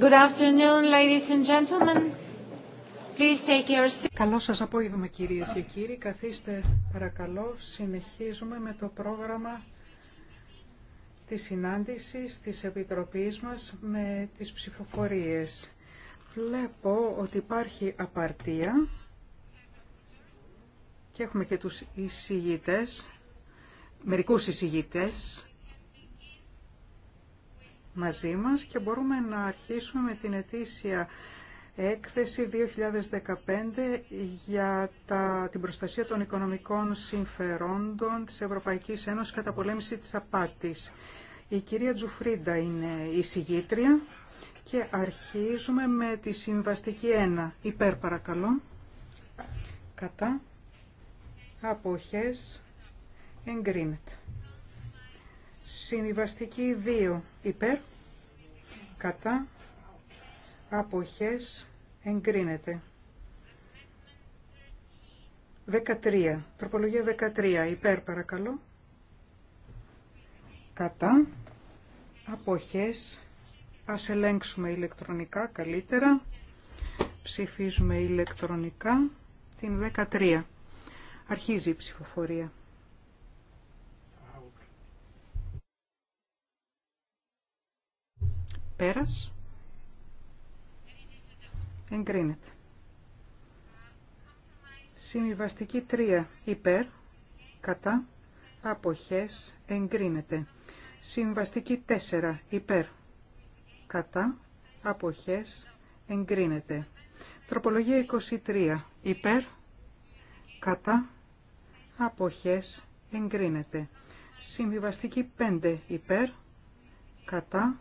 Good afternoon, ladies and gentlemen. Καλό σας απόγευμα κυρίες και κύριοι. Καθίστε παρακαλώ. Συνεχίζουμε με το πρόγραμμα της συνάντησης της Επιτροπής μας με τις ψηφοφορίες. Βλέπω ότι υπάρχει απαρτία και έχουμε και τους εισηγητές, μερικούς εισηγητές μαζί μας και μπορούμε να αρχίσουμε με την ετήσια έκθεση 2015 για τα, την προστασία των οικονομικών συμφερόντων της Ευρωπαϊκής Ένωσης κατά πολέμηση της απάτης. Η κυρία Τζουφρίντα είναι η συγγήτρια και αρχίζουμε με τη συμβαστική 1. Υπέρ παρακαλώ. Κατά. Αποχές. Εγκρίνεται. Συμβιβαστική 2 υπέρ, κατά, αποχές, εγκρίνεται. 13, τροπολογία 13, υπέρ παρακαλώ, κατά, αποχές, ας ελέγξουμε ηλεκτρονικά καλύτερα, ψηφίζουμε ηλεκτρονικά την 13. Αρχίζει η ψηφοφορία. Πέρας. Εγκρίνεται. Συμβιβαστική 3 υπέρ, κατά, αποχές, εγκρίνεται. Συμβαστική 4 υπέρ, κατά, αποχές, εγκρίνεται. Τροπολογία 23 υπέρ, κατά, αποχές, εγκρίνεται. Συμβιβαστική 5 υπέρ, κατά,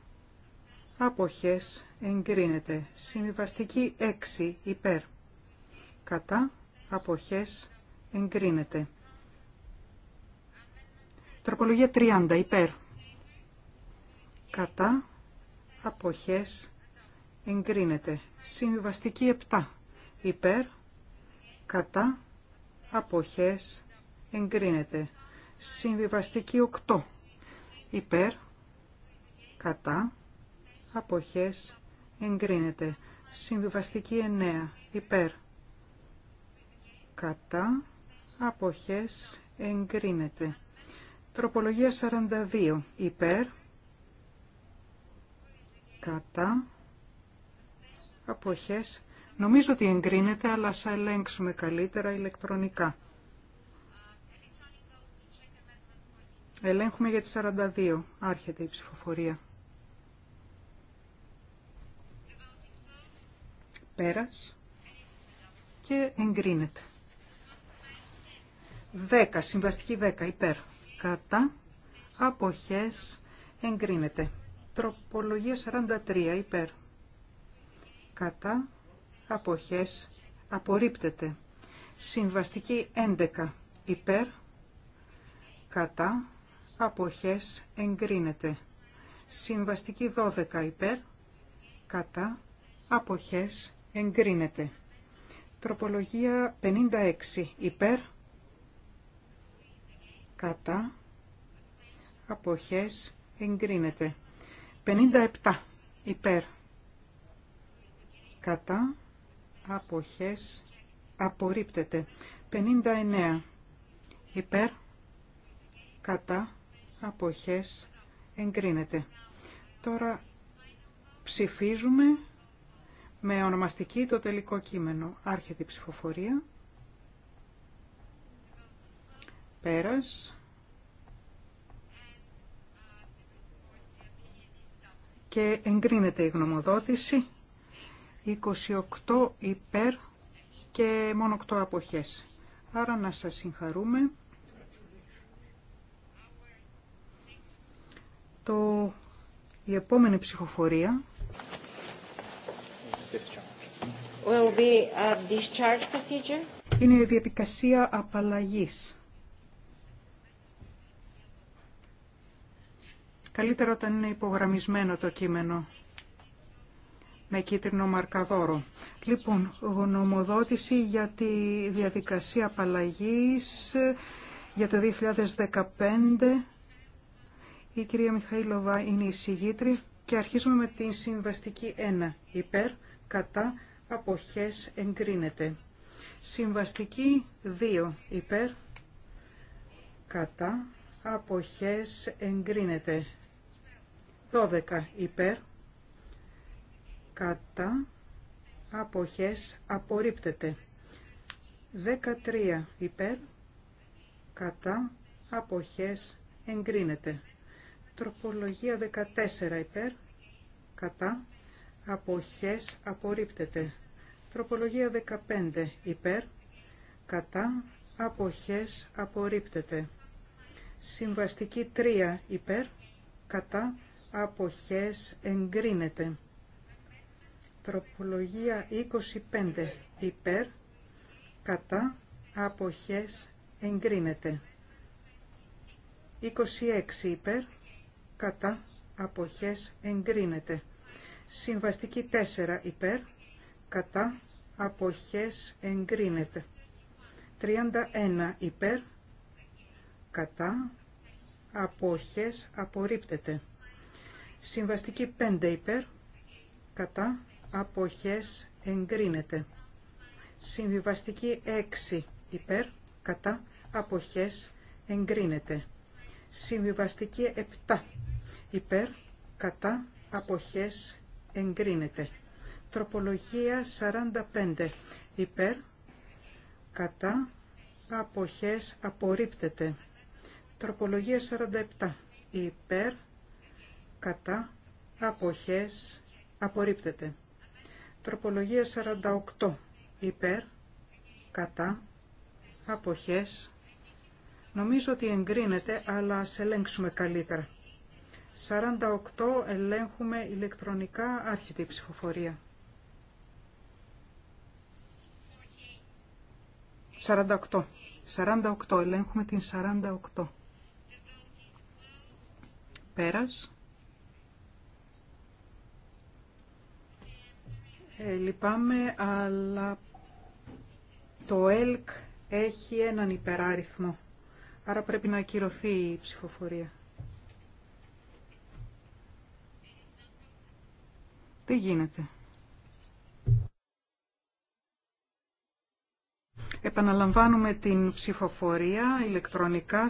Αποχές εγκρίνεται. Συμβιβαστική 6 υπέρ. Κατά. Αποχές εγκρίνεται. Τροπολογία 30 υπέρ. Κατά. Αποχές εγκρίνεται. Συμβιβαστική 7 υπέρ. Κατά. Αποχές εγκρίνεται. Συμβιβαστική 8 υπέρ. Κατά αποχές εγκρίνεται. Συμβιβαστική 9 υπέρ κατά αποχές εγκρίνεται. Τροπολογία 42 υπέρ κατά αποχές Νομίζω ότι εγκρίνεται, αλλά θα ελέγξουμε καλύτερα ηλεκτρονικά. Ελέγχουμε για τις 42. Άρχεται η ψηφοφορία. Πέρας. Και εγκρίνεται. 10. Συμβαστική 10. Υπέρ. Κατά. Αποχές. Εγκρίνεται. Τροπολογία 43. Υπέρ. Κατά. Αποχές. Απορρίπτεται. Συμβαστική 11. Υπέρ. Κατά. Αποχές. Εγκρίνεται. Συμβαστική 12. Υπέρ. Κατά. Αποχές εγκρίνεται. Τροπολογία 56 υπέρ, κατά, αποχές, εγκρίνεται. 57 υπέρ, κατά, αποχές, απορρίπτεται. 59 υπέρ, κατά, αποχές, εγκρίνεται. Τώρα ψηφίζουμε με ονομαστική το τελικό κείμενο. Άρχεται η ψηφοφορία. Πέρας. Και εγκρίνεται η γνωμοδότηση. 28 υπέρ και μόνο 8 αποχές. Άρα να σας συγχαρούμε. Το... Η επόμενη ψηφοφορία Είναι η διαδικασία απαλλαγής. Καλύτερα όταν είναι υπογραμμισμένο το κείμενο με κίτρινο μαρκαδόρο. Λοιπόν, γνωμοδότηση για τη διαδικασία απαλλαγής για το 2015. Η κυρία Μιχαήλοβα είναι η συγγήτρη και αρχίζουμε με την συμβαστική 1. Υπέρ, κατά, αποχές εγκρίνεται. Συμβαστική 2 υπέρ, κατά, αποχές εγκρίνεται. 12 υπέρ, κατά, αποχές απορρίπτεται. 13 υπέρ, κατά, αποχές εγκρίνεται. Τροπολογία 14 υπέρ, κατά, αποχές απορρίπτεται. Τροπολογία 15 υπέρ, κατά, αποχές, απορρίπτεται. Συμβαστική 3 υπέρ, κατά, αποχές, εγκρίνεται. Τροπολογία 25 υπέρ, κατά, αποχές, εγκρίνεται. 26 υπέρ, κατά, αποχές, εγκρίνεται. Συμβαστική 4 υπέρ, κατά αποχές εγκρίνεται. 31 υπέρ κατά αποχές απορρίπτεται. Συμβαστική 5 υπέρ κατά αποχές εγκρίνεται. Συμβιβαστική 6 υπέρ κατά αποχές εγκρίνεται. Συμβιβαστική 7 υπέρ κατά αποχές εγκρίνεται. Τροπολογία 45 υπέρ, κατά, αποχές, απορρίπτεται. Τροπολογία 47 υπέρ, κατά, αποχές, απορρίπτεται. Τροπολογία 48 υπέρ, κατά, αποχές, νομίζω ότι εγκρίνεται, αλλά ας ελέγξουμε καλύτερα. 48 ελέγχουμε ηλεκτρονικά άρχιτη ψηφοφορία. 48. 48. Ελέγχουμε την 48. Πέρας. Ε, λυπάμαι, αλλά το ΕΛΚ έχει έναν υπεράριθμο. Άρα πρέπει να ακυρωθεί η ψηφοφορία. Τι γίνεται. Επαναλαμβάνουμε την ψηφοφορία ηλεκτρονικά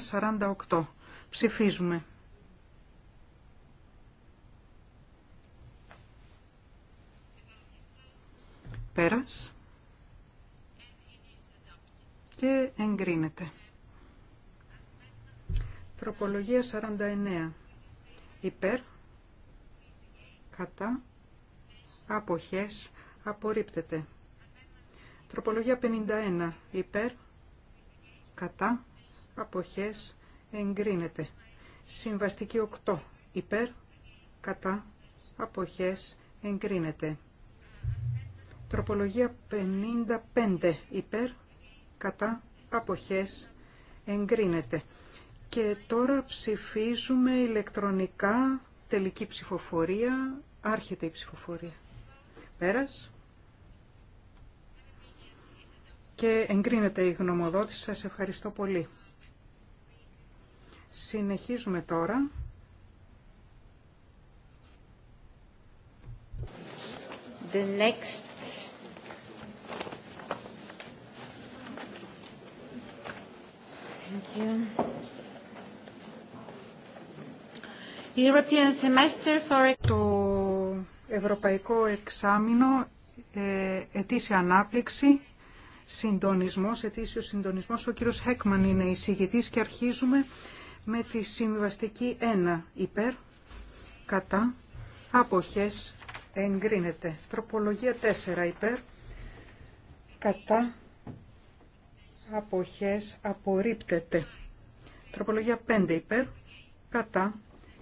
48. Ψηφίζουμε. Πέρας. Και εγκρίνεται. Τροπολογία 49. Υπέρ. Κατά. Αποχές. Απορρίπτεται. Τροπολογία 51. Υπέρ, κατά, αποχές, εγκρίνεται. Συμβαστική 8. Υπέρ, κατά, αποχές, εγκρίνεται. Τροπολογία 55. Υπέρ, κατά, αποχές, εγκρίνεται. Και τώρα ψηφίζουμε ηλεκτρονικά τελική ψηφοφορία. Άρχεται η ψηφοφορία. Πέρας. και εγκρίνεται η γνωμοδότηση. Σας ευχαριστώ πολύ. Συνεχίζουμε τώρα. The next European semester for... Το Ευρωπαϊκό Εξάμεινο ε, Ετήσια Ανάπτυξη συντονισμός, ετήσιο συντονισμός. Ο κύριος Χέκμαν είναι εισηγητής και αρχίζουμε με τη συμβιβαστική 1 υπέρ, κατά, αποχές, εγκρίνεται. Τροπολογία 4 υπέρ, κατά, αποχές, απορρίπτεται. Τροπολογία 5 υπέρ, κατά,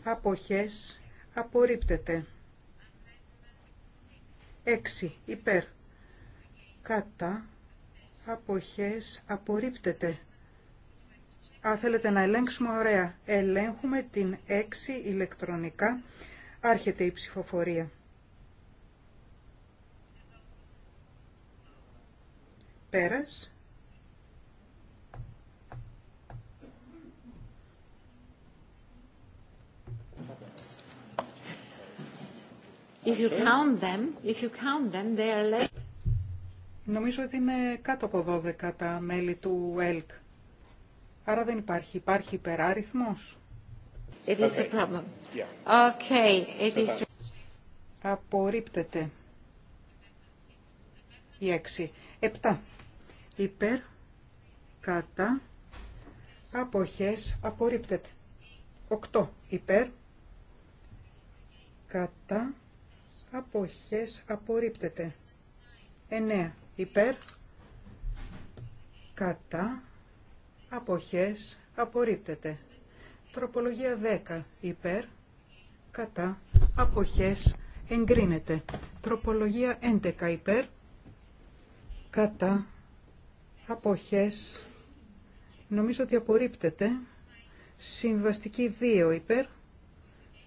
αποχές, απορρίπτεται. 6 υπέρ, κατά, αποχές απορρίπτεται. Αν θέλετε να ελέγξουμε, ωραία. Ελέγχουμε την 6 ηλεκτρονικά. Άρχεται η ψηφοφορία. Πέρας. If you count them, if you count them, they are less. Νομίζω ότι είναι κάτω από 12 τα μέλη του ΕΛΚ. Άρα δεν υπάρχει. Υπάρχει υπεράριθμος. It is Okay. It is... Απορρίπτεται. Η 6. 7. Υπέρ, κατά, αποχές, απορρίπτεται. 8. Υπέρ, κατά, αποχές, απορρίπτεται. Εννέα υπέρ, κατά, αποχές, απορρίπτεται. Τροπολογία 10, υπέρ, κατά, αποχές, εγκρίνεται. Τροπολογία 11, υπέρ, κατά, αποχές, νομίζω ότι απορρίπτεται. Συμβαστική 2, υπέρ,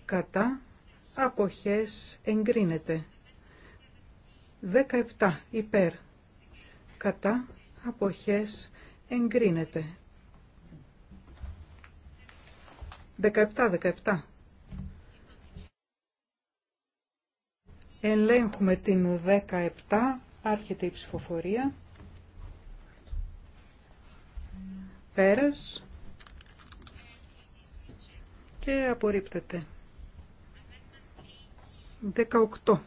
κατά, αποχές, εγκρίνεται. 17, υπέρ, κατά αποχές εγκρίνεται. 17, 17. Ελέγχουμε την 17, άρχεται η ψηφοφορία. Πέρας και απορρίπτεται. 18.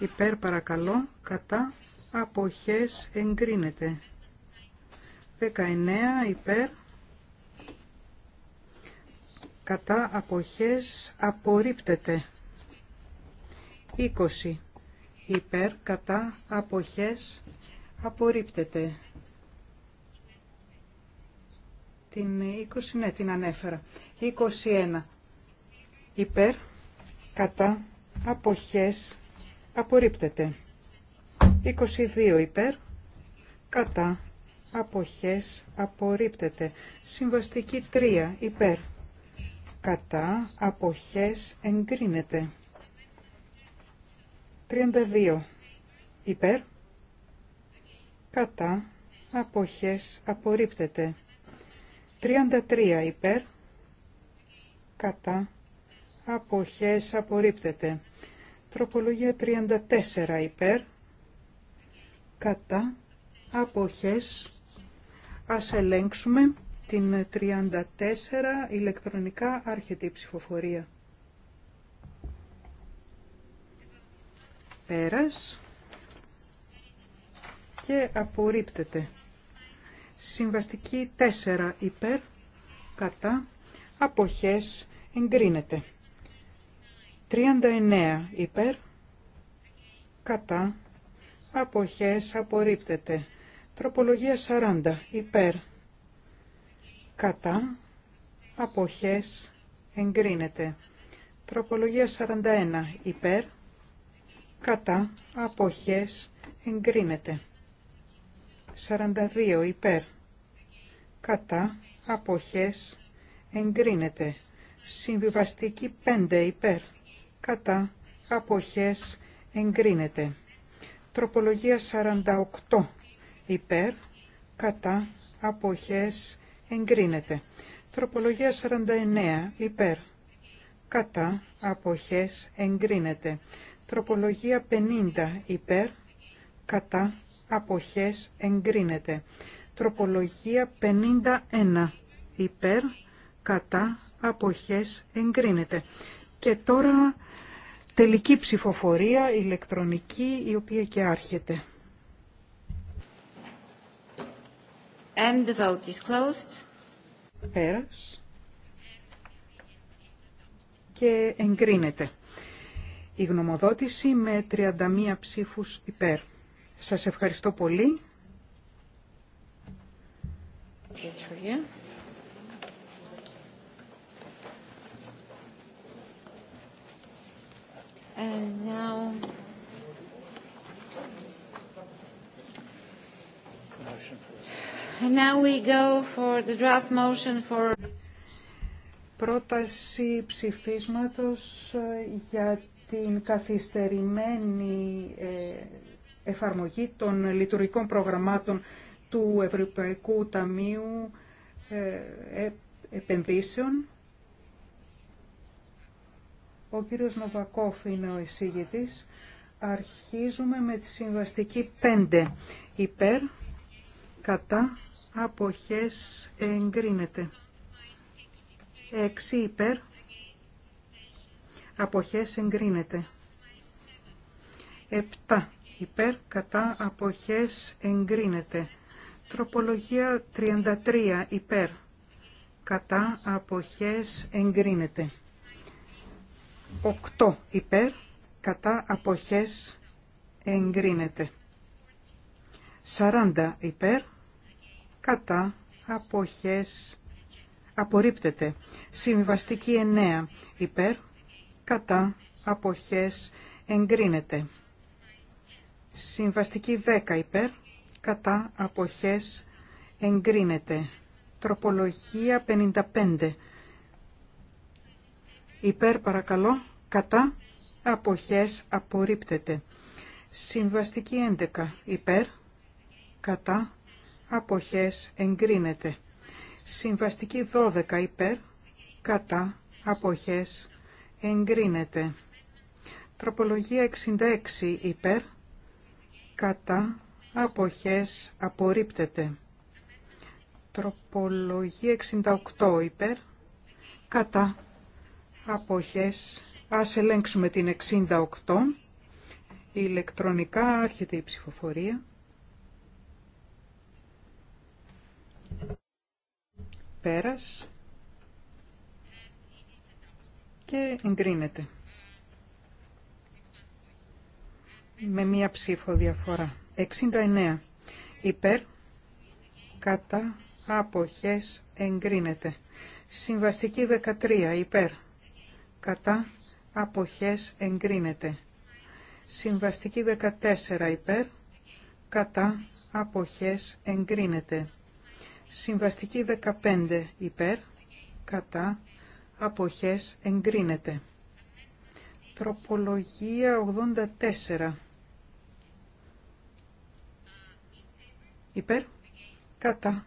Υπέρ παρακαλώ, κατά αποχές εγκρίνεται. 19 υπέρ κατά αποχές απορρίπτεται. 20 υπέρ κατά αποχές απορρίπτεται. Την 20, ναι, την ανέφερα. 21 υπέρ κατά αποχές απορρίπτεται. 22 υπέρ, κατά, αποχές, απορρίπτεται. Συμβαστική 3 υπέρ, κατά, αποχές, εγκρίνεται. 32 υπέρ, κατά, αποχές, απορρίπτεται. 33 υπέρ, κατά, αποχές, απορρίπτεται. Τροπολογία 34 υπέρ, κατά αποχές ας ελέγξουμε την 34 ηλεκτρονικά άρχεται η ψηφοφορία. Πέρας και απορρίπτεται. Συμβαστική 4 υπέρ κατά αποχές εγκρίνεται. 39 υπέρ κατά αποχές απορρίπτεται. Τροπολογία 40 υπέρ κατά αποχές εγκρίνεται. Τροπολογία 41 υπέρ κατά αποχές εγκρίνεται. 42 υπέρ κατά αποχές εγκρίνεται. Συμβιβαστική 5 υπέρ κατά αποχές εγκρίνεται. Τροπολογία 48 υπέρ, κατά, αποχές, εγκρίνεται. Τροπολογία 49 υπέρ, κατά, αποχές, εγκρίνεται. Τροπολογία 50 υπέρ, κατά, αποχές, εγκρίνεται. Τροπολογία 51 υπέρ, κατά, αποχές, εγκρίνεται. Και τώρα τελική ψηφοφορία ηλεκτρονική η οποία και άρχεται. And the vote Πέρας. Και εγκρίνεται. Η γνωμοδότηση με 31 ψήφους υπέρ. Σας ευχαριστώ πολύ. And now. And now we go for the draft motion for. Πρόταση ψηφίσματος ε, για την καθυστερημένη ε, εφαρμογή των λειτουργικών προγραμμάτων του Ευρωπαϊκού Ταμείου ε, Επενδύσεων ο κύριος Νοβακόφ είναι ο εισήγητης. Αρχίζουμε με τη συμβαστική 5. Υπέρ, κατά, αποχές, εγκρίνεται. 6 υπέρ, αποχές, εγκρίνεται. 7 υπέρ, κατά, αποχές, εγκρίνεται. Τροπολογία 33 υπέρ, κατά, αποχές, εγκρίνεται. 8 υπέρ κατά αποχές εγκρίνεται. 40 υπέρ κατά αποχές απορρίπτεται. Συμβαστική 9 υπέρ κατά αποχές εγκρίνεται. Συμβαστική 10 υπέρ κατά αποχές εγκρίνεται. Τροπολογία 55 Υπέρ παρακαλώ. Κατά. Αποχές απορρίπτεται. Συμβαστική 11. Υπέρ. Κατά. Αποχές εγκρίνεται. Συμβαστική 12. Υπέρ. Κατά. Αποχές εγκρίνεται. Τροπολογία 66. Υπέρ. Κατά. Αποχές απορρίπτεται. Τροπολογία 68. Υπέρ. Κατά αποχές. Ας ελέγξουμε την 68. Ηλεκτρονικά άρχεται η ψηφοφορία. Πέρας. Και εγκρίνεται. Με μία ψήφο διαφορά. 69. Υπέρ. Κατά. Αποχές. Εγκρίνεται. Συμβαστική 13. Υπέρ κατά αποχές εγκρίνεται. Συμβαστική 14 υπέρ, κατά αποχές εγκρίνεται. Συμβαστική 15 υπέρ, κατά αποχές εγκρίνεται. Τροπολογία 84 υπέρ, κατά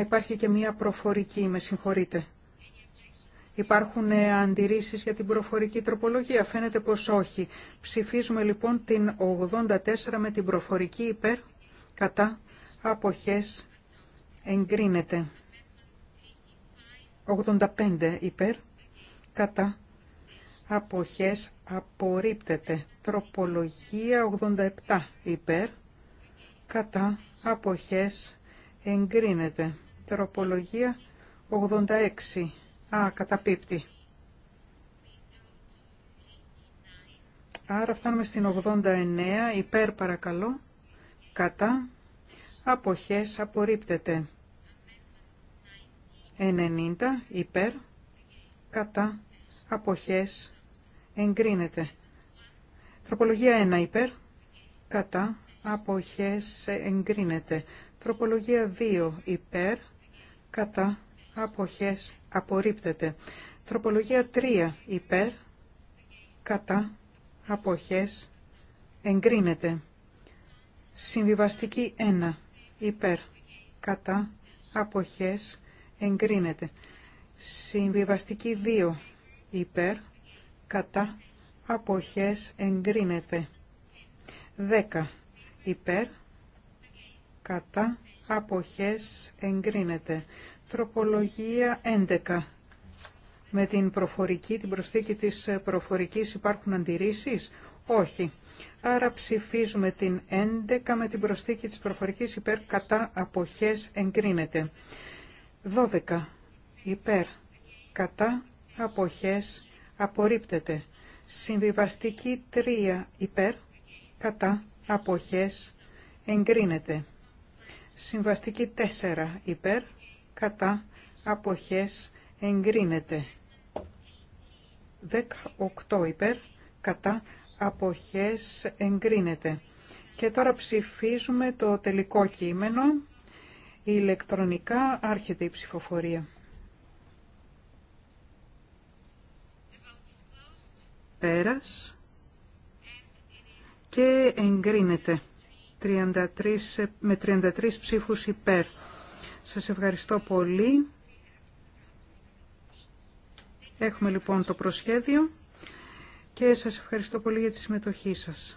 υπάρχει και μία προφορική, με συγχωρείτε. Υπάρχουν ε, αντιρρήσεις για την προφορική τροπολογία. Φαίνεται πως όχι. Ψηφίζουμε λοιπόν την 84 με την προφορική υπέρ, κατά, αποχές, εγκρίνεται. 85 υπέρ, κατά, αποχές, απορρίπτεται. Τροπολογία 87 υπέρ, κατά, αποχές, εγκρίνεται. Τροπολογία 86. Α, καταπίπτει. Άρα φτάνουμε στην 89. Υπέρ παρακαλώ. Κατά. Αποχές απορρίπτεται. 90. Υπέρ. Κατά. Αποχές εγκρίνεται. Τροπολογία 1. Υπέρ. Κατά. Αποχές εγκρίνεται. Τροπολογία 2. Υπέρ κατά αποχές απορρίπτεται. Τροπολογία 3 υπέρ κατά αποχές εγκρίνεται. Συμβιβαστική 1 υπέρ κατά αποχές εγκρίνεται. Συμβιβαστική 2 υπέρ κατά αποχές εγκρίνεται. 10 υπέρ κατά αποχές εγκρίνεται. Τροπολογία 11. Με την προφορική, την προσθήκη της προφορικής υπάρχουν αντιρρήσεις. Όχι. Άρα ψηφίζουμε την 11 με την προσθήκη της προφορικής υπέρ κατά αποχές εγκρίνεται. 12. Υπέρ κατά αποχές απορρίπτεται. Συμβιβαστική 3 υπέρ κατά αποχές εγκρίνεται. Συμβαστική 4 υπέρ, κατά, αποχές, εγκρίνεται. 18 υπέρ, κατά, αποχές, εγκρίνεται. Και τώρα ψηφίζουμε το τελικό κείμενο. ηλεκτρονικά άρχεται η ψηφοφορία. Πέρας και εγκρίνεται. 33, ε, με 33 ψήφους υπέρ. Σας ευχαριστώ πολύ. Έχουμε λοιπόν το προσχέδιο και σας ευχαριστώ πολύ για τη συμμετοχή σας.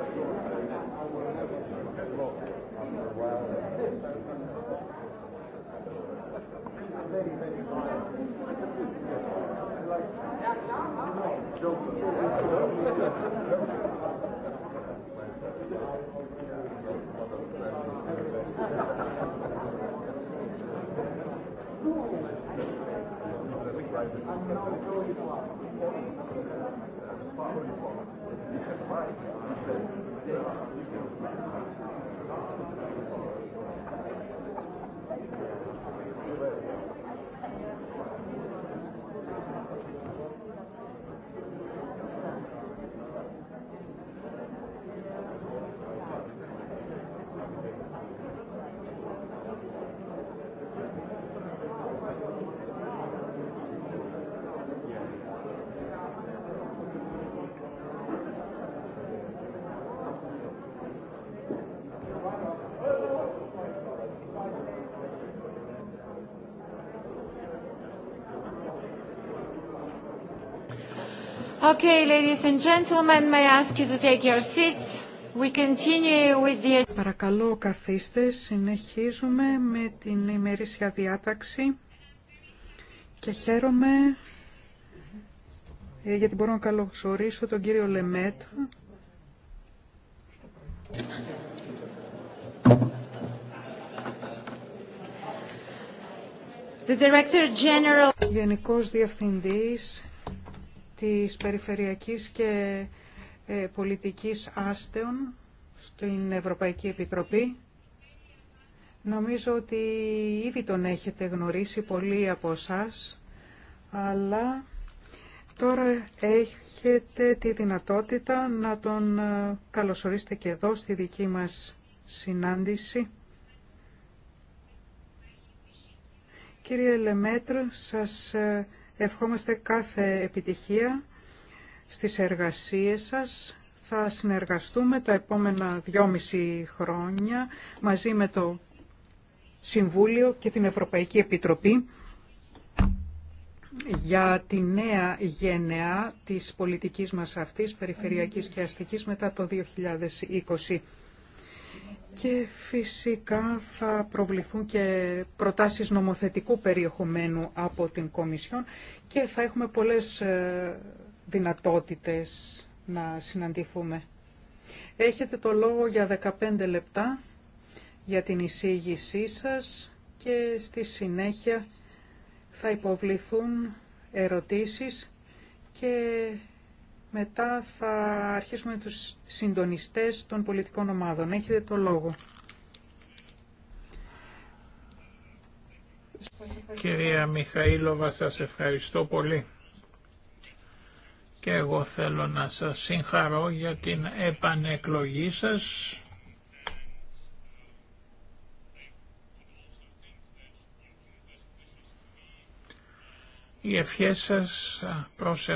Παρακαλώ καθίστε, συνεχίζουμε με την ημερήσια διάταξη και χαίρομαι ε, γιατί μπορώ να καλωσορίσω τον κύριο Λεμέτ. The Director Γενικός Διευθυντής της Περιφερειακής και ε, Πολιτικής Άστεων στην Ευρωπαϊκή Επιτροπή. Νομίζω ότι ήδη τον έχετε γνωρίσει πολλοί από σας, αλλά τώρα έχετε τη δυνατότητα να τον ε, καλωσορίσετε και εδώ στη δική μας συνάντηση. Κύριε Λεμέτρ, σας ε, Ευχόμαστε κάθε επιτυχία στις εργασίες σας. Θα συνεργαστούμε τα επόμενα δυόμιση χρόνια μαζί με το Συμβούλιο και την Ευρωπαϊκή Επιτροπή για τη νέα γενεά της πολιτικής μας αυτής, περιφερειακής και αστικής, μετά το 2020. Και φυσικά θα προβληθούν και προτάσεις νομοθετικού περιεχομένου από την Κομισιόν και θα έχουμε πολλές ε, δυνατότητες να συναντηθούμε. Έχετε το λόγο για 15 λεπτά για την εισήγησή σας και στη συνέχεια θα υποβληθούν ερωτήσεις και μετά θα αρχίσουμε τους συντονιστές των πολιτικών ομάδων. Έχετε το λόγο. Κυρία Μιχαήλοβα, σας ευχαριστώ πολύ. Και εγώ θέλω να σας συγχαρώ για την επανεκλογή σας. Οι ευχές σας, προς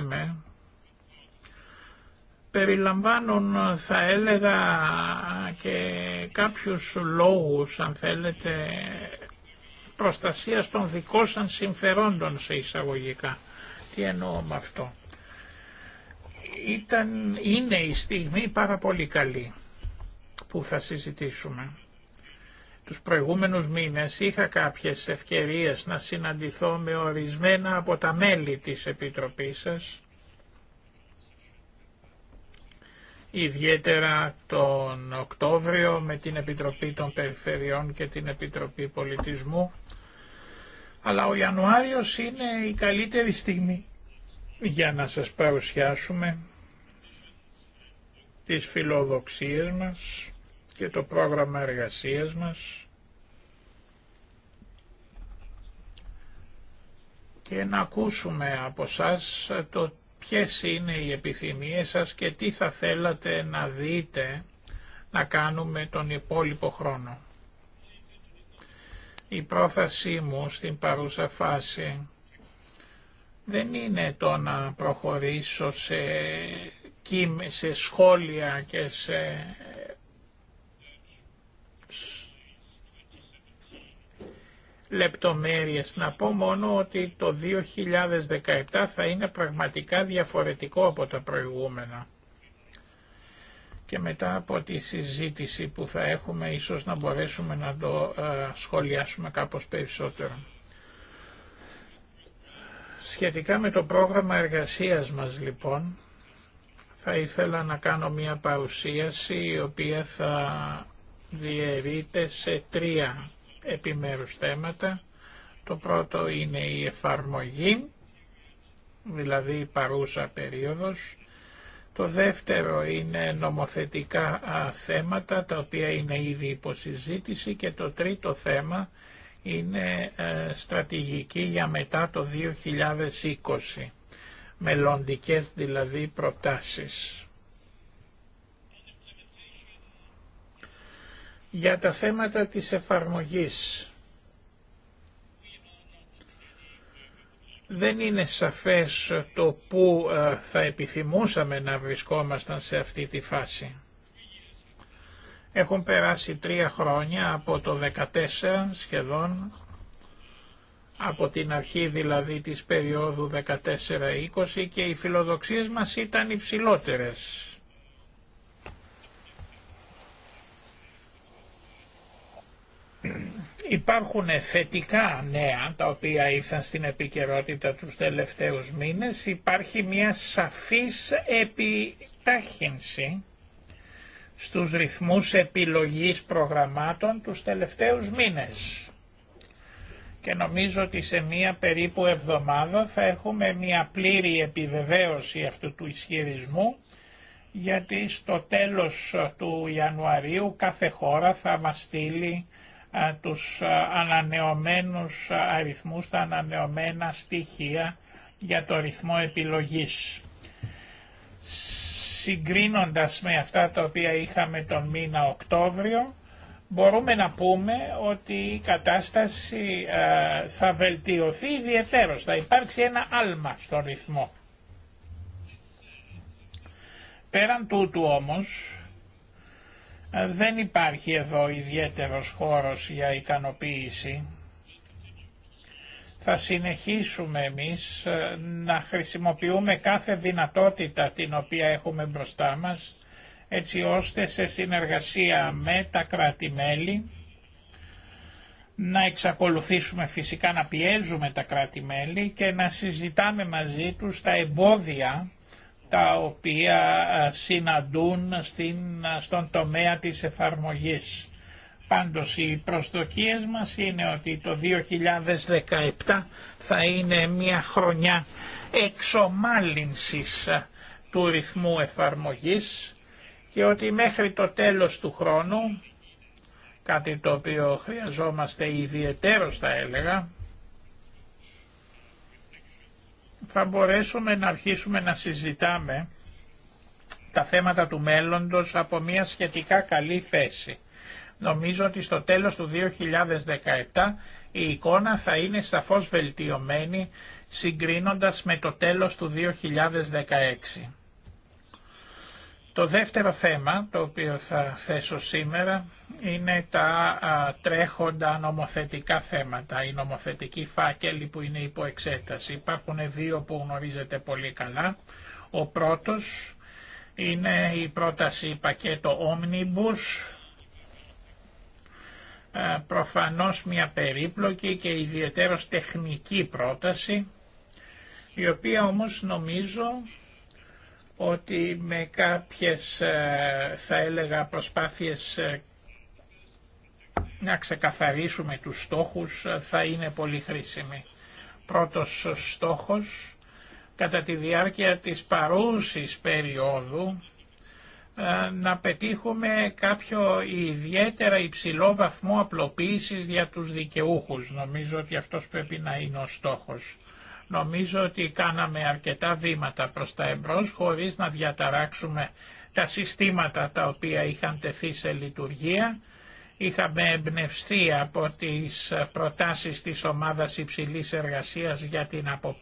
περιλαμβάνουν θα έλεγα και κάποιους λόγους αν θέλετε προστασίας των δικών σας συμφερόντων σε εισαγωγικά. Τι εννοώ με αυτό. Ήταν, είναι η στιγμή πάρα πολύ καλή που θα συζητήσουμε. Τους προηγούμενους μήνες είχα κάποιες ευκαιρίες να συναντηθώ με ορισμένα από τα μέλη της Επιτροπής σας ιδιαίτερα τον Οκτώβριο με την Επιτροπή των Περιφερειών και την Επιτροπή Πολιτισμού. Αλλά ο Ιανουάριος είναι η καλύτερη στιγμή για να σας παρουσιάσουμε τις φιλοδοξίες μας και το πρόγραμμα εργασίας μας και να ακούσουμε από σας το ποιες είναι οι επιθυμίες σας και τι θα θέλατε να δείτε να κάνουμε τον υπόλοιπο χρόνο. Η πρόθεσή μου στην παρούσα φάση δεν είναι το να προχωρήσω σε, σε σχόλια και σε λεπτομέρειες. Να πω μόνο ότι το 2017 θα είναι πραγματικά διαφορετικό από τα προηγούμενα. Και μετά από τη συζήτηση που θα έχουμε ίσως να μπορέσουμε να το ε, σχολιάσουμε κάπως περισσότερο. Σχετικά με το πρόγραμμα εργασίας μας λοιπόν, θα ήθελα να κάνω μια παρουσίαση η οποία θα διαιρείται σε τρία επιμέρους θέματα. Το πρώτο είναι η εφαρμογή, δηλαδή η παρούσα περίοδος. Το δεύτερο είναι νομοθετικά θέματα, τα οποία είναι ήδη υποσυζήτηση. Και το τρίτο θέμα είναι ε, στρατηγική για μετά το 2020, μελλοντικές δηλαδή προτάσεις. Για τα θέματα της εφαρμογής. Δεν είναι σαφές το που ε, θα επιθυμούσαμε να βρισκόμασταν σε αυτή τη φάση. Έχουν περάσει τρία χρόνια από το 14 σχεδόν, από την αρχή δηλαδή της περίοδου 14-20 και οι φιλοδοξίες μας ήταν υψηλότερες. Υπάρχουν θετικά νέα τα οποία ήρθαν στην επικαιρότητα τους τελευταίους μήνες. Υπάρχει μια σαφής επιτάχυνση στους ρυθμούς επιλογής προγραμμάτων τους τελευταίους μήνες. Και νομίζω ότι σε μία περίπου εβδομάδα θα έχουμε μία πλήρη επιβεβαίωση αυτού του ισχυρισμού γιατί στο τέλος του Ιανουαρίου κάθε χώρα θα μας στείλει τους ανανεωμένους αριθμούς, τα ανανεωμένα στοιχεία για το ρυθμό επιλογής. Συγκρίνοντας με αυτά τα οποία είχαμε τον μήνα Οκτώβριο, μπορούμε να πούμε ότι η κατάσταση θα βελτιωθεί ιδιαίτερως, θα υπάρξει ένα άλμα στο ρυθμό. Πέραν τούτου όμως, ε, δεν υπάρχει εδώ ιδιαίτερος χώρος για ικανοποίηση. Θα συνεχίσουμε εμείς ε, να χρησιμοποιούμε κάθε δυνατότητα την οποία έχουμε μπροστά μας, έτσι ώστε σε συνεργασία με τα κράτη-μέλη, να εξακολουθήσουμε φυσικά να πιέζουμε τα κράτη-μέλη και να συζητάμε μαζί τους τα εμπόδια τα οποία συναντούν στην, στον τομέα της εφαρμογής. Πάντως οι προσδοκίες μας είναι ότι το 2017 θα είναι μια χρονιά εξομάλυνσης του ρυθμού εφαρμογής και ότι μέχρι το τέλος του χρόνου, κάτι το οποίο χρειαζόμαστε ιδιαιτέρως θα έλεγα, θα μπορέσουμε να αρχίσουμε να συζητάμε τα θέματα του μέλλοντος από μια σχετικά καλή θέση. Νομίζω ότι στο τέλος του 2017 η εικόνα θα είναι σαφώς βελτιωμένη συγκρίνοντας με το τέλος του 2016. Το δεύτερο θέμα το οποίο θα θέσω σήμερα είναι τα τρέχοντα νομοθετικά θέματα, οι νομοθετικοί φάκελοι που είναι υπό εξέταση. Υπάρχουν δύο που γνωρίζετε πολύ καλά. Ο πρώτος είναι η πρόταση πακέτο Omnibus, προφανώς μια περίπλοκη και ιδιαίτερος τεχνική πρόταση, η οποία όμως νομίζω ότι με κάποιες ε, θα έλεγα προσπάθειες ε, να ξεκαθαρίσουμε τους στόχους ε, θα είναι πολύ χρήσιμη. Πρώτος στόχος, κατά τη διάρκεια της παρούσης περίοδου, να πετύχουμε κάποιο ιδιαίτερα υψηλό βαθμό απλοποίησης για τους δικαιούχους. Νομίζω ότι αυτός πρέπει να είναι ο στόχος. Νομίζω ότι κάναμε αρκετά βήματα προς τα εμπρός χωρίς να διαταράξουμε τα συστήματα τα οποία είχαν τεθεί σε λειτουργία. Είχαμε εμπνευστεί από τις προτάσεις της ομάδας υψηλής εργασίας για την απο,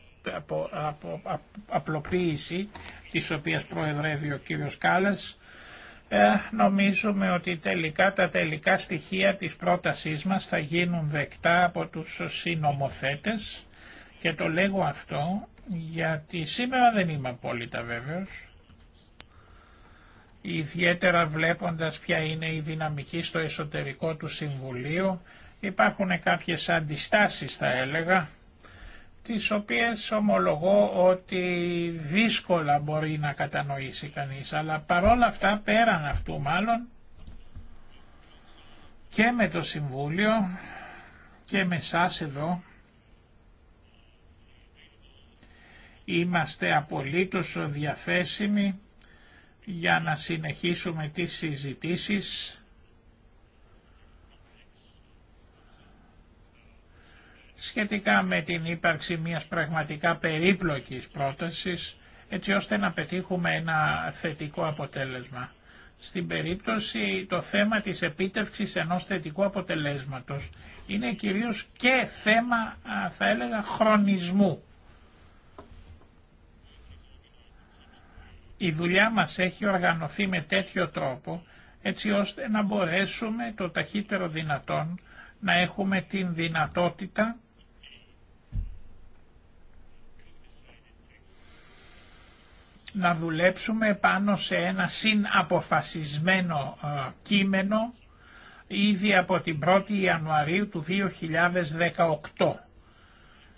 απλοποίηση της οποίας προεδρεύει ο κύριος Κάλλας. Ε, νομίζουμε ότι τελικά τα τελικά στοιχεία της πρότασής μας θα γίνουν δεκτά από τους συνομοθέτες και το λέγω αυτό γιατί σήμερα δεν είμαι απόλυτα βέβαιος, ιδιαίτερα βλέποντας ποια είναι η δυναμική στο εσωτερικό του Συμβουλίου, υπάρχουν κάποιες αντιστάσεις θα έλεγα, τις οποίες ομολογώ ότι δύσκολα μπορεί να κατανοήσει κανείς, αλλά παρόλα αυτά πέραν αυτού μάλλον και με το Συμβούλιο και με εσάς εδώ Είμαστε απολύτως διαθέσιμοι για να συνεχίσουμε τις συζητήσεις σχετικά με την ύπαρξη μιας πραγματικά περίπλοκης πρότασης έτσι ώστε να πετύχουμε ένα θετικό αποτέλεσμα. Στην περίπτωση το θέμα της επίτευξης ενός θετικού αποτελέσματος είναι κυρίως και θέμα θα έλεγα χρονισμού. Η δουλειά μας έχει οργανωθεί με τέτοιο τρόπο έτσι ώστε να μπορέσουμε το ταχύτερο δυνατόν να έχουμε την δυνατότητα να δουλέψουμε πάνω σε ένα συναποφασισμένο ε, κείμενο ήδη από την 1η Ιανουαρίου του 2018.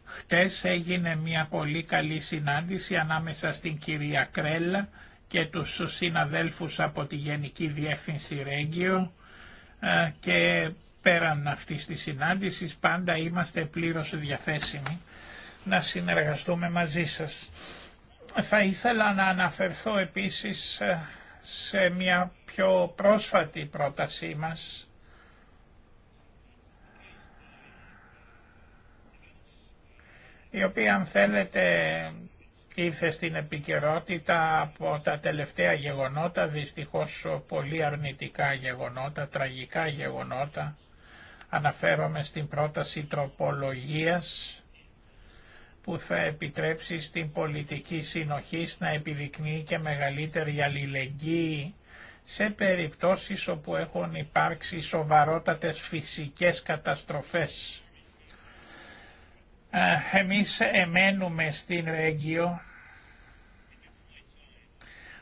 Χτες έγινε μια πολύ καλή συνάντηση ανάμεσα στην κυρία Κρέλα και τους συναδέλφους από τη Γενική Διεύθυνση Ρέγγιο ε, και πέραν αυτής της συνάντησης πάντα είμαστε πλήρως διαθέσιμοι να συνεργαστούμε μαζί σας. Θα ήθελα να αναφερθώ επίσης ε, σε μια πιο πρόσφατη πρότασή μας η οποία αν θέλετε ήρθε στην επικαιρότητα από τα τελευταία γεγονότα, δυστυχώς πολύ αρνητικά γεγονότα, τραγικά γεγονότα. Αναφέρομαι στην πρόταση τροπολογίας που θα επιτρέψει στην πολιτική συνοχή να επιδεικνύει και μεγαλύτερη αλληλεγγύη σε περιπτώσεις όπου έχουν υπάρξει σοβαρότατες φυσικές καταστροφές εμείς εμένουμε στην Ρέγγιο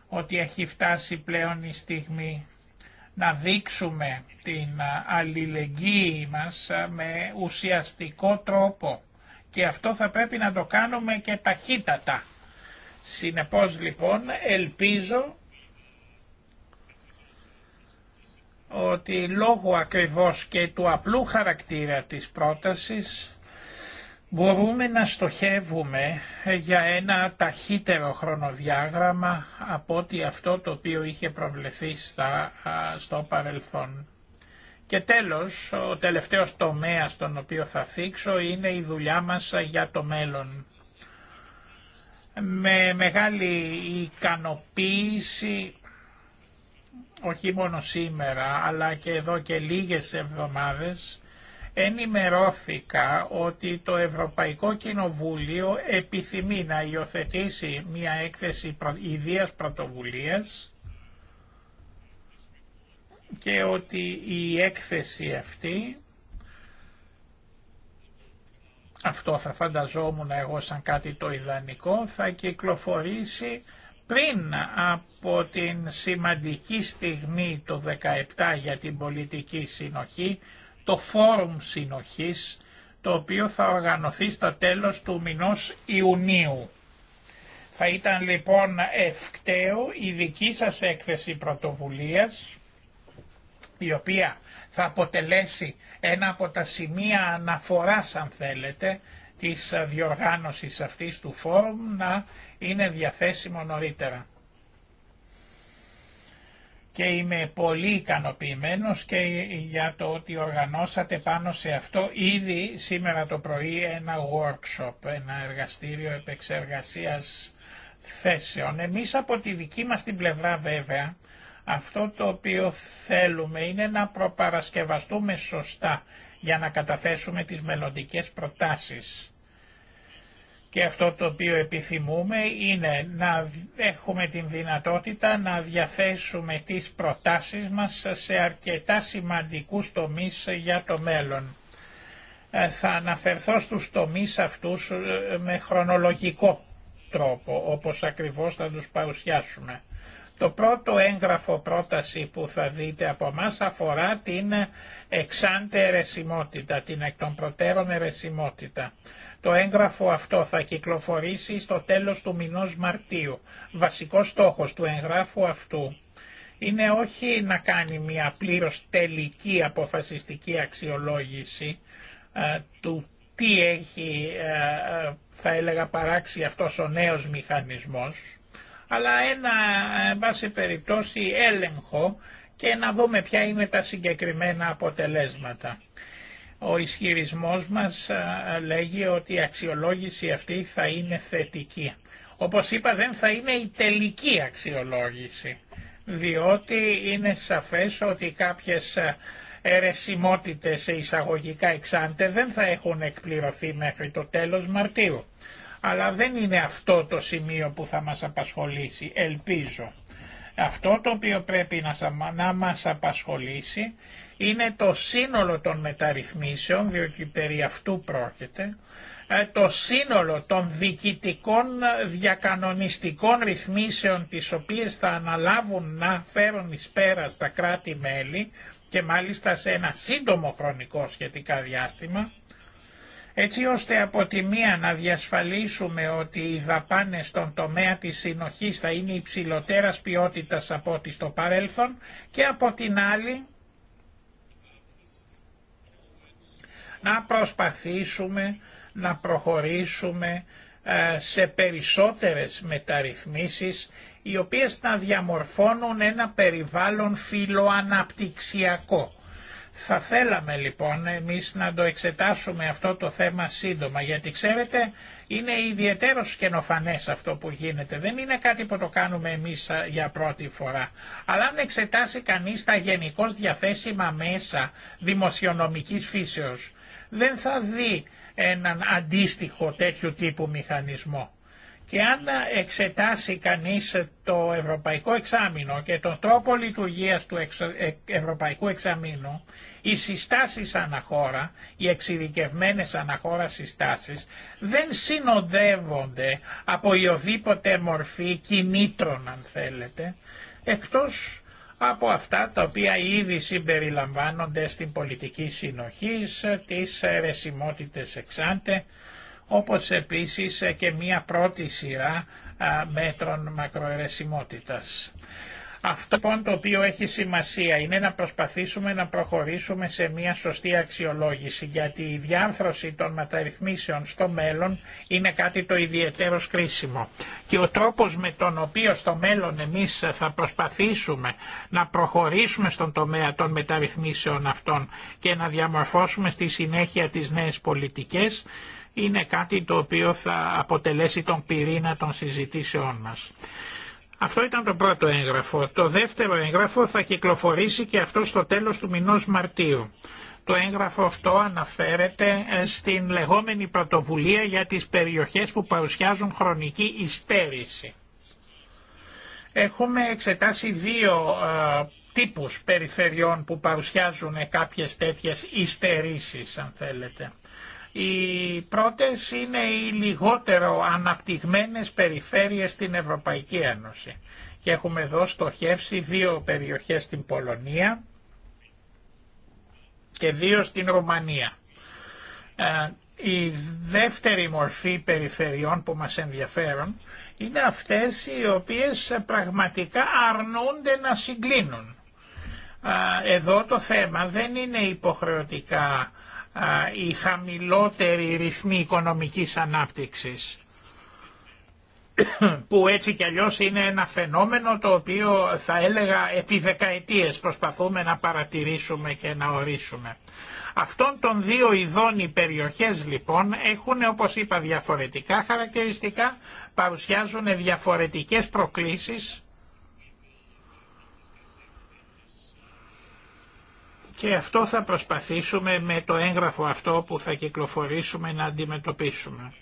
ότι έχει φτάσει πλέον η στιγμή να δείξουμε την αλληλεγγύη μας με ουσιαστικό τρόπο και αυτό θα πρέπει να το κάνουμε και ταχύτατα. Συνεπώς λοιπόν ελπίζω ότι λόγω ακριβώς και του απλού χαρακτήρα της πρότασης μπορούμε να στοχεύουμε για ένα ταχύτερο χρονοδιάγραμμα από ότι αυτό το οποίο είχε προβλεφθεί στα, στο παρελθόν. Και τέλος, ο τελευταίος τομέας τον οποίο θα θίξω είναι η δουλειά μας για το μέλλον. Με μεγάλη ικανοποίηση, όχι μόνο σήμερα, αλλά και εδώ και λίγες εβδομάδες, ενημερώθηκα ότι το Ευρωπαϊκό Κοινοβούλιο επιθυμεί να υιοθετήσει μια έκθεση ιδίας πρωτοβουλίας και ότι η έκθεση αυτή, αυτό θα φανταζόμουν εγώ σαν κάτι το ιδανικό, θα κυκλοφορήσει πριν από την σημαντική στιγμή το 17 για την πολιτική συνοχή το Φόρουμ Συνοχής, το οποίο θα οργανωθεί στα τέλος του μηνός Ιουνίου. Θα ήταν λοιπόν ευκταίο η δική σας έκθεση πρωτοβουλίας, η οποία θα αποτελέσει ένα από τα σημεία αναφοράς αν θέλετε, της διοργάνωσης αυτής του φόρουμ να είναι διαθέσιμο νωρίτερα και είμαι πολύ ικανοποιημένος και για το ότι οργανώσατε πάνω σε αυτό ήδη σήμερα το πρωί ένα workshop, ένα εργαστήριο επεξεργασίας θέσεων. Εμείς από τη δική μας την πλευρά βέβαια αυτό το οποίο θέλουμε είναι να προπαρασκευαστούμε σωστά για να καταθέσουμε τις μελλοντικές προτάσεις. Και αυτό το οποίο επιθυμούμε είναι να έχουμε την δυνατότητα να διαθέσουμε τις προτάσεις μας σε αρκετά σημαντικούς τομείς για το μέλλον. Ε, θα αναφερθώ στους τομείς αυτούς ε, με χρονολογικό τρόπο, όπως ακριβώς θα τους παρουσιάσουμε. Το πρώτο έγγραφο πρόταση που θα δείτε από μας αφορά την εξάντε ερεσιμότητα, την εκ των προτέρων ερεσιμότητα. Το έγγραφο αυτό θα κυκλοφορήσει στο τέλος του μηνός Μαρτίου. Βασικός στόχος του εγγράφου αυτού είναι όχι να κάνει μια πλήρως τελική αποφασιστική αξιολόγηση ε, του τι έχει, ε, ε, θα έλεγα, παράξει αυτός ο νέος μηχανισμός, αλλά ένα, εν πάση περιπτώσει, έλεγχο και να δούμε ποια είναι τα συγκεκριμένα αποτελέσματα. Ο ισχυρισμός μας λέγει ότι η αξιολόγηση αυτή θα είναι θετική. Όπως είπα δεν θα είναι η τελική αξιολόγηση, διότι είναι σαφές ότι κάποιες αιρεσιμότητες σε εισαγωγικά εξάντε δεν θα έχουν εκπληρωθεί μέχρι το τέλος Μαρτίου. Αλλά δεν είναι αυτό το σημείο που θα μας απασχολήσει, ελπίζω. Αυτό το οποίο πρέπει να μας απασχολήσει είναι το σύνολο των μεταρρυθμίσεων, διότι περί αυτού πρόκειται, ε, το σύνολο των διοικητικών ε, διακανονιστικών ρυθμίσεων τις οποίες θα αναλάβουν να φέρουν εις πέρα στα κράτη-μέλη και μάλιστα σε ένα σύντομο χρονικό σχετικά διάστημα έτσι ώστε από τη μία να διασφαλίσουμε ότι οι δαπάνες στον τομέα της συνοχής θα είναι υψηλότερας ποιότητας από ό,τι στο παρέλθον και από την άλλη να προσπαθήσουμε να προχωρήσουμε ε, σε περισσότερες μεταρρυθμίσεις οι οποίες να διαμορφώνουν ένα περιβάλλον φιλοαναπτυξιακό θα θέλαμε λοιπόν εμείς να το εξετάσουμε αυτό το θέμα σύντομα, γιατί ξέρετε είναι ιδιαίτερο σκενοφανές αυτό που γίνεται. Δεν είναι κάτι που το κάνουμε εμείς για πρώτη φορά. Αλλά αν εξετάσει κανείς τα γενικώς διαθέσιμα μέσα δημοσιονομικής φύσεως, δεν θα δει έναν αντίστοιχο τέτοιου τύπου μηχανισμό. Και αν εξετάσει κανείς το Ευρωπαϊκό Εξάμεινο και τον τρόπο λειτουργίας του ε, Ευρωπαϊκού Εξαμήνου, οι συστάσεις αναχώρα, οι εξειδικευμένες αναχώρα συστάσεις, δεν συνοδεύονται από οποιοδήποτε μορφή κινήτρων, αν θέλετε, εκτός από αυτά τα οποία ήδη συμπεριλαμβάνονται στην πολιτική συνοχής, της ρεσιμότητες εξάντε, όπως επίσης και μία πρώτη σειρά μέτρων μακροαιρεσιμότητας. Αυτό λοιπόν το οποίο έχει σημασία είναι να προσπαθήσουμε να προχωρήσουμε σε μια σωστή αξιολόγηση γιατί η διάρθρωση των μεταρρυθμίσεων στο μέλλον είναι κάτι το ιδιαίτερο κρίσιμο. Και ο τρόπος με τον οποίο στο μέλλον εμείς θα προσπαθήσουμε να προχωρήσουμε στον τομέα των μεταρρυθμίσεων αυτών και να διαμορφώσουμε στη συνέχεια τις νέες πολιτικές είναι κάτι το οποίο θα αποτελέσει τον πυρήνα των συζητήσεών μας. Αυτό ήταν το πρώτο έγγραφο. Το δεύτερο έγγραφο θα κυκλοφορήσει και αυτό στο τέλος του μηνός Μαρτίου. Το έγγραφο αυτό αναφέρεται ε, στην λεγόμενη πρωτοβουλία για τις περιοχές που παρουσιάζουν χρονική ιστέρηση. Έχουμε εξετάσει δύο ε, τύπους περιφερειών που παρουσιάζουν κάποιες τέτοιες υστερήσεις, αν θέλετε. Οι πρώτες είναι οι λιγότερο αναπτυγμένες περιφέρειες στην Ευρωπαϊκή Ένωση. Και έχουμε εδώ στοχεύσει δύο περιοχές στην Πολωνία και δύο στην Ρουμανία. Ε, η δεύτερη μορφή περιφερειών που μας ενδιαφέρουν είναι αυτές οι οποίες πραγματικά αρνούνται να συγκλίνουν. Ε, εδώ το θέμα δεν είναι υποχρεωτικά οι χαμηλότεροι ρυθμοί οικονομικής ανάπτυξης που έτσι κι αλλιώς είναι ένα φαινόμενο το οποίο θα έλεγα επί δεκαετίες προσπαθούμε να παρατηρήσουμε και να ορίσουμε. Αυτών των δύο ειδών οι περιοχές λοιπόν έχουν όπως είπα διαφορετικά χαρακτηριστικά, παρουσιάζουν διαφορετικές προκλήσεις Και αυτό θα προσπαθήσουμε με το έγγραφο αυτό που θα κυκλοφορήσουμε να αντιμετωπίσουμε.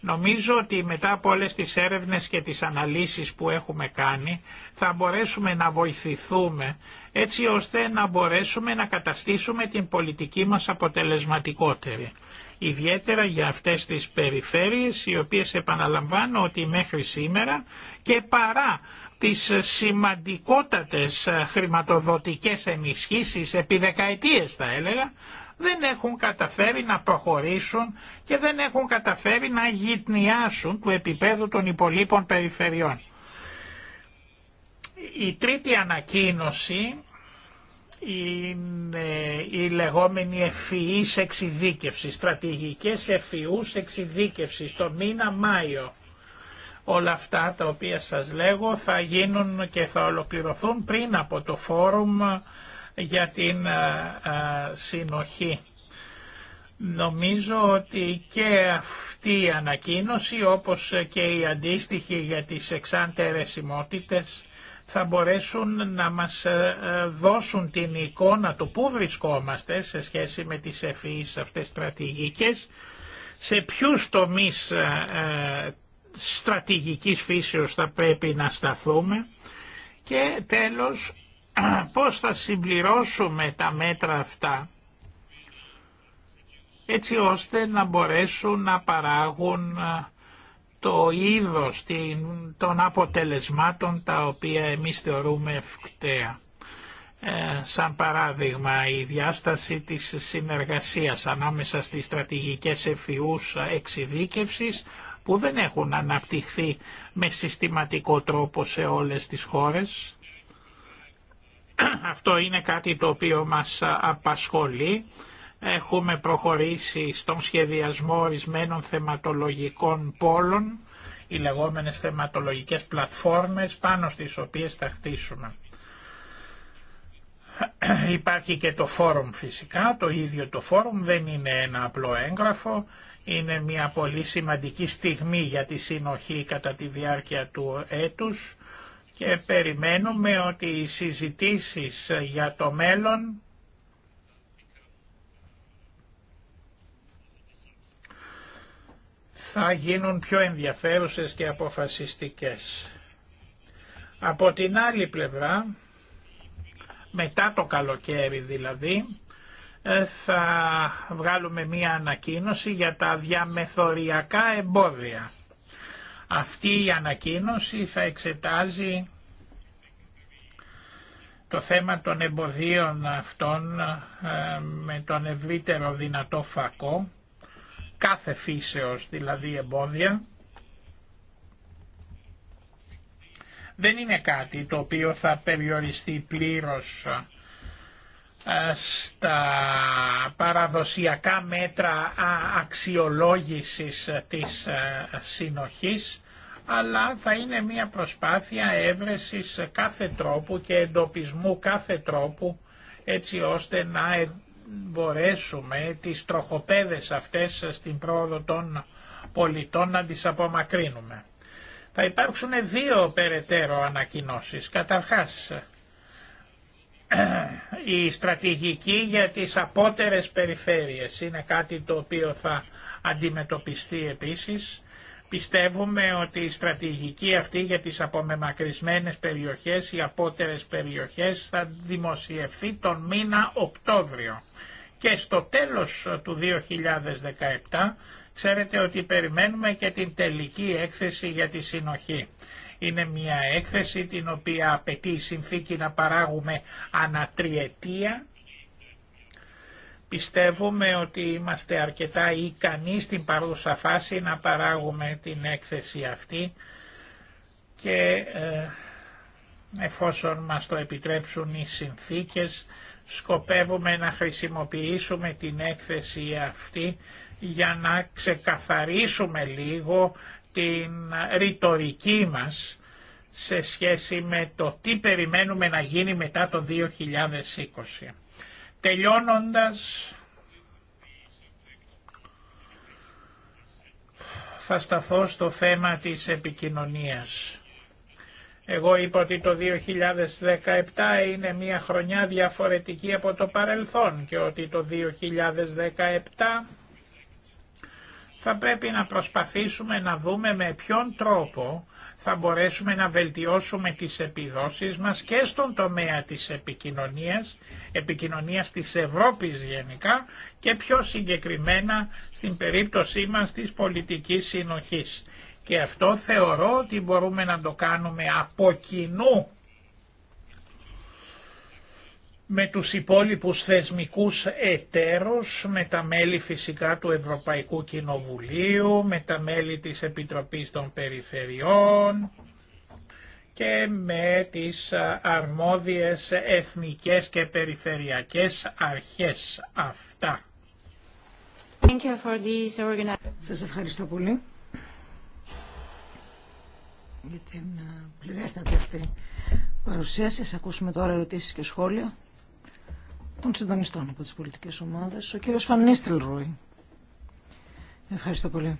Νομίζω ότι μετά από όλες τις έρευνες και τις αναλύσεις που έχουμε κάνει θα μπορέσουμε να βοηθηθούμε έτσι ώστε να μπορέσουμε να καταστήσουμε την πολιτική μας αποτελεσματικότερη. Ιδιαίτερα για αυτές τις περιφέρειες οι οποίες επαναλαμβάνω ότι μέχρι σήμερα και παρά τις σημαντικότατες χρηματοδοτικές ενισχύσεις επί δεκαετίες θα έλεγα δεν έχουν καταφέρει να προχωρήσουν και δεν έχουν καταφέρει να γυτνιάσουν του επίπεδου των υπολείπων περιφερειών. Η τρίτη ανακοίνωση είναι η λεγόμενη ευφυής εξειδίκευση, στρατηγικές ευφυούς εξειδίκευση, το μήνα Μάιο. Όλα αυτά τα οποία σας λέγω θα γίνουν και θα ολοκληρωθούν πριν από το φόρουμ για την ε, ε, συνοχή. Νομίζω ότι και αυτή η ανακοίνωση όπως και η αντίστοιχη για τις εξάντερες ημότητες θα μπορέσουν να μας ε, δώσουν την εικόνα του πού βρισκόμαστε σε σχέση με τις ευφυείς αυτές στρατηγικές, σε ποιους τομείς στρατηγικής φύσεως θα πρέπει να σταθούμε και τέλος πώς θα συμπληρώσουμε τα μέτρα αυτά έτσι ώστε να μπορέσουν να παράγουν το είδος των αποτελεσμάτων τα οποία εμείς θεωρούμε ευκταία. Ε, σαν παράδειγμα η διάσταση της συνεργασίας ανάμεσα στις στρατηγικές εφιούς εξειδίκευσης που δεν έχουν αναπτυχθεί με συστηματικό τρόπο σε όλες τις χώρες. Αυτό είναι κάτι το οποίο μας απασχολεί. Έχουμε προχωρήσει στον σχεδιασμό ορισμένων θεματολογικών πόλων, οι λεγόμενες θεματολογικές πλατφόρμες πάνω στις οποίες θα χτίσουμε. Υπάρχει και το φόρουμ φυσικά, το ίδιο το φόρουμ δεν είναι ένα απλό έγγραφο, είναι μια πολύ σημαντική στιγμή για τη συνοχή κατά τη διάρκεια του έτους και περιμένουμε ότι οι συζητήσεις για το μέλλον θα γίνουν πιο ενδιαφέρουσες και αποφασιστικές. Από την άλλη πλευρά, μετά το καλοκαίρι δηλαδή, ε, θα βγάλουμε μία ανακοίνωση για τα διαμεθοριακά εμπόδια. Αυτή η ανακοίνωση θα εξετάζει το θέμα των εμποδίων αυτών ε, με τον ευρύτερο δυνατό φακό, κάθε φύσεως δηλαδή εμπόδια. Δεν είναι κάτι το οποίο θα περιοριστεί πλήρως στα παραδοσιακά μέτρα αξιολόγησης της ε, συνοχής, αλλά θα είναι μια προσπάθεια έβρεσης κάθε τρόπου και εντοπισμού κάθε τρόπου έτσι ώστε να ε, μπορέσουμε τις τροχοπέδες αυτές στην πρόοδο των πολιτών να τις απομακρύνουμε. Θα υπάρξουν δύο περαιτέρω ανακοινώσεις. Καταρχάς, η στρατηγική για τις απότερες περιφέρειες είναι κάτι το οποίο θα αντιμετωπιστεί επίσης. Πιστεύουμε ότι η στρατηγική αυτή για τις απομεμακρυσμένες περιοχές, οι απότερες περιοχές θα δημοσιευθεί τον μήνα Οκτώβριο. Και στο τέλος του 2017 ξέρετε ότι περιμένουμε και την τελική έκθεση για τη συνοχή. Είναι μια έκθεση την οποία απαιτεί η συνθήκη να παράγουμε ανατριετία. Πιστεύουμε ότι είμαστε αρκετά ικανοί στην παρούσα φάση να παράγουμε την έκθεση αυτή και ε, εφόσον μας το επιτρέψουν οι συνθήκες σκοπεύουμε να χρησιμοποιήσουμε την έκθεση αυτή για να ξεκαθαρίσουμε λίγο την ρητορική μας σε σχέση με το τι περιμένουμε να γίνει μετά το 2020. Τελειώνοντας, θα σταθώ στο θέμα της επικοινωνίας. Εγώ είπα ότι το 2017 είναι μια χρονιά διαφορετική από το παρελθόν και ότι το 2017 θα πρέπει να προσπαθήσουμε να δούμε με ποιον τρόπο θα μπορέσουμε να βελτιώσουμε τις επιδόσεις μας και στον τομέα της επικοινωνίας, επικοινωνίας της Ευρώπης γενικά και πιο συγκεκριμένα στην περίπτωσή μας της πολιτικής συνοχής. Και αυτό θεωρώ ότι μπορούμε να το κάνουμε από κοινού με τους υπόλοιπους θεσμικούς εταίρους, με τα μέλη φυσικά του Ευρωπαϊκού Κοινοβουλίου, με τα μέλη της Επιτροπής των Περιφερειών και με τις αρμόδιες εθνικές και περιφερειακές αρχές. Αυτά. Thank Σας ευχαριστώ πολύ για την ε, πληρέστατη αυτή παρουσίαση. Σας ακούσουμε τώρα ερωτήσεις και σχόλια των συντονιστών από τις πολιτικές ομάδες, ο κύριος Φανίστελ Ρούι. Ευχαριστώ πολύ.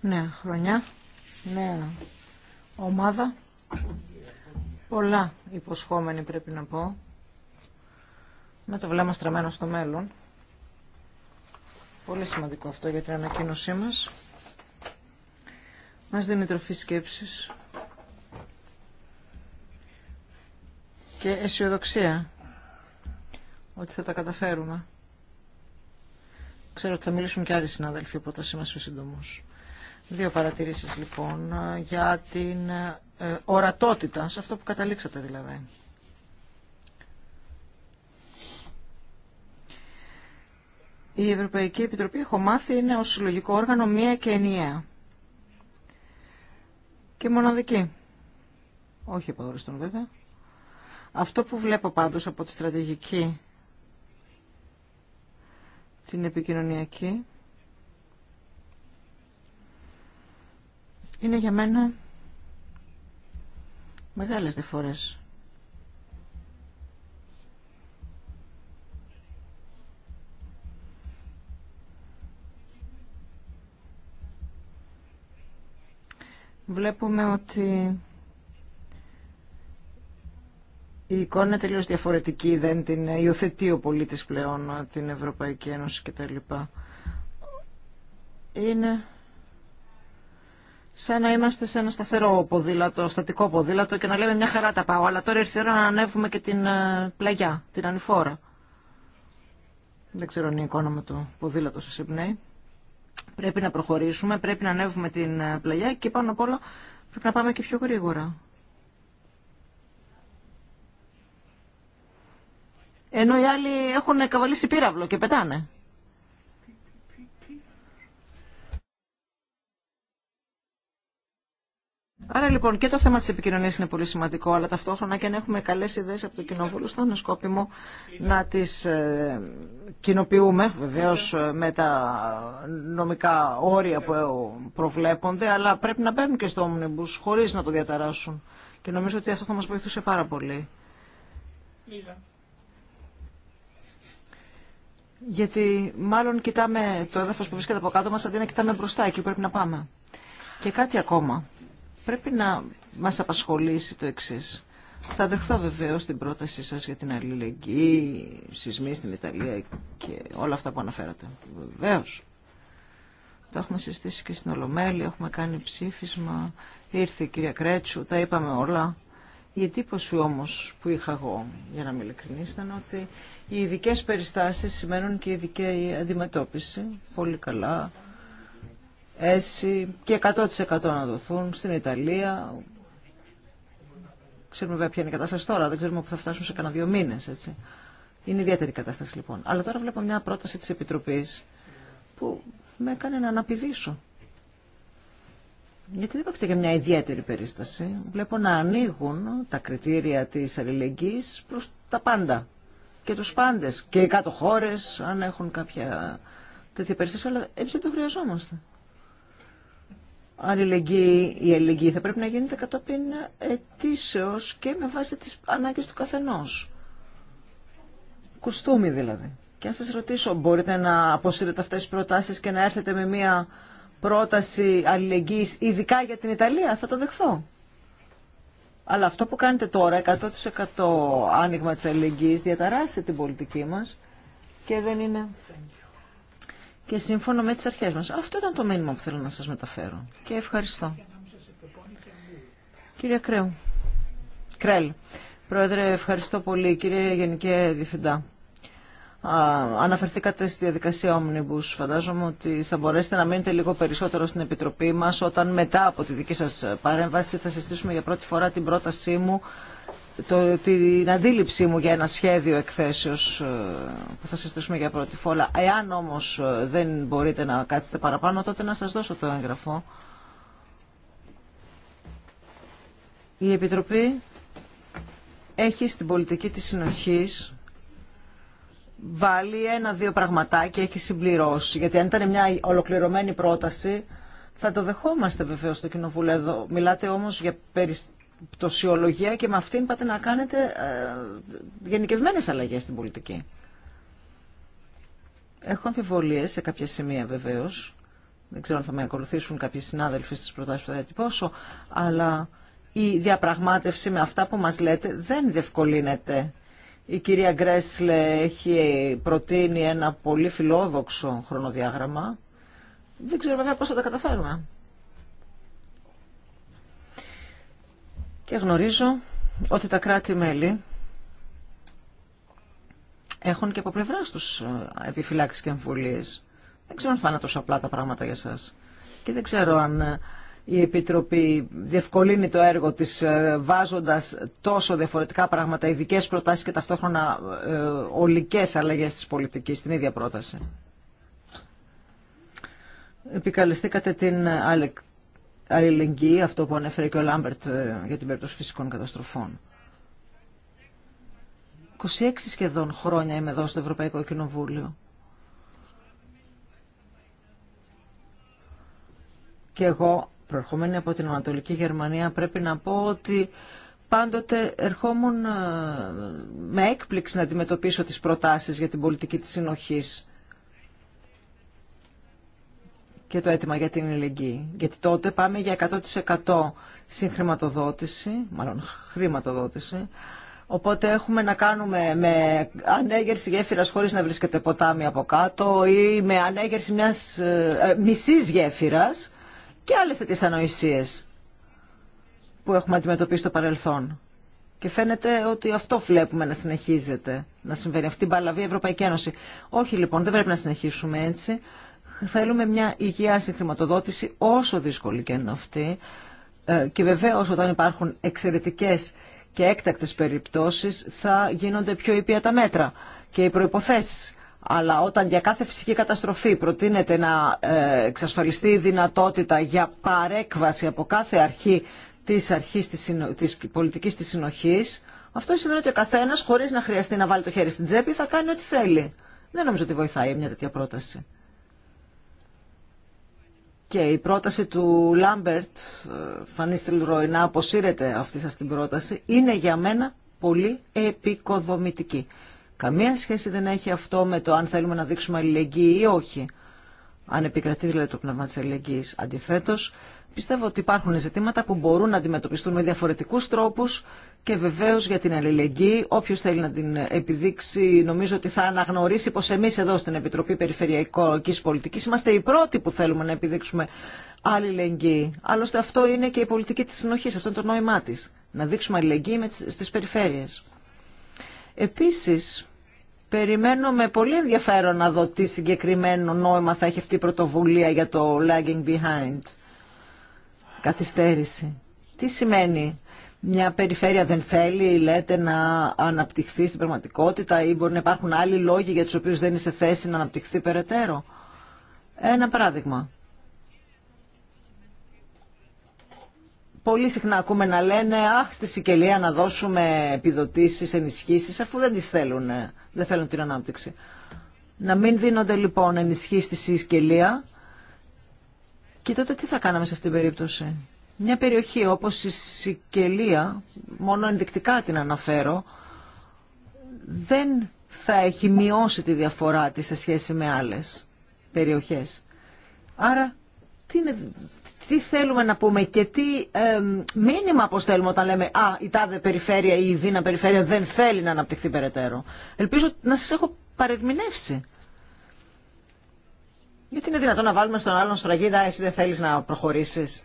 Νέα χρονιά, νέα ομάδα, πολλά υποσχόμενοι πρέπει να πω, με το βλέμμα στραμμένο στο μέλλον. Πολύ σημαντικό αυτό για την ανακοίνωσή μας. Μας δίνει τροφή σκέψης και αισιοδοξία ότι θα τα καταφέρουμε. Ξέρω ότι θα μιλήσουν και άλλοι συνάδελφοι, οπότε θα είμαστε σύντομο. Δύο παρατηρήσεις λοιπόν για την ε, ορατότητα, σε αυτό που καταλήξατε δηλαδή. Η Ευρωπαϊκή Επιτροπή, έχω μάθει, είναι ως συλλογικό όργανο μία και ενιαία. Και μοναδική. Όχι επαγωριστών βέβαια. Αυτό που βλέπω πάντως από τη στρατηγική την επικοινωνιακή είναι για μένα μεγάλες διαφορές. Βλέπουμε ότι η εικόνα είναι τελείως διαφορετική, δεν την υιοθετεί ο πολίτης πλέον ε, την Ευρωπαϊκή Ένωση κτλ. Είναι σαν να είμαστε σε ένα σταθερό ποδήλατο, στατικό ποδήλατο και να λέμε μια χαρά τα πάω, αλλά τώρα ήρθε η ώρα να ανέβουμε και την ε, πλαγιά, την ανηφόρα. Δεν ξέρω αν η εικόνα με το ποδήλατο σας εμπνέει. Πρέπει να προχωρήσουμε, πρέπει να ανέβουμε την ε, πλαγιά και πάνω απ' όλα πρέπει να πάμε και πιο γρήγορα. ενώ οι άλλοι έχουν καβαλήσει πύραυλο και πετάνε. Άρα λοιπόν και το θέμα της επικοινωνίας είναι πολύ σημαντικό, αλλά ταυτόχρονα και αν έχουμε καλές ιδέες από το κοινόβουλο, θα είναι σκόπιμο να τις ε, κοινοποιούμε, βεβαίως ε, με τα νομικά όρια που προβλέπονται, αλλά πρέπει να μπαίνουν και στο όμνιμπους χωρίς να το διαταράσουν. Και νομίζω ότι αυτό θα μας βοηθούσε πάρα πολύ. Γιατί μάλλον κοιτάμε το έδαφος που βρίσκεται από κάτω μας αντί να κοιτάμε μπροστά εκεί που πρέπει να πάμε. Και κάτι ακόμα. Πρέπει να μας απασχολήσει το εξή. Θα δεχθώ βεβαίως την πρότασή σας για την αλληλεγγύη, σεισμοί στην Ιταλία και όλα αυτά που αναφέρατε. Βεβαίως. Το έχουμε συστήσει και στην Ολομέλη, έχουμε κάνει ψήφισμα, ήρθε η κυρία Κρέτσου, τα είπαμε όλα. Η εντύπωση όμως που είχα εγώ, για να είμαι ειλικρινή, ήταν ότι οι ειδικέ περιστάσεις σημαίνουν και ειδική αντιμετώπιση. Πολύ καλά. έτσι και 100% να δοθούν στην Ιταλία. Ξέρουμε βέβαια ποια είναι η κατάσταση τώρα, δεν ξέρουμε που θα φτάσουν σε κανένα δύο μήνες, έτσι. Είναι ιδιαίτερη η κατάσταση λοιπόν. Αλλά τώρα βλέπω μια πρόταση τη επιτροπή που με έκανε να αναπηδήσω. Γιατί δεν πρόκειται για μια ιδιαίτερη περίσταση. Βλέπω να ανοίγουν τα κριτήρια της αλληλεγγύης προς τα πάντα. Και τους πάντες. Και οι κάτω χώρες, αν έχουν κάποια τέτοια περίσταση. Αλλά εμείς δεν το χρειαζόμαστε. Αλληλεγγύη, η αλληλεγγύη θα πρέπει να γίνεται κατόπιν ετήσεως και με βάση τις ανάγκες του καθενός. Κουστούμι δηλαδή. Και αν σας ρωτήσω, μπορείτε να αποσύρετε αυτές τις προτάσεις και να έρθετε με μια πρόταση αλληλεγγύης ειδικά για την Ιταλία, θα το δεχθώ. Αλλά αυτό που κάνετε τώρα, 100% άνοιγμα της αλληλεγγύης, διαταράσσει την πολιτική μας και δεν είναι και σύμφωνα με τις αρχές μας. Αυτό ήταν το μήνυμα που θέλω να σας μεταφέρω και ευχαριστώ. Κύριε Κρέου. Κρέλ. Πρόεδρε, ευχαριστώ πολύ. Κύριε Γενική Διευθυντά αναφερθήκατε στη διαδικασία Omnibus. Φαντάζομαι ότι θα μπορέσετε να μείνετε λίγο περισσότερο στην Επιτροπή μας όταν μετά από τη δική σας παρέμβαση θα συστήσουμε για πρώτη φορά την πρότασή μου το, την αντίληψή μου για ένα σχέδιο εκθέσεως ε, που θα συστήσουμε για πρώτη φορά. Εάν όμως ε, δεν μπορείτε να κάτσετε παραπάνω, τότε να σας δώσω το έγγραφο. Η Επιτροπή έχει στην πολιτική της συνοχής βάλει ένα-δύο πραγματάκια, έχει συμπληρώσει. Γιατί αν ήταν μια ολοκληρωμένη πρόταση, θα το δεχόμαστε βεβαίω στο κοινοβούλιο εδώ. Μιλάτε όμω για περιπτωσιολογία και με αυτήν πάτε να κάνετε ε, γενικευμένε αλλαγέ στην πολιτική. Έχω αμφιβολίε σε κάποια σημεία βεβαίω. Δεν ξέρω αν θα με ακολουθήσουν κάποιοι συνάδελφοι στις προτάσει που θα διατυπώσω, αλλά η διαπραγμάτευση με αυτά που μα λέτε δεν διευκολύνεται η κυρία Γκρέσλε έχει προτείνει ένα πολύ φιλόδοξο χρονοδιάγραμμα. Δεν ξέρω βέβαια πώς θα τα καταφέρουμε. Και γνωρίζω ότι τα κράτη-μέλη έχουν και από πλευρά τους ε, επιφυλάξει και εμβολίες. Δεν ξέρω αν θα τόσο απλά τα πράγματα για σας. Και δεν ξέρω αν ε, η Επιτροπή διευκολύνει το έργο της ε, βάζοντας τόσο διαφορετικά πράγματα, ειδικέ προτάσεις και ταυτόχρονα ε, ολικές αλλαγές της πολιτικής στην ίδια πρόταση. Επικαλεστήκατε την αλληλεγγύη, αυτό που ανέφερε και ο Λάμπερτ ε, για την περίπτωση φυσικών καταστροφών. 26 σχεδόν χρόνια είμαι εδώ στο Ευρωπαϊκό Κοινοβούλιο. Και εγώ Προερχομένη από την Ανατολική Γερμανία πρέπει να πω ότι πάντοτε ερχόμουν ε, με έκπληξη να αντιμετωπίσω τις προτάσεις για την πολιτική της συνοχής και το αίτημα για την ελληνική. Γιατί τότε πάμε για 100% συγχρηματοδότηση, μάλλον χρηματοδότηση, Οπότε έχουμε να κάνουμε με ανέγερση γέφυρας χωρίς να βρίσκεται ποτάμι από κάτω ή με ανέγερση μιας ε, γέφυρα και άλλες τέτοιες ανοησίες που έχουμε αντιμετωπίσει στο παρελθόν. Και φαίνεται ότι αυτό βλέπουμε να συνεχίζεται, να συμβαίνει αυτή η μπαλαβή Ευρωπαϊκή Ένωση. Όχι λοιπόν, δεν πρέπει να συνεχίσουμε έτσι. Θέλουμε μια υγεία συγχρηματοδότηση, όσο δύσκολη και είναι αυτή. Ε, και βεβαίω όταν υπάρχουν εξαιρετικέ και έκτακτες περιπτώσεις θα γίνονται πιο ήπια τα μέτρα και οι προϋποθέσεις. Αλλά όταν για κάθε φυσική καταστροφή προτείνεται να ε, εξασφαλιστεί η δυνατότητα για παρέκβαση από κάθε αρχή της, αρχής της, της πολιτικής της συνοχής, αυτό σημαίνει ότι ο καθένας χωρίς να χρειαστεί να βάλει το χέρι στην τσέπη θα κάνει ό,τι θέλει. Δεν νομίζω ότι βοηθάει μια τέτοια πρόταση. Και η πρόταση του Λάμπερτ, ε, Φανίστριλ Ρόι, να αποσύρεται αυτή σας την πρόταση, είναι για μένα πολύ επικοδομητική. Καμία σχέση δεν έχει αυτό με το αν θέλουμε να δείξουμε αλληλεγγύη ή όχι. Αν επικρατεί δηλαδή το πνεύμα τη αλληλεγγύη. Αντιθέτω, πιστεύω ότι υπάρχουν ζητήματα που μπορούν να αντιμετωπιστούν με διαφορετικού τρόπου και βεβαίω για την αλληλεγγύη όποιο θέλει να την επιδείξει νομίζω ότι θα αναγνωρίσει πω εμεί εδώ στην Επιτροπή Περιφερειακή πολιτική. είμαστε οι πρώτοι που θέλουμε να επιδείξουμε αλληλεγγύη. Άλλωστε αυτό είναι και η πολιτική τη συνοχή, αυτό είναι το νόημά τη, Να δείξουμε αλληλεγγύη στι περιφέρειε. Επίσης, περιμένω με πολύ ενδιαφέρον να δω τι συγκεκριμένο νόημα θα έχει αυτή η πρωτοβουλία για το lagging behind. Καθυστέρηση. Τι σημαίνει μια περιφέρεια δεν θέλει, λέτε, να αναπτυχθεί στην πραγματικότητα ή μπορεί να υπάρχουν άλλοι λόγοι για τους οποίους δεν είσαι θέση να αναπτυχθεί περαιτέρω. Ένα παράδειγμα. πολύ συχνά ακούμε να λένε «Αχ, στη Σικελία να δώσουμε επιδοτήσεις, ενισχύσεις, αφού δεν τις θέλουν, ε, δεν θέλουν την ανάπτυξη». Να μην δίνονται λοιπόν ενισχύσεις στη Σικελία και τότε τι θα κάναμε σε αυτήν την περίπτωση. Μια περιοχή όπως η Σικελία, μόνο ενδεικτικά την αναφέρω, δεν θα έχει μειώσει τη διαφορά της σε σχέση με άλλες περιοχές. Άρα τι είναι τι θέλουμε να πούμε και τι ε, μήνυμα αποστέλουμε όταν λέμε «Α, η τάδε περιφέρεια ή η η δυναμη περιφέρεια δεν θέλει να αναπτυχθεί περαιτέρω». Ελπίζω να σας έχω παρερμηνεύσει. Γιατί είναι δυνατόν να βάλουμε στον άλλον σφραγίδα «Εσύ δεν θέλεις να προχωρήσεις».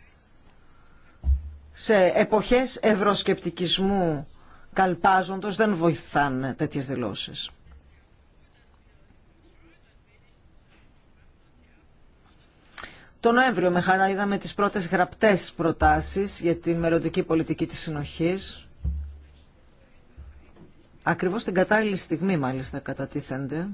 Σε εποχές ευρωσκεπτικισμού καλπάζοντος δεν βοηθάνε τέτοιες δηλώσεις. Το Νοέμβριο με χαρά είδαμε τις πρώτες γραπτές προτάσεις για τη μελλοντική πολιτική της συνοχής. Ακριβώς την κατάλληλη στιγμή μάλιστα κατατίθενται.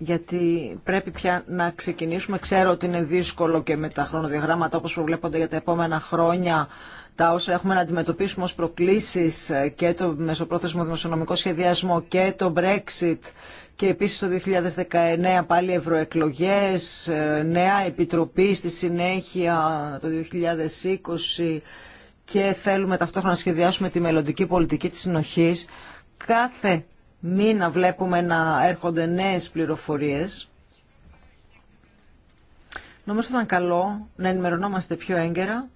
γιατί πρέπει πια να ξεκινήσουμε. Ξέρω ότι είναι δύσκολο και με τα χρονοδιαγράμματα όπως προβλέπονται για τα επόμενα χρόνια τα όσα έχουμε να αντιμετωπίσουμε ως προκλήσεις και το μεσοπρόθεσμο δημοσιονομικό σχεδιασμό και το Brexit και επίσης το 2019 πάλι ευρωεκλογές, ε, νέα επιτροπή στη συνέχεια το 2020 και θέλουμε ταυτόχρονα να σχεδιάσουμε τη μελλοντική πολιτική της συνοχής. Κάθε μήνα βλέπουμε να έρχονται νέες πληροφορίες. Νομίζω ήταν καλό να ενημερωνόμαστε πιο έγκαιρα.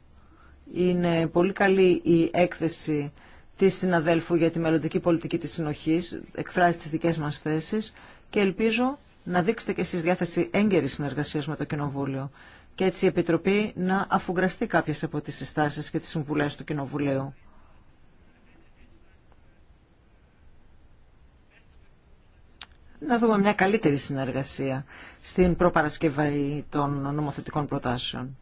Είναι πολύ καλή η έκθεση τη συναδέλφου για τη μελλοντική πολιτική της συνοχής, εκφράζει τις δικές μας θέσεις και ελπίζω να δείξετε και εσείς διάθεση έγκαιρη συνεργασίας με το Κοινοβούλιο και έτσι η Επιτροπή να αφουγκραστεί κάποιες από τις συστάσεις και τις συμβουλές του Κοινοβουλίου. Να δούμε μια καλύτερη συνεργασία στην προπαρασκευή των νομοθετικών προτάσεων.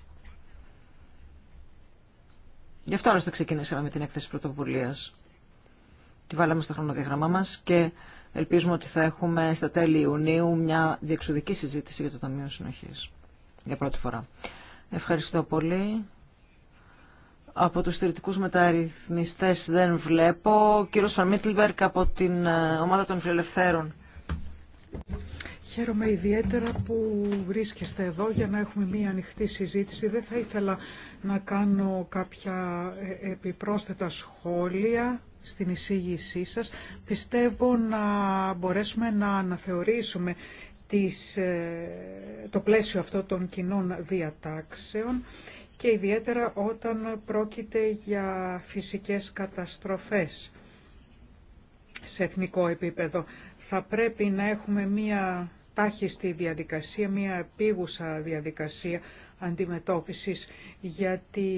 Γι' αυτό άλλωστε ξεκινήσαμε με την έκθεση πρωτοβουλία. Τη βάλαμε στο χρονοδιαγραμμά μα και ελπίζουμε ότι θα έχουμε στα τέλη Ιουνίου μια διεξοδική συζήτηση για το Ταμείο Συνοχή. Για πρώτη φορά. Ευχαριστώ πολύ. Από τους στηρητικούς μεταρρυθμιστές δεν βλέπω. Ο κύριος από την ε, ομάδα των φιλελευθέρων. Χαίρομαι ιδιαίτερα που βρίσκεστε εδώ για να έχουμε μία ανοιχτή συζήτηση. Δεν θα ήθελα να κάνω κάποια ε, επιπρόσθετα σχόλια στην εισήγησή σας. Πιστεύω να μπορέσουμε να αναθεωρήσουμε τις, ε, το πλαίσιο αυτό των κοινών διατάξεων και ιδιαίτερα όταν πρόκειται για φυσικές καταστροφές σε εθνικό επίπεδο. Θα πρέπει να έχουμε μία Στη διαδικασία, μια επίγουσα διαδικασία αντιμετώπισης, γιατί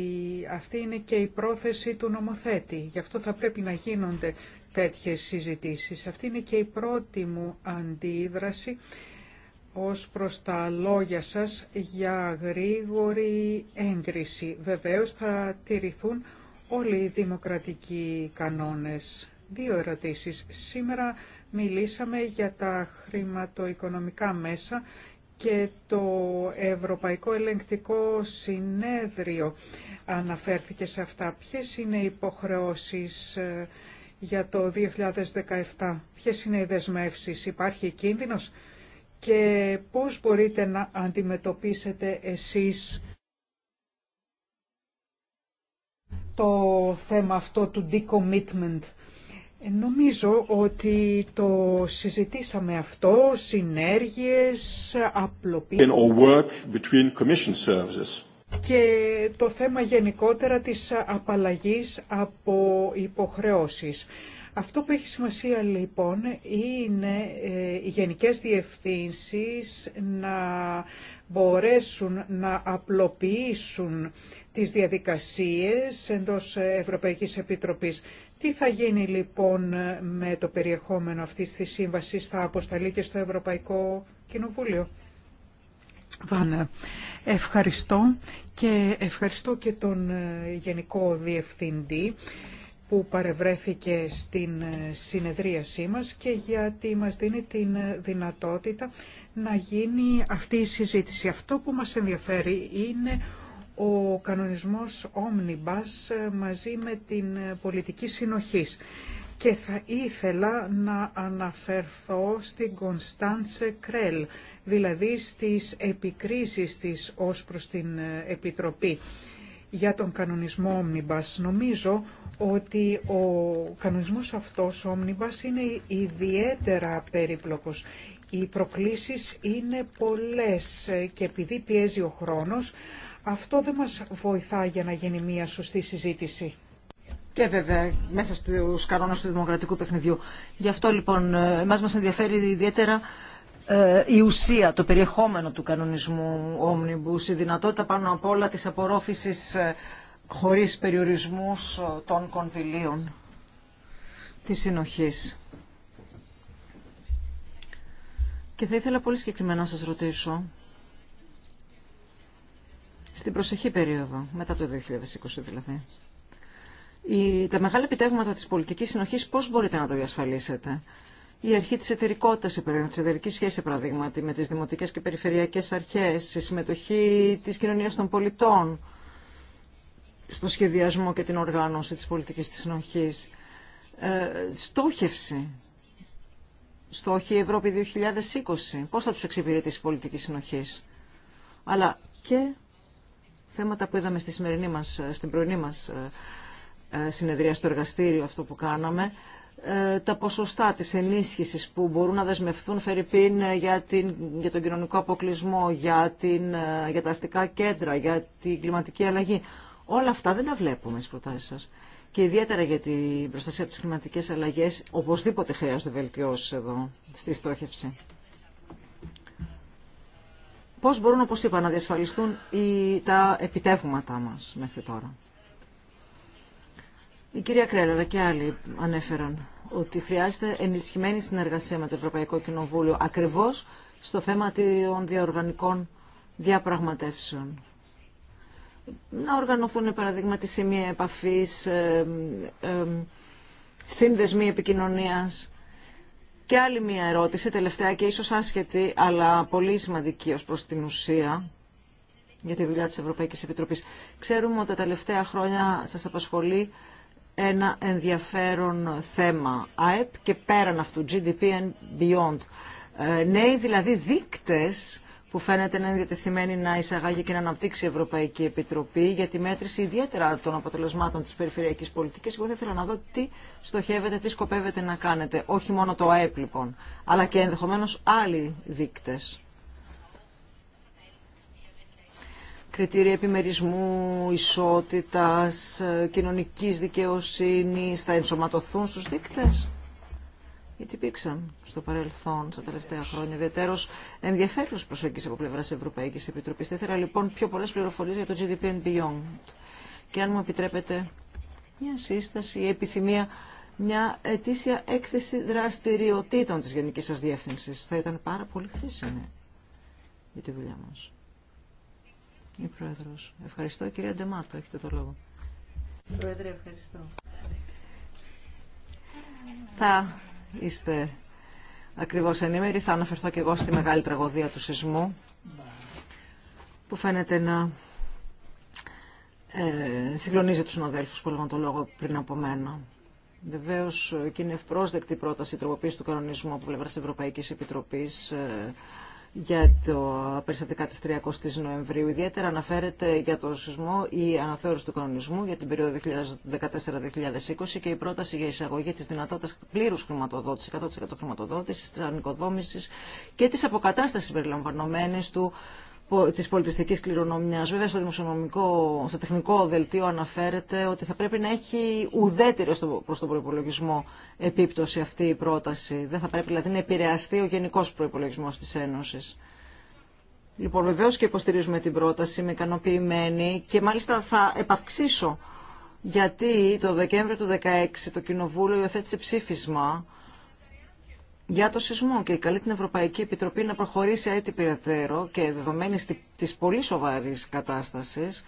αυτή είναι και η πρόθεση του νομοθέτη. Γι' αυτό θα πρέπει να γίνονται τέτοιες συζητήσεις. Αυτή είναι και η πρώτη μου αντίδραση ως προς τα λόγια σας για γρήγορη έγκριση. Βεβαίως θα τηρηθούν όλοι οι δημοκρατικοί κανόνες. Δύο ερωτήσεις. Σήμερα μιλήσαμε για τα χρηματοοικονομικά μέσα και το Ευρωπαϊκό Ελεγκτικό Συνέδριο αναφέρθηκε σε αυτά. Ποιες είναι οι υποχρεώσεις ε, για το 2017, ποιες είναι οι δεσμεύσεις, υπάρχει κίνδυνος και πώς μπορείτε να αντιμετωπίσετε εσείς το θέμα αυτό του decommitment. Νομίζω ότι το συζητήσαμε αυτό, συνέργειες, απλοποίηση και το θέμα γενικότερα της απαλλαγής από υποχρεώσεις. Αυτό που έχει σημασία λοιπόν είναι ε, οι γενικές διευθύνσεις να μπορέσουν να απλοποιήσουν τις διαδικασίες εντός Ευρωπαϊκής Επιτροπής. Τι θα γίνει λοιπόν με το περιεχόμενο αυτής της σύμβασης, θα αποσταλεί και στο Ευρωπαϊκό Κοινοβούλιο. Βάνα, ευχαριστώ και ευχαριστώ και τον ε, Γενικό Διευθυντή που παρευρέθηκε στην ε, συνεδρίασή μας και γιατί μας δίνει την ε, δυνατότητα να γίνει αυτή η συζήτηση. Αυτό που μας ενδιαφέρει είναι ο κανονισμός Omnibus ε, μαζί με την ε, πολιτική συνοχής. Και θα ήθελα να αναφερθώ στην Κωνσταντσε Κρέλ, δηλαδή στις επικρίσεις της ως προς την ε, Επιτροπή για τον κανονισμό Omnibus. Νομίζω ότι ο κανονισμός αυτός, ο Omnibus, είναι ιδιαίτερα περίπλοκος. Οι προκλήσεις είναι πολλές και επειδή πιέζει ο χρόνος, αυτό δεν μας βοηθά για να γίνει μια σωστή συζήτηση. Και βέβαια μέσα στους κανόνες του δημοκρατικού παιχνιδιού. Γι' αυτό λοιπόν εμάς μας ενδιαφέρει ιδιαίτερα ε, η ουσία, το περιεχόμενο του κανονισμού Omnibus, η δυνατότητα πάνω απ' όλα της απορρόφησης ε, χωρίς περιορισμούς ε, των κονδυλίων της συνοχής. Και θα ήθελα πολύ συγκεκριμένα να σας ρωτήσω στην προσεχή περίοδο, μετά το 2020 δηλαδή. Η, τα μεγάλα επιτεύγματα της πολιτικής συνοχής πώς μπορείτε να το διασφαλίσετε. Η αρχή της εταιρικότητας, η εταιρική σχέση παραδείγματι με τις δημοτικές και περιφερειακές αρχές, η συμμετοχή της κοινωνίας των πολιτών στο σχεδιασμό και την οργάνωση της πολιτικής της συνοχής, ε, στόχευση, Στόχη Ευρώπη 2020, πώς θα τους εξυπηρετήσει η πολιτική συνοχής. Αλλά και θέματα που είδαμε στη σημερινή μας, στην πρωινή μας ε, ε, συνεδρία στο εργαστήριο αυτό που κάναμε ε, τα ποσοστά της ενίσχυσης που μπορούν να δεσμευθούν φερειπίν για, για τον κοινωνικό αποκλεισμό, για, την, για τα αστικά κέντρα, για την κλιματική αλλαγή. Όλα αυτά δεν τα βλέπουμε στις προτάσεις σας. Και ιδιαίτερα για την προστασία από τις κλιματικές αλλαγές, οπωσδήποτε χρειάζονται βελτιώσεις εδώ στη στόχευση πώς μπορούν, όπως είπα, να διασφαλιστούν οι, τα επιτεύγματά μας μέχρι τώρα. Η κυρία Κρέλλα και άλλοι ανέφεραν ότι χρειάζεται ενισχυμένη συνεργασία με το Ευρωπαϊκό Κοινοβούλιο ακριβώς στο θέμα των διαοργανικών διαπραγματεύσεων. Να οργανωθούν, παραδείγμα, τη σημεία επαφής, ε, ε, σύνδεσμοι επικοινωνίας, και άλλη μία ερώτηση, τελευταία και ίσως άσχετη, αλλά πολύ σημαντική ως προς την ουσία για τη δουλειά της Ευρωπαϊκής Επιτροπής. Ξέρουμε ότι τα τελευταία χρόνια σας απασχολεί ένα ενδιαφέρον θέμα. ΑΕΠ και πέραν αυτού, GDP and beyond. Ε, νέοι δηλαδή δείκτες που φαίνεται να είναι διατεθειμένη να εισαγάγει και να αναπτύξει η Ευρωπαϊκή Επιτροπή για τη μέτρηση ιδιαίτερα των αποτελεσμάτων της περιφερειακής πολιτικής. Εγώ δεν ήθελα να δω τι στοχεύετε, τι σκοπεύετε να κάνετε. Όχι μόνο το ΑΕΠ λοιπόν, αλλά και ενδεχομένως άλλοι δείκτε. κριτήρια επιμερισμού, ισότητας, ε, κοινωνικής δικαιοσύνης θα ενσωματωθούν στους δείκτες γιατί υπήρξαν στο παρελθόν, στα τελευταία χρόνια, ιδιαίτερω ενδιαφέρουσε προσέγγιση από πλευρά Ευρωπαϊκή Επιτροπή. Θα ήθελα λοιπόν πιο πολλέ πληροφορίε για το GDP and Beyond. Και αν μου επιτρέπετε, μια σύσταση ή επιθυμία, μια ετήσια έκθεση δραστηριοτήτων τη Γενική σα Διεύθυνση. Θα ήταν πάρα πολύ χρήσιμη για τη δουλειά μα. Η Πρόεδρο. Ευχαριστώ, κυρία Ντεμάτο. Έχετε το λόγο. Πρόεδρε, ευχαριστώ είστε ακριβώς ενήμεροι. Θα αναφερθώ και εγώ στη μεγάλη τραγωδία του σεισμού που φαίνεται να ε, συγκλονίζει τους συναδέλφους που έλεγαν το λόγο πριν από μένα. Βεβαίω και είναι ευπρόσδεκτη πρόταση τροποποίηση του κανονισμού από πλευρά τη Ευρωπαϊκή Επιτροπή. Ε, για το περιστατικά της 30ης Νοεμβρίου. Ιδιαίτερα αναφέρεται για το σεισμό η αναθεώρηση του κανονισμού για την περίοδο 2014-2020 και η πρόταση για εισαγωγή της δυνατότητας πλήρους χρηματοδότησης, 100% χρηματοδότησης, της ανοικοδόμησης και της αποκατάστασης περιλαμβανομένης του της πολιτιστικής κληρονομιάς. Βέβαια στο δημοσιονομικό, στο τεχνικό δελτίο αναφέρεται ότι θα πρέπει να έχει ουδέτερο προς τον προϋπολογισμό επίπτωση αυτή η πρόταση. Δεν θα πρέπει δηλαδή να επηρεαστεί ο γενικός προϋπολογισμός της Ένωσης. Λοιπόν, βεβαίω και υποστηρίζουμε την πρόταση, είμαι ικανοποιημένη και μάλιστα θα επαυξήσω γιατί το Δεκέμβριο του 2016 το Κοινοβούλιο υιοθέτησε ψήφισμα για το σεισμό και καλεί την Ευρωπαϊκή Επιτροπή να προχωρήσει αίτη περαιτέρω και δεδομένη τη πολύ σοβαρή κατάστασης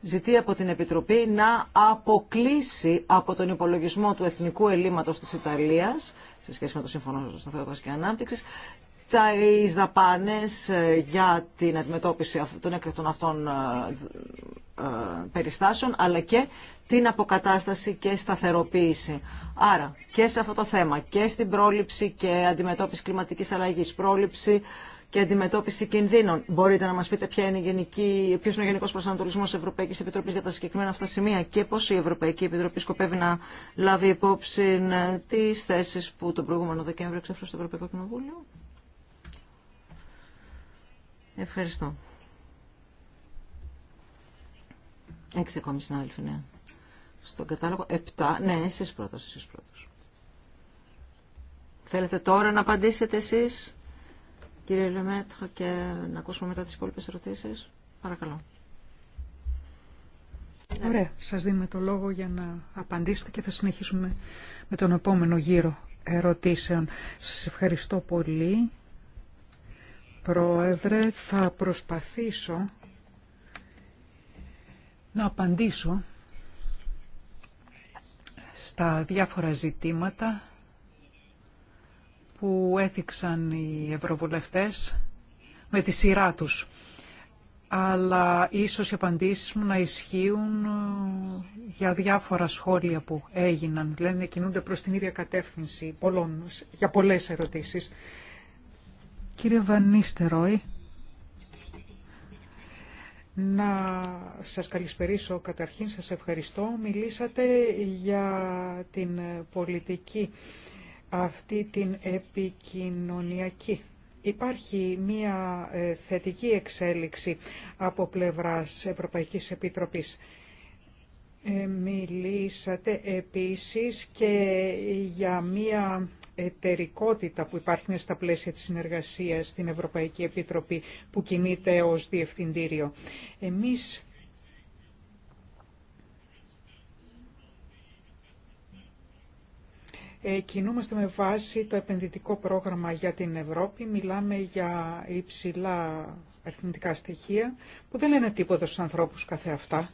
ζητεί από την Επιτροπή να αποκλείσει από τον υπολογισμό του εθνικού ελλείμματο τη Ιταλίας σε σχέση με το Σύμφωνο Σταθερότητα και ανάπτυξη τα δαπάνε ε, για την αντιμετώπιση των έκτακτων αυτών ε, ε, περιστάσεων, αλλά και την αποκατάσταση και σταθεροποίηση. Άρα και σε αυτό το θέμα και στην πρόληψη και αντιμετώπιση κλιματικής αλλαγής, πρόληψη και αντιμετώπιση κινδύνων. Μπορείτε να μα πείτε ποια είναι ποιος είναι ο γενικό προσανατολισμό τη Ευρωπαϊκή Επιτροπή για τα συγκεκριμένα αυτά σημεία και πώ η Ευρωπαϊκή Επιτροπή σκοπεύει να λάβει υπόψη τι θέσει που τον προηγούμενο Δεκέμβριο εξέφρασε στο Ευρωπαϊκό Κοινοβούλιο. Ευχαριστώ. Έξι ακόμη συνάδελφοι, ναι. Στον κατάλογο, επτά. Ναι, εσείς πρώτος, εσείς πρώτος. Θέλετε τώρα να απαντήσετε εσείς, κύριε Λεμέτρο, και να ακούσουμε μετά τις υπόλοιπες ερωτήσεις. Παρακαλώ. Ωραία. Σας δίνουμε το λόγο για να απαντήσετε και θα συνεχίσουμε με τον επόμενο γύρο ερωτήσεων. Σας ευχαριστώ πολύ Πρόεδρε, θα προσπαθήσω να απαντήσω στα διάφορα ζητήματα που έθιξαν οι ευρωβουλευτές με τη σειρά τους. Αλλά ίσως οι απαντήσεις μου να ισχύουν ε, για διάφορα σχόλια που έγιναν, δηλαδή να κινούνται προς την ίδια κατεύθυνση για πολλές ερωτήσεις. Κύριε Βανίστερόι, να σας καλησπερίσω καταρχήν, σας ευχαριστώ. Μιλήσατε για την πολιτική, αυτή την επικοινωνιακή. Υπάρχει μία ε, θετική εξέλιξη από πλευράς Ευρωπαϊκής Επιτροπής. Ε, μιλήσατε επίσης και για μία εταιρικότητα που υπάρχει στα πλαίσια της συνεργασίας στην Ευρωπαϊκή Επιτροπή που κινείται ως διευθυντήριο. Εμείς ε, κινούμαστε με βάση το επενδυτικό πρόγραμμα για την Ευρώπη. Μιλάμε για υψηλά αριθμητικά στοιχεία που δεν λένε τίποτα στους ανθρώπους καθεαυτά. αυτά.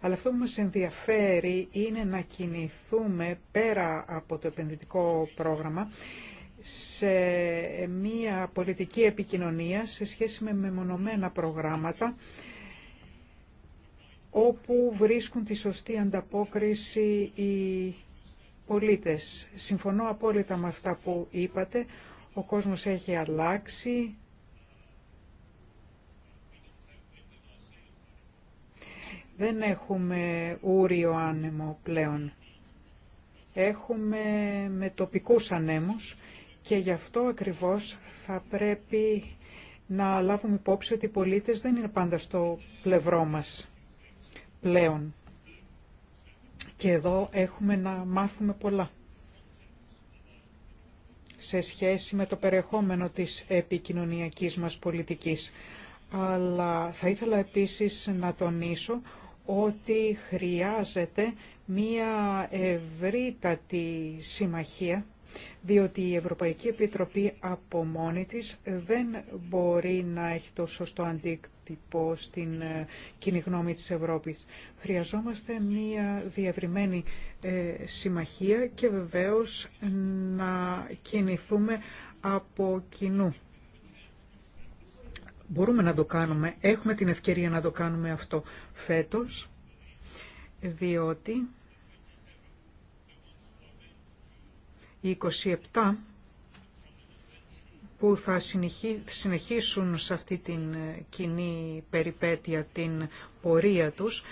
Αλλά αυτό που μας ενδιαφέρει είναι να κινηθούμε πέρα από το επενδυτικό πρόγραμμα σε μια πολιτική επικοινωνία σε σχέση με μεμονωμένα προγράμματα όπου βρίσκουν τη σωστή ανταπόκριση οι πολίτες. Συμφωνώ απόλυτα με αυτά που είπατε. Ο κόσμος έχει αλλάξει, Δεν έχουμε ούριο άνεμο πλέον. Έχουμε με τοπικούς ανέμους και γι' αυτό ακριβώς θα πρέπει να λάβουμε υπόψη ότι οι πολίτες δεν είναι πάντα στο πλευρό μας πλέον. Και εδώ έχουμε να μάθουμε πολλά σε σχέση με το περιεχόμενο της επικοινωνιακής μας πολιτικής. Αλλά θα ήθελα επίσης να τονίσω ότι χρειάζεται μία ευρύτατη συμμαχία, διότι η Ευρωπαϊκή Επιτροπή από μόνη της δεν μπορεί να έχει το σωστό αντίκτυπο στην ε, κοινή γνώμη της Ευρώπης. Χρειαζόμαστε μία διευρυμένη ε, συμμαχία και βεβαίως να κινηθούμε από κοινού Μπορούμε να το κάνουμε, έχουμε την ευκαιρία να το κάνουμε αυτό φέτος, διότι οι 27 που θα συνεχίσουν σε αυτή την ε, κοινή περιπέτεια την πορεία τους,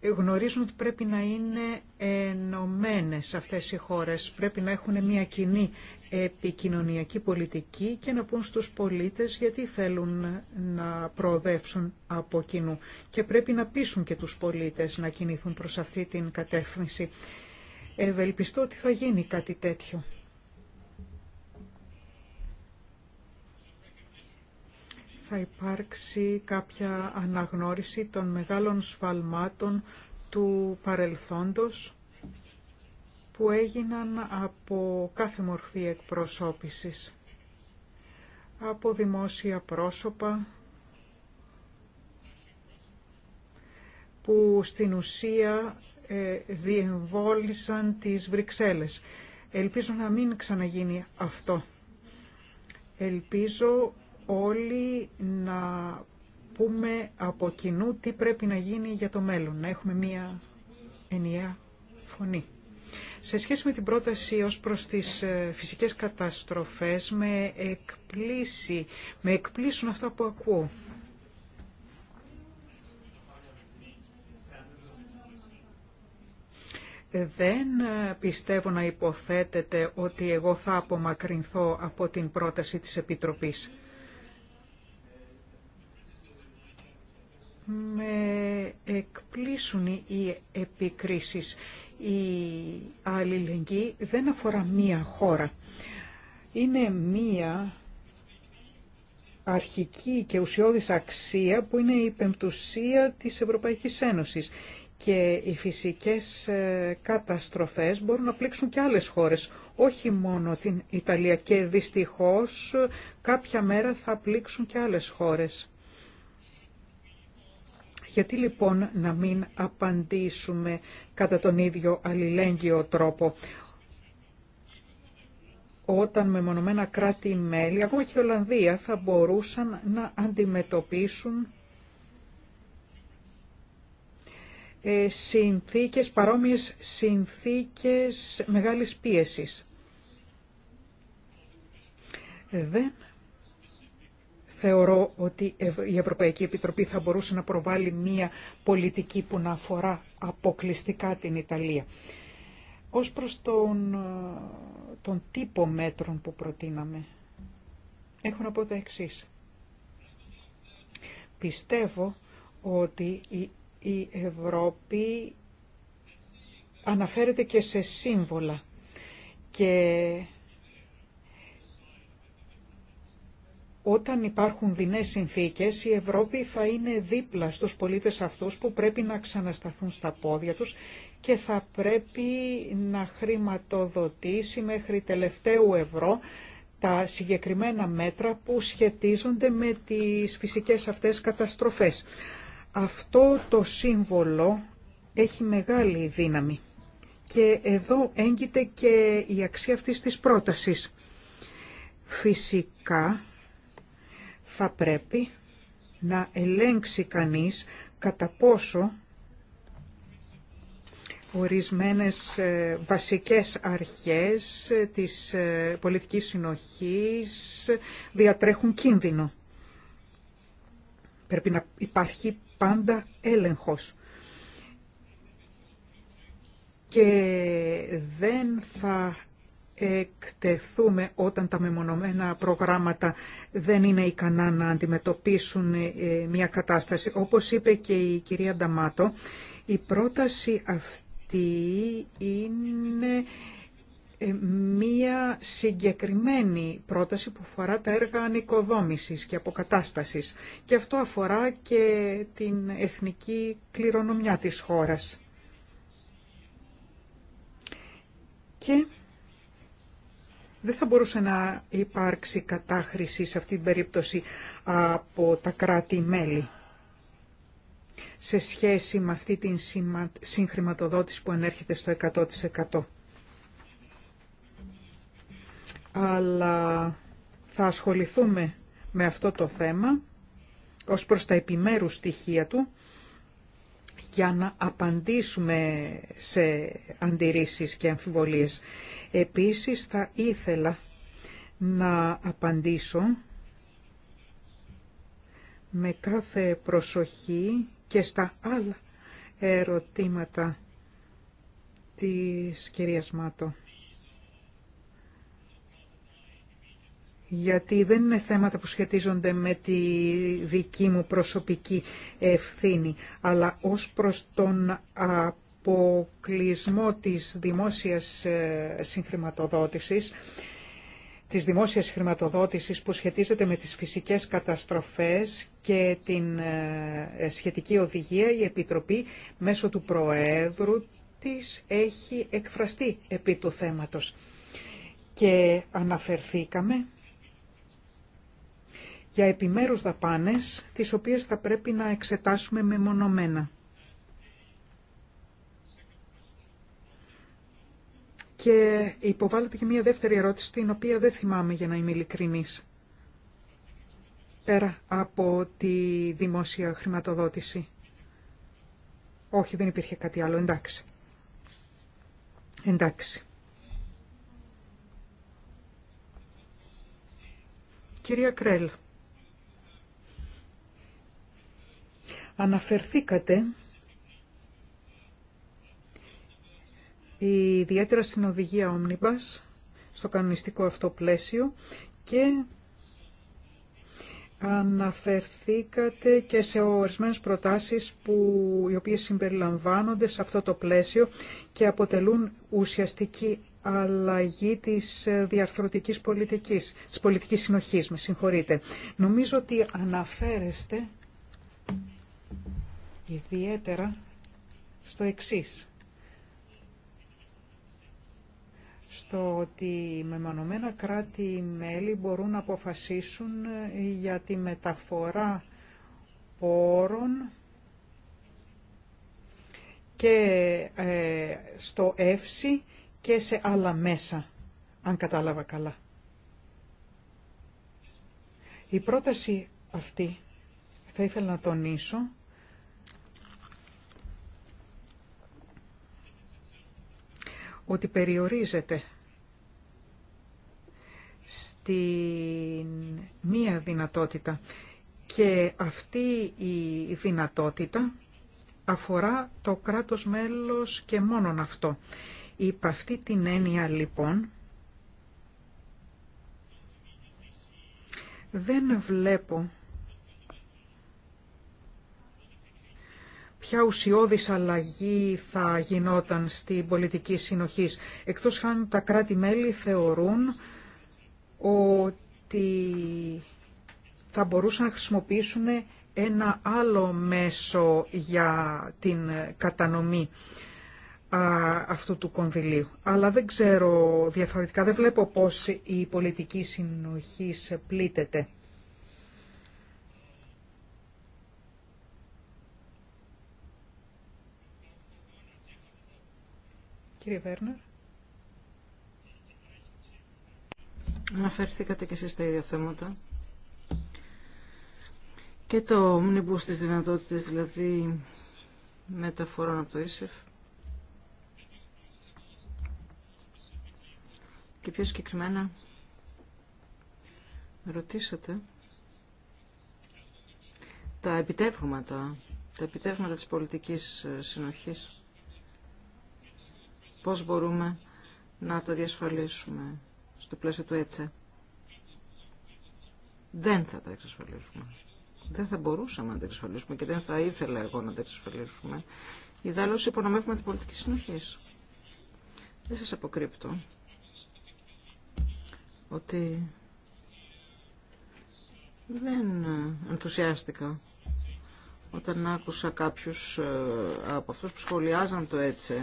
ε, γνωρίζουν ότι πρέπει να είναι ενωμένε αυτές οι χώρες, πρέπει να έχουν μια κοινή επικοινωνιακή πολιτική και να πούν στους πολίτες γιατί θέλουν να προοδεύσουν από κοινού. Και πρέπει να πείσουν και τους πολίτες να κινηθούν προς αυτή την κατεύθυνση. Ευελπιστώ ότι θα γίνει κάτι τέτοιο. Θα υπάρξει κάποια αναγνώριση των μεγάλων σφαλμάτων του παρελθόντος που έγιναν από κάθε μορφή εκπροσώπησης, από δημόσια πρόσωπα, που στην ουσία ε, διεμβόλησαν τις Βρυξέλλες. Ελπίζω να μην ξαναγίνει αυτό. Ελπίζω όλοι να πούμε από κοινού τι πρέπει να γίνει για το μέλλον, να έχουμε μία ενιαία φωνή. Σε σχέση με την πρόταση ως προς τις ε, φυσικές καταστροφές, με, εκπλήσει, με εκπλήσουν αυτά που ακούω. Δεν ε, πιστεύω να υποθέτεται ότι εγώ θα απομακρυνθώ από την πρόταση της Επιτροπής. Με εκπλήσουν οι επικρίσεις η αλληλεγγύη δεν αφορά μία χώρα. Είναι μία αρχική και ουσιώδης αξία που είναι η πεμπτουσία της Ευρωπαϊκής Ένωσης και οι φυσικές ε, καταστροφές μπορούν να πλήξουν και άλλες χώρες, όχι μόνο την Ιταλία και δυστυχώς ε, κάποια μέρα θα πλήξουν και άλλες χώρες. Γιατί λοιπόν να μην απαντήσουμε κατά τον ίδιο αλληλέγγυο τρόπο όταν μεμονωμένα κράτη-μέλη, ακόμα και η Ολλανδία, θα μπορούσαν να αντιμετωπίσουν ε, συνθήκες, παρόμοιες συνθήκες μεγάλης πίεσης. Δεν Θεωρώ ότι η Ευρωπαϊκή Επιτροπή θα μπορούσε να προβάλλει μία πολιτική που να αφορά αποκλειστικά την Ιταλία. Ως προς τον, ε, τον τύπο μέτρων που προτείναμε, έχω να πω τα εξής. Πιστεύω ότι η, η Ευρώπη αναφέρεται και σε σύμβολα και Όταν υπάρχουν δεινές συνθήκες, η Ευρώπη θα είναι δίπλα στους πολίτες αυτούς που πρέπει να ξανασταθούν στα πόδια τους και θα πρέπει να χρηματοδοτήσει μέχρι τελευταίου ευρώ τα συγκεκριμένα μέτρα που σχετίζονται με τις φυσικές αυτές καταστροφές. Αυτό το σύμβολο έχει μεγάλη δύναμη και εδώ έγκυται και η αξία αυτής της πρότασης. Φυσικά θα πρέπει να ελέγξει κανείς κατά πόσο ορισμένες ε, βασικές αρχές ε, της ε, πολιτικής συνοχής διατρέχουν κίνδυνο. Πρέπει να υπάρχει πάντα έλεγχος. Και δεν θα εκτεθούμε όταν τα μεμονωμένα προγράμματα δεν είναι ικανά να αντιμετωπίσουν ε, μια κατάσταση. Όπως είπε και η κυρία Νταμάτο, η πρόταση αυτή είναι ε, μία συγκεκριμένη πρόταση που αφορά τα έργα ανοικοδόμησης και αποκατάστασης και αυτό αφορά και την εθνική κληρονομιά της χώρας. Και δεν θα μπορούσε να υπάρξει κατάχρηση σε αυτή την περίπτωση από τα κράτη-μέλη σε σχέση με αυτή την συγχρηματοδότηση που ενέρχεται στο 100%. Αλλά θα ασχοληθούμε με αυτό το θέμα ως προς τα επιμέρους στοιχεία του για να απαντήσουμε σε αντιρρήσεις και αμφιβολίες. Επίσης θα ήθελα να απαντήσω με κάθε προσοχή και στα άλλα ερωτήματα της κυρίας Μάτο. γιατί δεν είναι θέματα που σχετίζονται με τη δική μου προσωπική ευθύνη, αλλά ως προς τον αποκλεισμό της δημόσιας ε, συγχρηματοδότησης, της δημόσιας χρηματοδότησης που σχετίζεται με τις φυσικές καταστροφές και την ε, σχετική οδηγία, η Επιτροπή μέσω του Προέδρου της έχει εκφραστεί επί του θέματος. Και αναφερθήκαμε για επιμέρους δαπάνες, τις οποίες θα πρέπει να εξετάσουμε μεμονωμένα. Και υποβάλλεται και μία δεύτερη ερώτηση, την οποία δεν θυμάμαι για να είμαι ειλικρινής. Πέρα από τη δημόσια χρηματοδότηση. Όχι, δεν υπήρχε κάτι άλλο. Εντάξει. Εντάξει. Κυρία Κρέλ. Αναφερθήκατε ιδιαίτερα στην οδηγία Omnibus, στο κανονιστικό αυτό πλαίσιο και αναφερθήκατε και σε ορισμένες προτάσεις που, οι οποίες συμπεριλαμβάνονται σε αυτό το πλαίσιο και αποτελούν ουσιαστική αλλαγή της διαρθρωτικής πολιτικής, της πολιτικής συνοχής, με συγχωρείτε. Νομίζω ότι αναφέρεστε ιδιαίτερα στο εξής. Στο ότι μεμονωμένα κράτη-μέλη μπορούν να αποφασίσουν για τη μεταφορά πόρων και ε, στο εύση και σε άλλα μέσα, αν κατάλαβα καλά. Η πρόταση αυτή θα ήθελα να τονίσω ότι περιορίζεται στην μία δυνατότητα και αυτή η δυνατότητα αφορά το κράτος μέλος και μόνον αυτό. Υπ' αυτή την έννοια λοιπόν δεν βλέπω ποια ουσιώδης αλλαγή θα γινόταν στην πολιτική συνοχής, εκτός αν τα κράτη-μέλη θεωρούν ότι θα μπορούσαν να χρησιμοποιήσουν ένα άλλο μέσο για την κατανομή αυτού του κονδυλίου. Αλλά δεν ξέρω διαφορετικά, δεν βλέπω πώς η πολιτική συνοχή πλήτεται. Κύριε Βέρνερ. Αναφερθήκατε και εσείς στα ίδια θέματα. Και το μνημπού στις δυνατότητες, δηλαδή μεταφορών από το ΙΣΕΦ. Και πιο συγκεκριμένα ρωτήσατε τα επιτεύγματα, τα επιτεύγματα της πολιτικής συνοχής πώς μπορούμε να το διασφαλίσουμε στο πλαίσιο του έτσε. Δεν θα τα εξασφαλίσουμε. Δεν θα μπορούσαμε να τα εξασφαλίσουμε και δεν θα ήθελα εγώ να τα εξασφαλίσουμε. Ιδάλλως υπονομεύουμε την πολιτική συνοχή. Δεν σας αποκρύπτω ότι δεν ενθουσιάστηκα όταν άκουσα κάποιους ε, από αυτούς που σχολιάζαν το έτσι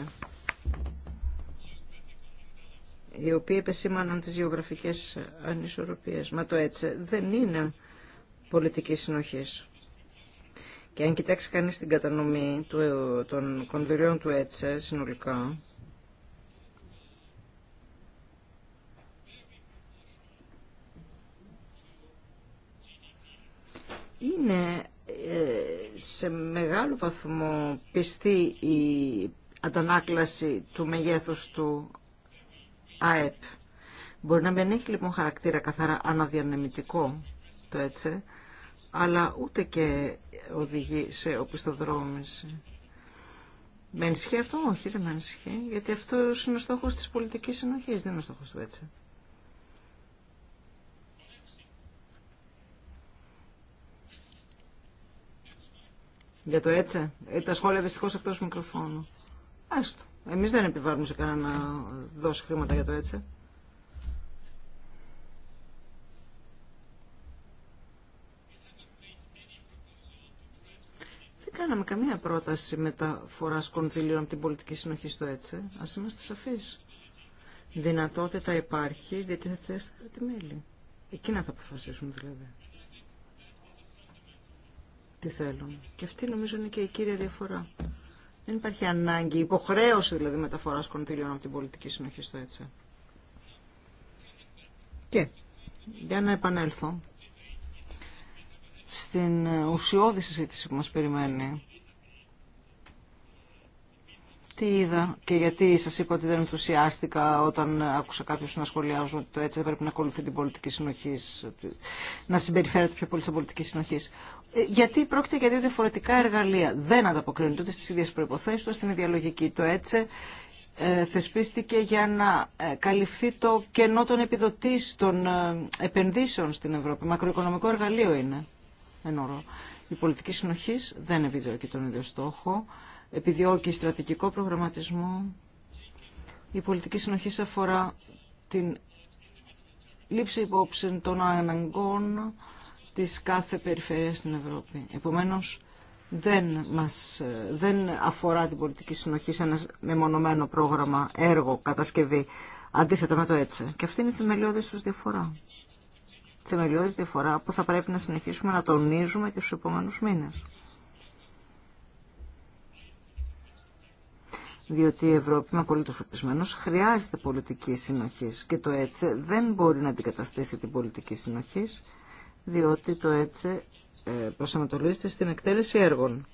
οι οποίοι επεσήμαναν τις γεωγραφικές ανισορροπίες. Μα το έτσι δεν είναι πολιτική συνοχή. Και αν κοιτάξει κανείς την κατανομή του, των κονδυλίων του έτσι συνολικά, είναι ε, σε μεγάλο βαθμό πιστή η αντανάκλαση του μεγέθους του ΑΕΠ. Μπορεί να μην έχει λοιπόν χαρακτήρα καθαρά αναδιανεμητικό το έτσι, αλλά ούτε και οδηγεί σε οπισθοδρόμηση. Με ενισχύει αυτό, όχι δεν με ενισχύει, γιατί αυτό είναι ο στόχος της πολιτικής συνοχής, δεν είναι ο στόχος του έτσι. Για το έτσι, ε, τα σχόλια δυστυχώς εκτός μικροφώνου. Άστο. Εμείς δεν επιβάλλουμε σε κανένα να δώσει χρήματα για το έτσι. Δεν κάναμε καμία πρόταση μεταφορά κονδύλιων από την πολιτική συνοχή στο έτσι. Ας είμαστε σαφείς. Δυνατότητα υπάρχει, γιατί θα να τη μέλη. Εκείνα θα αποφασίσουν δηλαδή. Τι θέλουν. Και αυτή νομίζω είναι και η κύρια διαφορά. Δεν υπάρχει ανάγκη, υποχρέωση δηλαδή μεταφοράς κονδύλιων από την πολιτική συνοχή στο έτσι. Και για να επανέλθω στην ουσιώδη συζήτηση που μας περιμένει. Τι είδα και γιατί σα είπα ότι δεν ενθουσιάστηκα όταν άκουσα κάποιους να σχολιάζουν ότι το έτσι δεν πρέπει να ακολουθεί την πολιτική συνοχή, να συμπεριφέρεται πιο πολύ στην πολιτική συνοχή γιατί πρόκειται για δύο διαφορετικά εργαλεία. Δεν ανταποκρίνονται ούτε στις ίδιες προϋποθέσεις, ούτε στην ίδια λογική. Το έτσι ε, θεσπίστηκε για να ε, καλυφθεί το κενό των επιδοτής των ε, επενδύσεων στην Ευρώπη. Μακροοικονομικό εργαλείο είναι, ενώρο Η πολιτική συνοχή δεν επιδιώκει τον ίδιο στόχο. Επιδιώκει στρατηγικό προγραμματισμό. Η πολιτική συνοχή αφορά την λήψη υπόψη των αναγκών της κάθε περιφέρειας στην Ευρώπη. Επομένως, δεν, μας, ε, δεν αφορά την πολιτική συνοχή σε ένα μεμονωμένο πρόγραμμα, έργο, κατασκευή, αντίθετα με το έτσι. Και αυτή είναι η θεμελιώδη τους διαφορά. Θεμελιώδης διαφορά που θα πρέπει να συνεχίσουμε να τονίζουμε και στους επόμενους μήνες. διότι η Ευρώπη, με απολύτω πεπισμένο, χρειάζεται πολιτική συνοχή. Και το έτσι δεν μπορεί να αντικαταστήσει την πολιτική συνοχή, διότι το έτσι ε, προσανατολίζεται στην εκτέλεση έργων.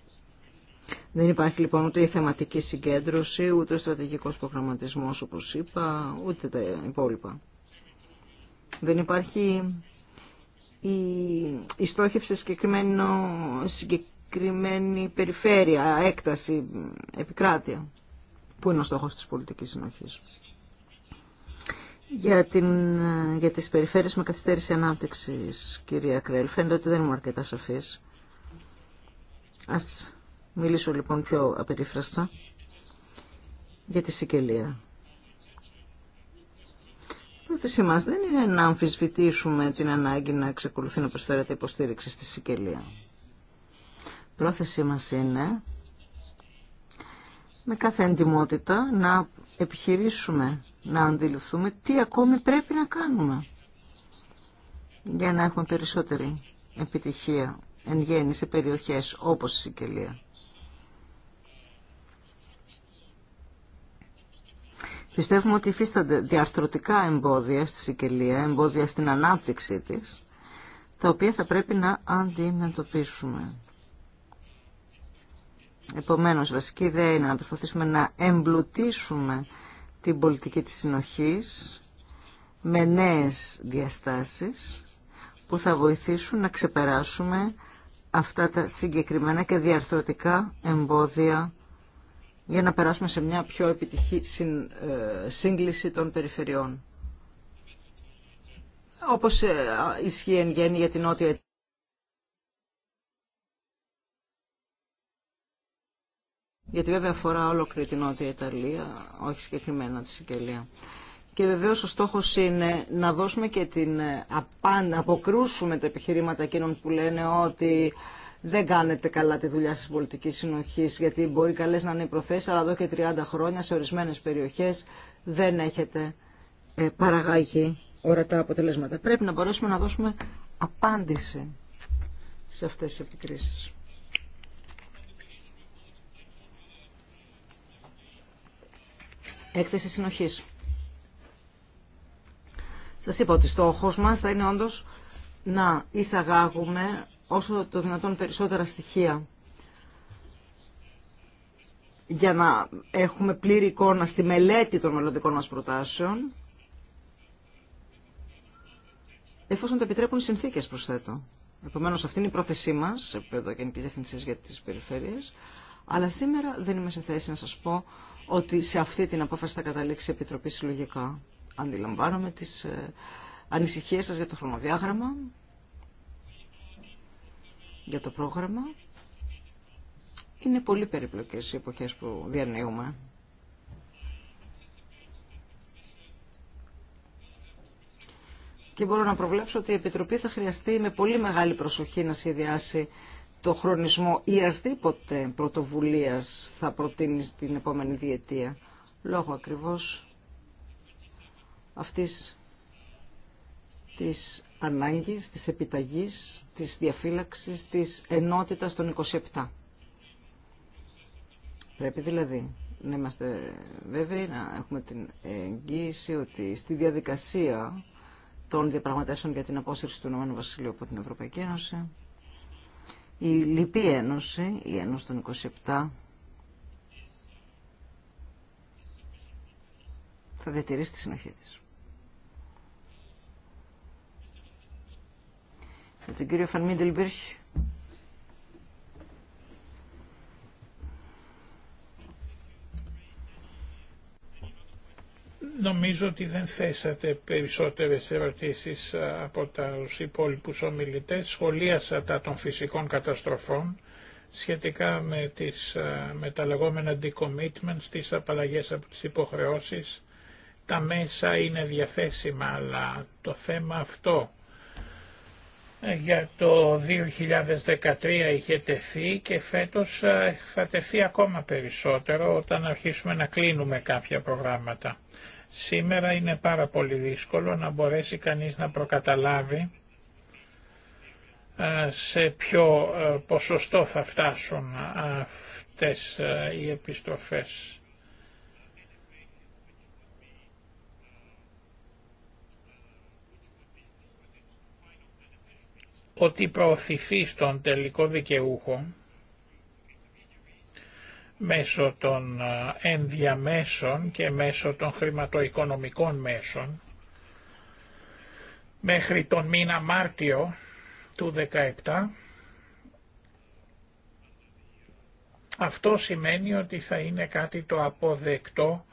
Δεν υπάρχει λοιπόν ούτε η θεματική συγκέντρωση, ούτε ο στρατηγικός προγραμματισμός όπως είπα, ούτε τα υπόλοιπα. Δεν υπάρχει η, η στόχευση συγκεκριμένο, συγκεκριμένη περιφέρεια, έκταση, επικράτεια, που είναι ο στόχος της πολιτικής συνοχής. Για, την, για τις περιφέρειες με καθυστέρηση ανάπτυξης, κυρία Κρέλ, φαίνεται ότι δεν είμαι αρκετά σαφής. Ας μιλήσω λοιπόν πιο απερίφραστα για τη Σικελία. Η πρόθεσή μας δεν είναι να αμφισβητήσουμε την ανάγκη να εξακολουθεί να προσφέρεται υποστήριξη στη Σικελία. Η πρόθεσή μας είναι με κάθε εντιμότητα να επιχειρήσουμε να αντιληφθούμε τι ακόμη πρέπει να κάνουμε για να έχουμε περισσότερη επιτυχία εν γέννη σε περιοχές όπως η Σικελία. Πιστεύουμε ότι υφίστανται διαρθρωτικά εμπόδια στη Σικελία, εμπόδια στην ανάπτυξή της, τα οποία θα πρέπει να αντιμετωπίσουμε. Επομένως, βασική ιδέα είναι να προσπαθήσουμε να εμπλουτίσουμε την πολιτική της συνοχής με νέες διαστάσεις που θα βοηθήσουν να ξεπεράσουμε αυτά τα συγκεκριμένα και διαρθρωτικά εμπόδια για να περάσουμε σε μια πιο επιτυχή ε, σύγκληση των περιφερειών. Όπως ε, ισχύει εν γέννη για την νότια γιατί βέβαια αφορά ολόκληρη την Νότια Ιταλία, όχι συγκεκριμένα τη Σικελία. Και βεβαίω ο στόχο είναι να δώσουμε και την ε, απάν, αποκρούσουμε τα επιχειρήματα εκείνων που λένε ότι δεν κάνετε καλά τη δουλειά τη πολιτική συνοχή, γιατί μπορεί καλέ να είναι οι προθέσει, αλλά εδώ και 30 χρόνια σε ορισμένε περιοχές δεν έχετε ε, παραγάγει ορατά αποτελέσματα. Πρέπει να μπορέσουμε να δώσουμε απάντηση σε αυτές τις επικρίσεις. έκθεση συνοχής. Σας είπα ότι στόχος μας θα είναι όντως να εισαγάγουμε όσο το δυνατόν περισσότερα στοιχεία για να έχουμε πλήρη εικόνα στη μελέτη των μελλοντικών μας προτάσεων εφόσον το επιτρέπουν οι συνθήκες προσθέτω. Επομένως αυτή είναι η πρόθεσή μας, επίπεδο και Διευθυνσίας για τις Περιφέρειες, αλλά σήμερα δεν είμαι σε θέση να σας πω ότι σε αυτή την απόφαση θα καταλήξει η Επιτροπή συλλογικά. Αντιλαμβάνομαι τις ε, ανησυχίες σας για το χρονοδιάγραμμα, για το πρόγραμμα. Είναι πολύ περιπλοκές οι εποχές που διανύουμε. Και μπορώ να προβλέψω ότι η Επιτροπή θα χρειαστεί με πολύ μεγάλη προσοχή να σχεδιάσει το χρονισμό ή ασδήποτε πρωτοβουλίας θα προτείνει την επόμενη διετία λόγω ακριβώς αυτής της ανάγκης, της επιταγής, της διαφύλαξης, της ενότητας των 27. Πρέπει δηλαδή να είμαστε βέβαιοι, να έχουμε την εγγύηση ότι στη διαδικασία των διαπραγματεύσεων για την απόσυρση του Ηνωμένου Βασιλείου από την Ευρωπαϊκή Ένωση η Λυπή Ένωση, η Ένωση των 27, θα διατηρήσει τη συνοχή της. Με τον κύριο Νομίζω ότι δεν θέσατε περισσότερες ερωτήσεις ε, από τους υπόλοιπους ομιλητές. Σχολίασα τα των φυσικών καταστροφών σχετικά με, τις, ε, με τα λεγόμενα decommitments, τις απαλλαγές από τις υποχρεώσεις. Τα μέσα είναι διαθέσιμα, αλλά το θέμα αυτό ε, για το 2013 είχε τεθεί και φέτος θα τεθεί ακόμα περισσότερο όταν αρχίσουμε να κλείνουμε κάποια προγράμματα. Σήμερα είναι πάρα πολύ δύσκολο να μπορέσει κανείς να προκαταλάβει ε, σε ποιο ε, ποσοστό θα φτάσουν ε, αυτές οι επιστροφές. Ότι προωθηθεί στον τελικό δικαιούχο μέσω των ενδιαμέσων και μέσω των χρηματοοικονομικών μέσων μέχρι τον μήνα Μάρτιο του 2017. Αυτό σημαίνει ότι θα είναι κάτι το αποδεκτό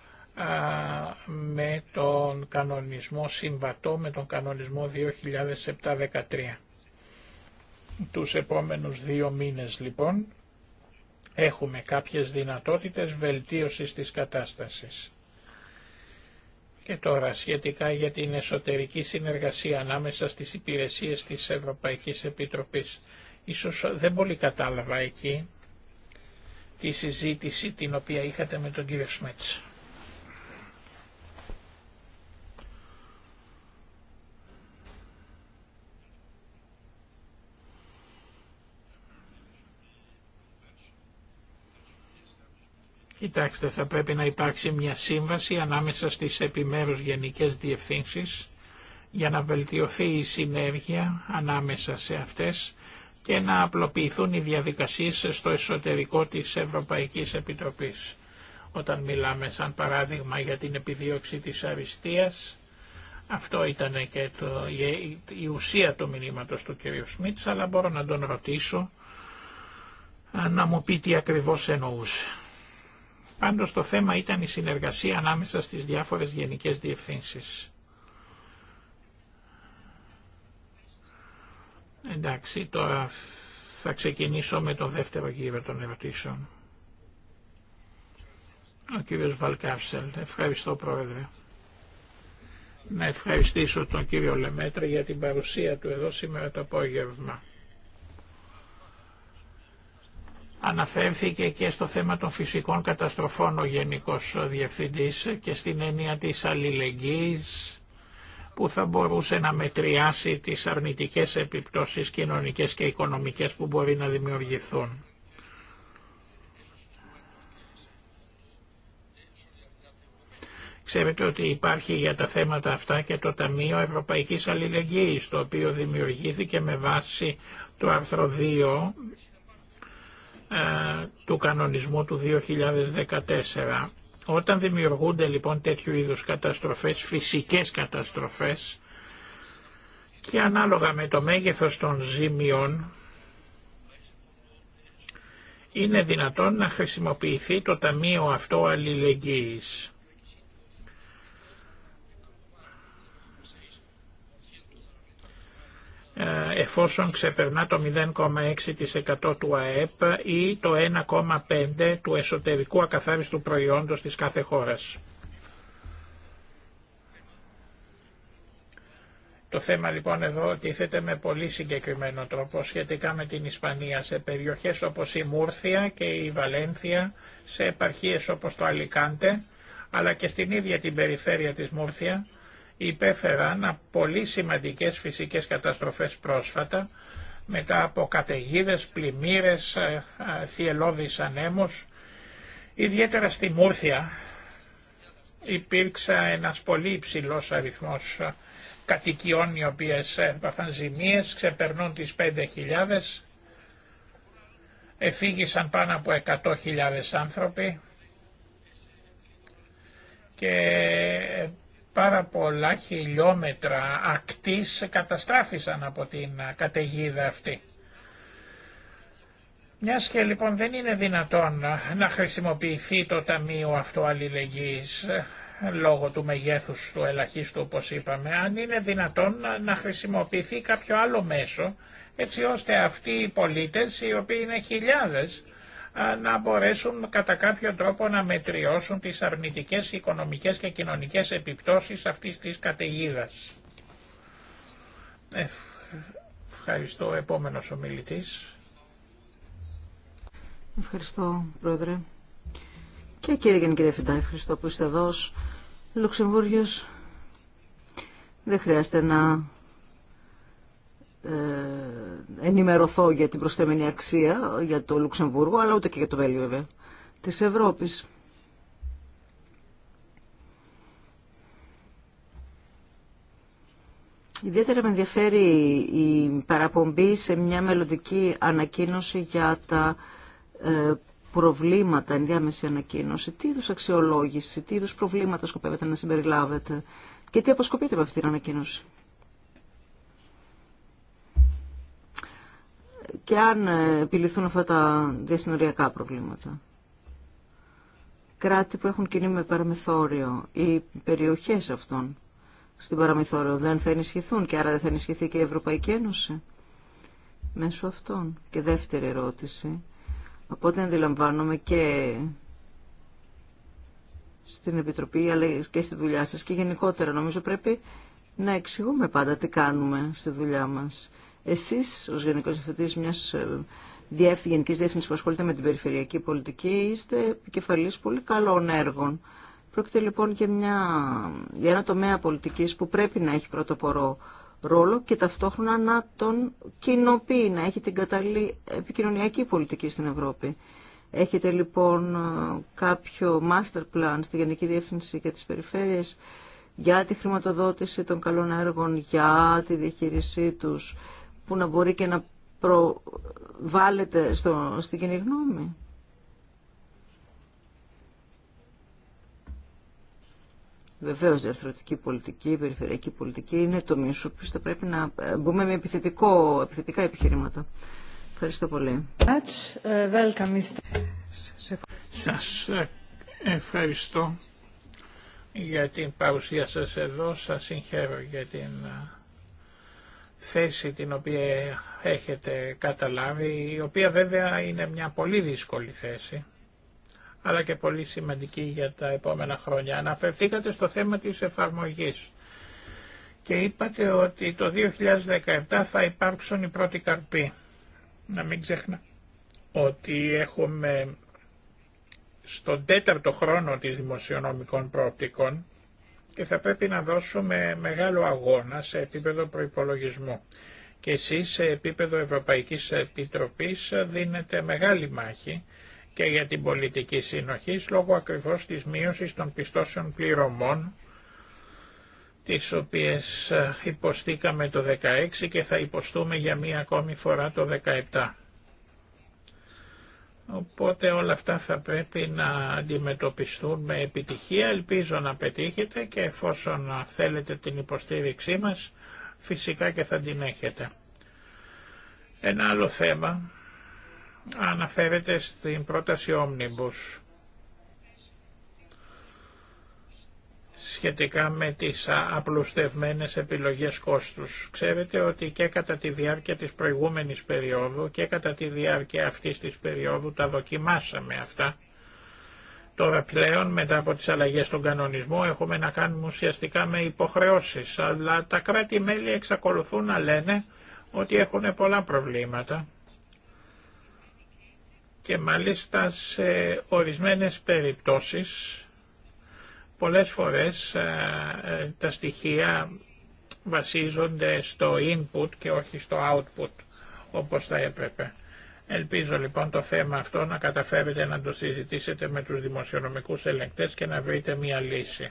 με τον κανονισμό συμβατό, με τον κανονισμό 2007-13. Τους επόμενους δύο μήνες λοιπόν Έχουμε κάποιες δυνατότητες βελτίωσης της κατάστασης. Και τώρα σχετικά για την εσωτερική συνεργασία ανάμεσα στις υπηρεσίες της Ευρωπαϊκής Επιτροπής. Ίσως δεν πολύ κατάλαβα εκεί τη συζήτηση την οποία είχατε με τον κύριο Σμέτσα. Κοιτάξτε, θα πρέπει να υπάρξει μια σύμβαση ανάμεσα στις επιμέρους γενικές διευθύνσεις για να βελτιωθεί η συνέργεια ανάμεσα σε αυτές και να απλοποιηθούν οι διαδικασίες στο εσωτερικό της Ευρωπαϊκής Επιτροπής. Όταν μιλάμε σαν παράδειγμα για την επιδίωξη της αριστείας, αυτό ήταν και το, η ουσία του μηνύματος του κ. Σμίτς, αλλά μπορώ να τον ρωτήσω να μου πει τι ακριβώς εννοούσε. Πάντως το θέμα ήταν η συνεργασία ανάμεσα στις διάφορες γενικές διευθύνσεις. Εντάξει, τώρα θα ξεκινήσω με το δεύτερο γύρο των ερωτήσεων. Ο κύριος Βαλκάφσελ, ευχαριστώ πρόεδρε. Να ευχαριστήσω τον κύριο Λεμέτρη για την παρουσία του εδώ σήμερα το απόγευμα. Αναφέρθηκε και στο θέμα των φυσικών καταστροφών ο Γενικός Διευθυντής και στην έννοια της αλληλεγγύης που θα μπορούσε να μετριάσει τις αρνητικές επιπτώσεις κοινωνικές και οικονομικές που μπορεί να δημιουργηθούν. Ξέρετε ότι υπάρχει για τα θέματα αυτά και το Ταμείο Ευρωπαϊκής Αλληλεγγύης, το οποίο δημιουργήθηκε με βάση το άρθρο 2 ε, του κανονισμού του 2014. Όταν δημιουργούνται λοιπόν τέτοιου είδους καταστροφές, φυσικές καταστροφές και ανάλογα με το μέγεθος των ζημιών είναι δυνατόν να χρησιμοποιηθεί το Ταμείο Αυτό Αλληλεγγύης. Ε, εφόσον ξεπερνά το 0,6% του ΑΕΠ ή το 1,5% του εσωτερικού ακαθάριστου προϊόντος της κάθε χώρας. Το θέμα λοιπόν εδώ τίθεται με πολύ συγκεκριμένο τρόπο σχετικά με την Ισπανία σε περιοχές όπως η Μούρθια και η Βαλένθια, σε επαρχίες όπως το Αλικάντε, αλλά και στην ίδια την περιφέρεια της Μούρθια, υπέφεραν πολύ σημαντικές φυσικές καταστροφές πρόσφατα μετά από καταιγίδε, πλημμύρες, ε, ε, θυελώδεις ανέμους. Ιδιαίτερα στη Μούρθια υπήρξε ένας πολύ υψηλός αριθμός ε, κατοικιών οι οποίες έπαθαν ζημίες, ξεπερνούν τις 5.000 εφήγησαν πάνω από 100.000 άνθρωποι και πάρα πολλά χιλιόμετρα ακτής καταστράφησαν από την καταιγίδα αυτή. Μιας και λοιπόν δεν είναι δυνατόν να χρησιμοποιηθεί το Ταμείο αυτό αλληλεγγύης ε, λόγω του μεγέθους του ελαχίστου όπως είπαμε, αν είναι δυνατόν να χρησιμοποιηθεί κάποιο άλλο μέσο έτσι ώστε αυτοί οι πολίτες οι οποίοι είναι χιλιάδες να μπορέσουν κατά κάποιο τρόπο να μετριώσουν τις αρνητικές οικονομικές και κοινωνικές επιπτώσεις αυτής της καταιγίδα. Ευχαριστώ. Επόμενος ομιλητής. Ευχαριστώ, Πρόεδρε. Και κύριε κύριε Φιντά, ευχαριστώ που είστε εδώ. Λουξεμβούργιος δεν χρειάζεται να ε, ενημερωθώ για την προσθέμενη αξία για το Λουξεμβούργο, αλλά ούτε και για το Βέλιο βέβαια, της Ευρώπης. Ιδιαίτερα με ενδιαφέρει η παραπομπή σε μια μελλοντική ανακοίνωση για τα ε, προβλήματα, ενδιάμεση ανακοίνωση. Τι είδου αξιολόγηση, τι είδου προβλήματα σκοπεύετε να συμπεριλάβετε και τι αποσκοπείτε με αυτή την ανακοίνωση. και αν ε, επιληθούν αυτά τα διασυνοριακά προβλήματα. Κράτη που έχουν κοινή με παραμεθόριο ή περιοχές αυτών στην παραμεθόριο δεν θα ενισχυθούν και άρα δεν θα ενισχυθεί και η Ευρωπαϊκή Ένωση μέσω αυτών. Και δεύτερη ερώτηση, από ό,τι αντιλαμβάνομαι και στην Επιτροπή αλλά και στη δουλειά σας και γενικότερα νομίζω πρέπει να εξηγούμε πάντα τι κάνουμε στη δουλειά μας. Εσείς, ως Γενικός Διευθυντής μιας ε, διεύθυνση, Γενικής Διεύθυνσης που ασχολείται με την περιφερειακή πολιτική, είστε επικεφαλή πολύ καλών έργων. Πρόκειται λοιπόν και μια, για ένα τομέα πολιτική που πρέπει να έχει πρωτοπορό ρόλο και ταυτόχρονα να τον κοινοποιεί, να έχει την κατάλληλη επικοινωνιακή πολιτική στην Ευρώπη. Έχετε λοιπόν ε, κάποιο master plan στη Γενική Διεύθυνση για τις Περιφέρειες για τη χρηματοδότηση των καλών έργων, για τη διαχείρισή τους, που να μπορεί και να προβάλλεται στο, στην κοινή γνώμη. Βεβαίω, διαρθρωτική πολιτική, περιφερειακή πολιτική είναι το μίσο που θα πρέπει να ε, μπούμε με επιθετικό, επιθετικά επιχειρήματα. Ευχαριστώ πολύ. Σα ευχαριστώ για την παρουσία σα εδώ. σα συγχαίρω για την ε, θέση την οποία έχετε καταλάβει, η οποία βέβαια είναι μια πολύ δύσκολη θέση, αλλά και πολύ σημαντική για τα επόμενα χρόνια. Αναφερθήκατε στο θέμα της εφαρμογής και είπατε ότι το 2017 θα υπάρξουν οι πρώτοι καρποί. Να μην ξεχνά ότι έχουμε στον τέταρτο χρόνο της δημοσιονομικών προοπτικών και θα πρέπει να δώσουμε μεγάλο αγώνα σε επίπεδο προϋπολογισμού. Και εσείς σε επίπεδο Ευρωπαϊκής Επιτροπής δίνετε μεγάλη μάχη και για την πολιτική συνοχή λόγω ακριβώς της μείωσης των πιστώσεων πληρωμών τις οποίες ε, υποστήκαμε το 16 και θα υποστούμε για μία ακόμη φορά το 17. Οπότε όλα αυτά θα πρέπει να αντιμετωπιστούν με επιτυχία. Ελπίζω να πετύχετε και εφόσον θέλετε την υποστήριξή μας, φυσικά και θα την έχετε. Ένα άλλο θέμα αναφέρεται στην πρόταση Omnibus. σχετικά με τις απλουστευμένες επιλογές κόστους. Ξέρετε ότι και κατά τη διάρκεια της προηγούμενης περίοδου και κατά τη διάρκεια αυτής της περίοδου τα δοκιμάσαμε αυτά. Τώρα πλέον μετά από τις αλλαγές στον κανονισμό έχουμε να κάνουμε ουσιαστικά με υποχρεώσεις, αλλά τα κράτη-μέλη εξακολουθούν να λένε ότι έχουν πολλά προβλήματα και μάλιστα σε ορισμένες περιπτώσεις Πολλές φορές ε, ε, τα στοιχεία βασίζονται στο input και όχι στο output όπως θα έπρεπε. Ελπίζω λοιπόν το θέμα αυτό να καταφέρετε να το συζητήσετε με τους δημοσιονομικούς ελεγκτές και να βρείτε μια λύση.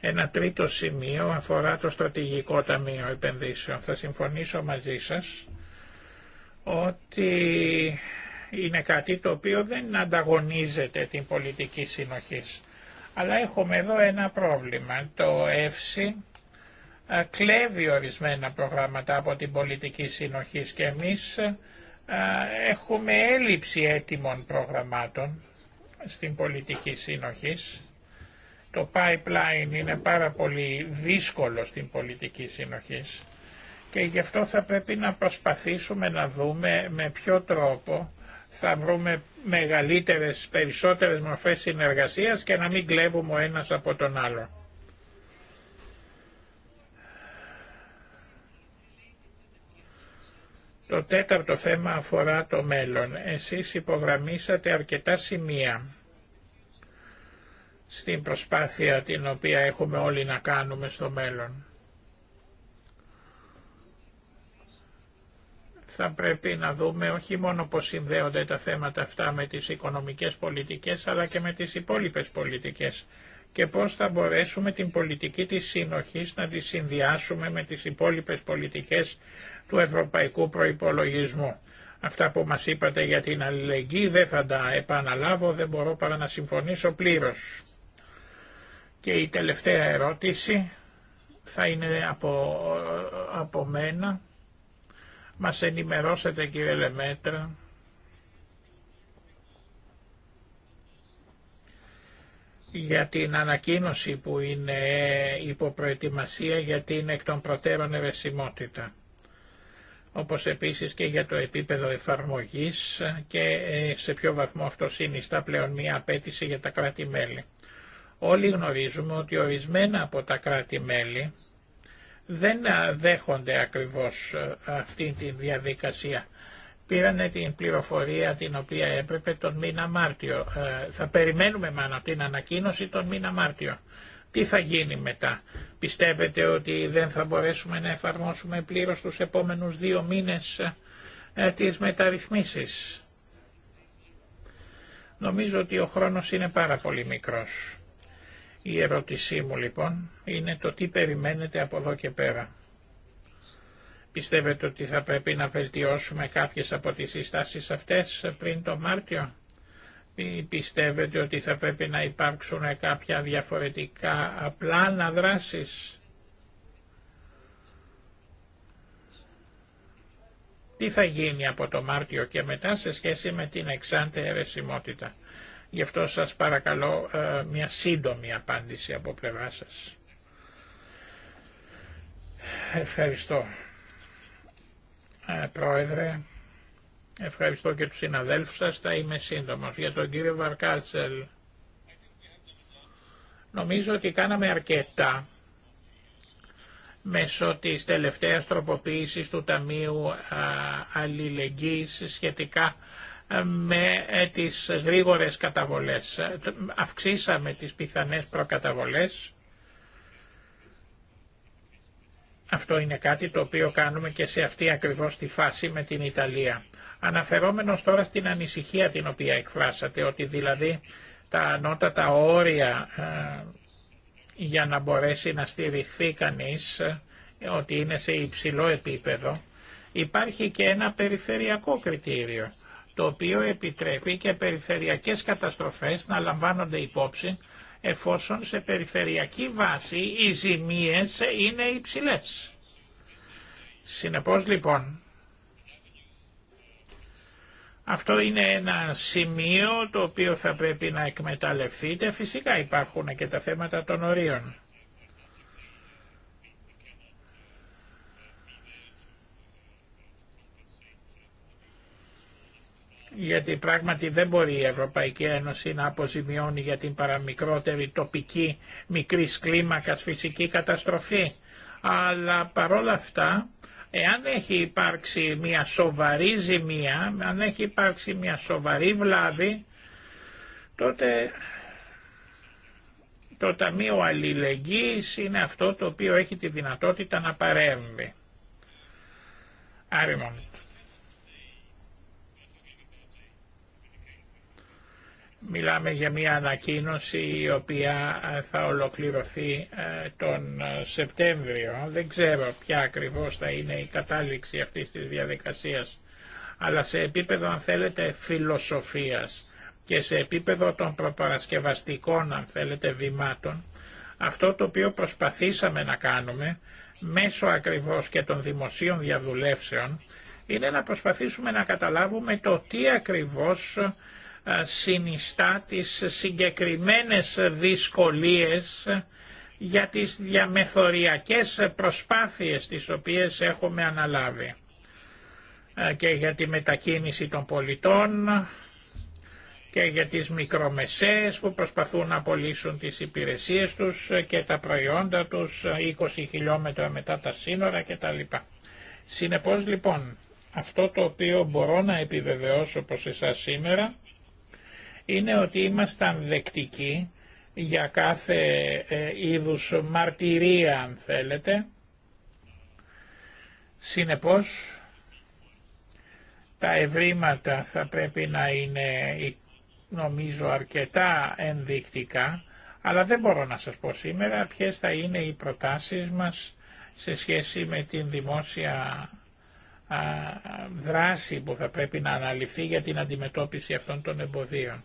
Ένα τρίτο σημείο αφορά το στρατηγικό ταμείο επενδύσεων. Θα συμφωνήσω μαζί σας ότι είναι κάτι το οποίο δεν ανταγωνίζεται την πολιτική συνοχής. Αλλά έχουμε εδώ ένα πρόβλημα. Το ΕΦΣΥ κλέβει ορισμένα προγράμματα από την πολιτική συνοχή και εμείς έχουμε έλλειψη έτοιμων προγραμμάτων στην πολιτική συνοχή. Το pipeline είναι πάρα πολύ δύσκολο στην πολιτική συνοχή και γι' αυτό θα πρέπει να προσπαθήσουμε να δούμε με ποιο τρόπο θα βρούμε μεγαλύτερες, περισσότερες μορφές συνεργασίας και να μην κλέβουμε ο ένας από τον άλλο. Το τέταρτο θέμα αφορά το μέλλον. Εσείς υπογραμμίσατε αρκετά σημεία στην προσπάθεια την οποία έχουμε όλοι να κάνουμε στο μέλλον. θα πρέπει να δούμε όχι μόνο πώς συνδέονται τα θέματα αυτά με τις οικονομικές πολιτικές αλλά και με τις υπόλοιπες πολιτικές και πώς θα μπορέσουμε την πολιτική της συνοχής να τη συνδυάσουμε με τις υπόλοιπες πολιτικές του ευρωπαϊκού προϋπολογισμού. Αυτά που μας είπατε για την αλληλεγγύη δεν θα τα επαναλάβω, δεν μπορώ παρά να συμφωνήσω πλήρως. Και η τελευταία ερώτηση θα είναι από, από μένα. Μας ενημερώσατε κύριε Λεμέτρα για την ανακοίνωση που είναι υποπροετοιμασία γιατί είναι εκ των προτέρων ευαισιμότητα όπως επίσης και για το επίπεδο εφαρμογής και ε, σε ποιο βαθμό αυτό συνιστά πλέον μία απέτηση για τα κράτη-μέλη. Όλοι γνωρίζουμε ότι ορισμένα από τα κράτη-μέλη δεν δέχονται ακριβώς αυτή τη διαδικασία. Πήραν την πληροφορία την οποία έπρεπε τον μήνα Μάρτιο. Θα περιμένουμε μάλλον την ανακοίνωση τον μήνα Μάρτιο. Τι θα γίνει μετά. Πιστεύετε ότι δεν θα μπορέσουμε να εφαρμόσουμε πλήρως τους επόμενους δύο μήνες ε, τις μεταρρυθμίσεις. Νομίζω ότι ο χρόνος είναι πάρα πολύ μικρός. Η ερώτησή μου λοιπόν είναι το τι περιμένετε από εδώ και πέρα. Πιστεύετε ότι θα πρέπει να βελτιώσουμε κάποιες από τις συστάσεις αυτές πριν το Μάρτιο ή πιστεύετε ότι θα πρέπει να υπάρξουν κάποια διαφορετικά πλάνα δράσεις; Τι θα γίνει από το Μάρτιο και μετά σε σχέση με την εξάντε αιρεσιμότητα. Γι' αυτό σας παρακαλώ ε, μια σύντομη απάντηση από πλευρά σας. Ευχαριστώ. Ε, πρόεδρε, ευχαριστώ και τους συναδέλφους σας, θα είμαι σύντομος. Για τον κύριο Βαρκάτσελ, νομίζω ότι κάναμε αρκετά μέσω της τελευταίας τροποποίησης του Ταμείου ε, Αλληλεγγύης σχετικά με ε, τις γρήγορες καταβολές. Ε, αυξήσαμε τις πιθανές προκαταβολές. Αυτό είναι κάτι το οποίο κάνουμε και σε αυτή ακριβώς τη φάση με την Ιταλία. Αναφερόμενος τώρα στην ανησυχία την οποία εκφράσατε, ότι δηλαδή τα ανώτατα όρια ε, για να μπορέσει να στηριχθεί κανείς, ότι είναι σε υψηλό επίπεδο, υπάρχει και ένα περιφερειακό κριτήριο το οποίο επιτρέπει και περιφερειακές καταστροφές να λαμβάνονται υπόψη εφόσον σε περιφερειακή βάση οι ζημίες είναι υψηλές. Συνεπώς λοιπόν, αυτό είναι ένα σημείο το οποίο θα πρέπει να εκμεταλλευτείτε. Φυσικά υπάρχουν και τα θέματα των ορίων. γιατί πράγματι δεν μπορεί η Ευρωπαϊκή Ένωση να αποζημιώνει για την παραμικρότερη τοπική μικρή κλίμακας φυσική καταστροφή. Αλλά παρόλα αυτά, εάν έχει υπάρξει μια σοβαρή ζημία, αν έχει υπάρξει μια σοβαρή βλάβη, τότε το Ταμείο Αλληλεγγύης είναι αυτό το οποίο έχει τη δυνατότητα να παρέμβει. Άρημον. Μιλάμε για μια ανακοίνωση η οποία ε, θα ολοκληρωθεί ε, τον ε, Σεπτέμβριο. Δεν ξέρω ποια ακριβώς θα είναι η κατάληξη αυτής της διαδικασίας, αλλά σε επίπεδο αν θέλετε φιλοσοφίας και σε επίπεδο των προπαρασκευαστικών αν θέλετε βημάτων, αυτό το οποίο προσπαθήσαμε να κάνουμε μέσω ακριβώς και των δημοσίων διαδουλεύσεων είναι να προσπαθήσουμε να καταλάβουμε το τι ακριβώς συνιστά τις συγκεκριμένες δυσκολίες για τις διαμεθοριακές προσπάθειες τις οποίες έχουμε αναλάβει ε, και για τη μετακίνηση των πολιτών και για τις μικρομεσαίες που προσπαθούν να απολύσουν τις υπηρεσίες τους και τα προϊόντα τους 20 χιλιόμετρα μετά τα σύνορα κτλ. Συνεπώς λοιπόν αυτό το οποίο μπορώ να επιβεβαιώσω προς εσάς σήμερα είναι ότι ήμασταν δεκτικοί για κάθε ε, είδους μαρτυρία αν θέλετε. Συνεπώς τα ευρήματα θα πρέπει να είναι ε, νομίζω αρκετά ενδεικτικά, αλλά δεν μπορώ να σας πω σήμερα ποιες θα είναι οι προτάσεις μας σε σχέση με την δημόσια δράση που θα πρέπει να αναλυθεί για την αντιμετώπιση αυτών των εμποδίων.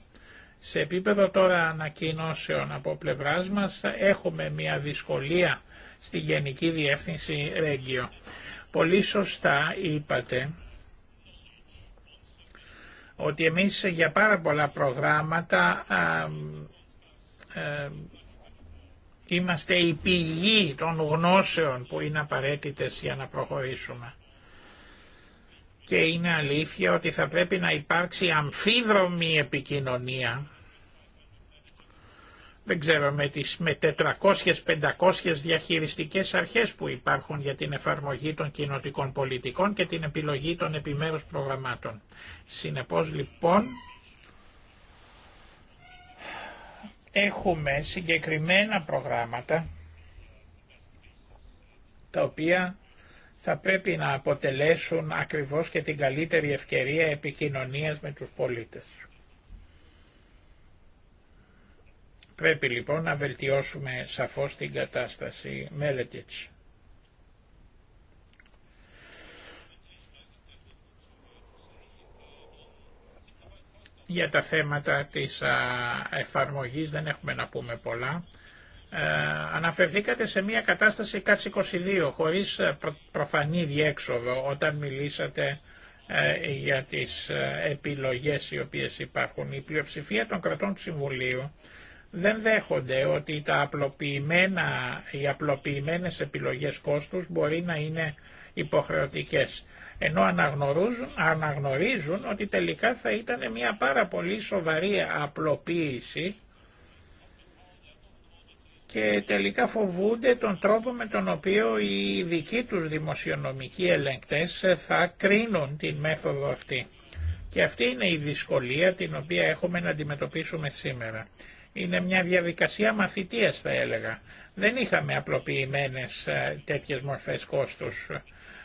Σε επίπεδο τώρα ανακοινώσεων από πλευρά μας έχουμε μια δυσκολία στη Γενική Διεύθυνση Ρέγγιο. Πολύ σωστά είπατε ότι εμείς για πάρα πολλά προγράμματα ε, είμαστε η πηγή των γνώσεων που είναι απαραίτητες για να προχωρήσουμε και είναι αλήθεια ότι θα πρέπει να υπάρξει αμφίδρομη επικοινωνία. Δεν ξέρω με τις με 400-500 διαχειριστικές αρχές που υπάρχουν για την εφαρμογή των κοινοτικών πολιτικών και την επιλογή των επιμέρους προγραμμάτων. Συνεπώς λοιπόν έχουμε συγκεκριμένα προγράμματα τα οποία θα πρέπει να αποτελέσουν ακριβώς και την καλύτερη ευκαιρία επικοινωνίας με τους πολίτες. Πρέπει λοιπόν να βελτιώσουμε σαφώς την κατάσταση Μέλετιτς. Για τα θέματα της εφαρμογής δεν έχουμε να πούμε πολλά. Ε, αναφερθήκατε σε μια κατάσταση ΚΑΤΣ 22 χωρίς ε, προφανή διέξοδο όταν μιλήσατε ε, για τις επιλογές οι οποίες υπάρχουν. Η πλειοψηφία των κρατών του Συμβουλίου δεν δέχονται ότι τα απλοποιημένα, οι απλοποιημένες επιλογές κόστους μπορεί να είναι υποχρεωτικές. Ενώ αναγνωρίζουν, αναγνωρίζουν ότι τελικά θα ήταν μια πάρα πολύ σοβαρή απλοποίηση και τελικά φοβούνται τον τρόπο με τον οποίο οι δικοί τους δημοσιονομικοί ελεγκτές θα κρίνουν την μέθοδο αυτή. Και αυτή είναι η δυσκολία την οποία έχουμε να αντιμετωπίσουμε σήμερα. Είναι μια διαδικασία μαθητείας θα έλεγα. Δεν είχαμε απλοποιημένες ε, τέτοιες μορφές κόστους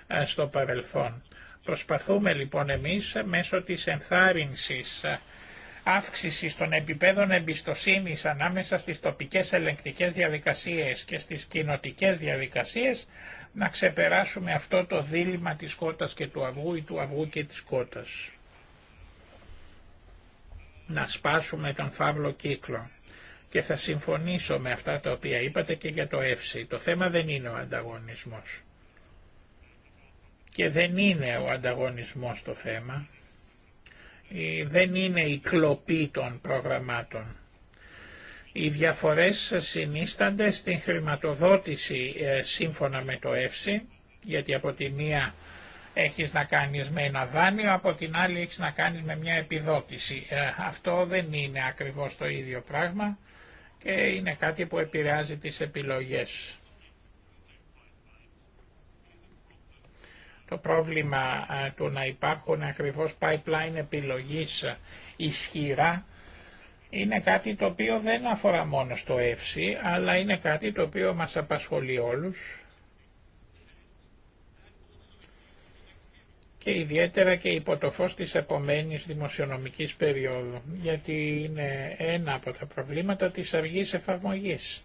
ε, στο παρελθόν. Προσπαθούμε λοιπόν εμείς ε, μέσω της ενθάρρυνσης αύξησης των επιπέδων εμπιστοσύνης ανάμεσα στις τοπικές ελεγκτικές διαδικασίες και στις κοινοτικές διαδικασίες, να ξεπεράσουμε αυτό το δίλημα της κότας και του αυγού ή του αυγού και της κότας. Να σπάσουμε τον φαύλο κύκλο. Και θα συμφωνήσω με αυτά τα οποία είπατε και για το εύση. Το θέμα δεν είναι ο ανταγωνισμός. Και δεν είναι ο ανταγωνισμός το θέμα. Ε, δεν είναι η κλοπή των προγραμμάτων. Οι διαφορές συνίστανται στην χρηματοδότηση ε, σύμφωνα με το ΕΦΣΥ, γιατί από τη μία έχεις να κάνεις με ένα δάνειο, από την άλλη έχεις να κάνεις με μια επιδότηση. Ε, αυτό δεν είναι ακριβώς το ίδιο πράγμα και είναι κάτι που επηρεάζει τις επιλογές. Το πρόβλημα του να υπάρχουν ακριβώς pipeline επιλογής ισχυρά είναι κάτι το οποίο δεν αφορά μόνο στο ΕΦΣΥ, αλλά είναι κάτι το οποίο μας απασχολεί όλους και ιδιαίτερα και υπό το φως της επομένης δημοσιονομικής περίοδου, γιατί είναι ένα από τα προβλήματα της αργής εφαρμογής.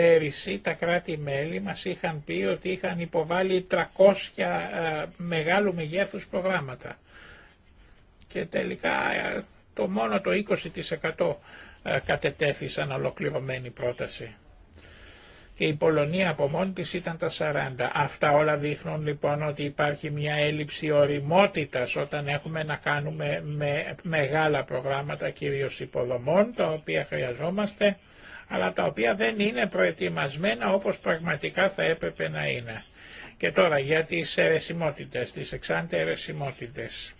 Πέρυσι τα κράτη-μέλη μας είχαν πει ότι είχαν υποβάλει 300 ε, μεγάλου μεγέθους προγράμματα. Και τελικά ε, το μόνο το 20% ε, κατετέθησαν ολοκληρωμένη πρόταση. Και η Πολωνία από μόνη της ήταν τα 40. Αυτά όλα δείχνουν λοιπόν ότι υπάρχει μια έλλειψη οριμότητας όταν έχουμε να κάνουμε με μεγάλα προγράμματα κυρίως υποδομών, τα οποία χρειαζόμαστε αλλά τα οποία δεν είναι προετοιμασμένα όπως πραγματικά θα έπρεπε να είναι. Και τώρα για τις αιρεσιμότητες, τις εξάντε αιρεσιμότητες.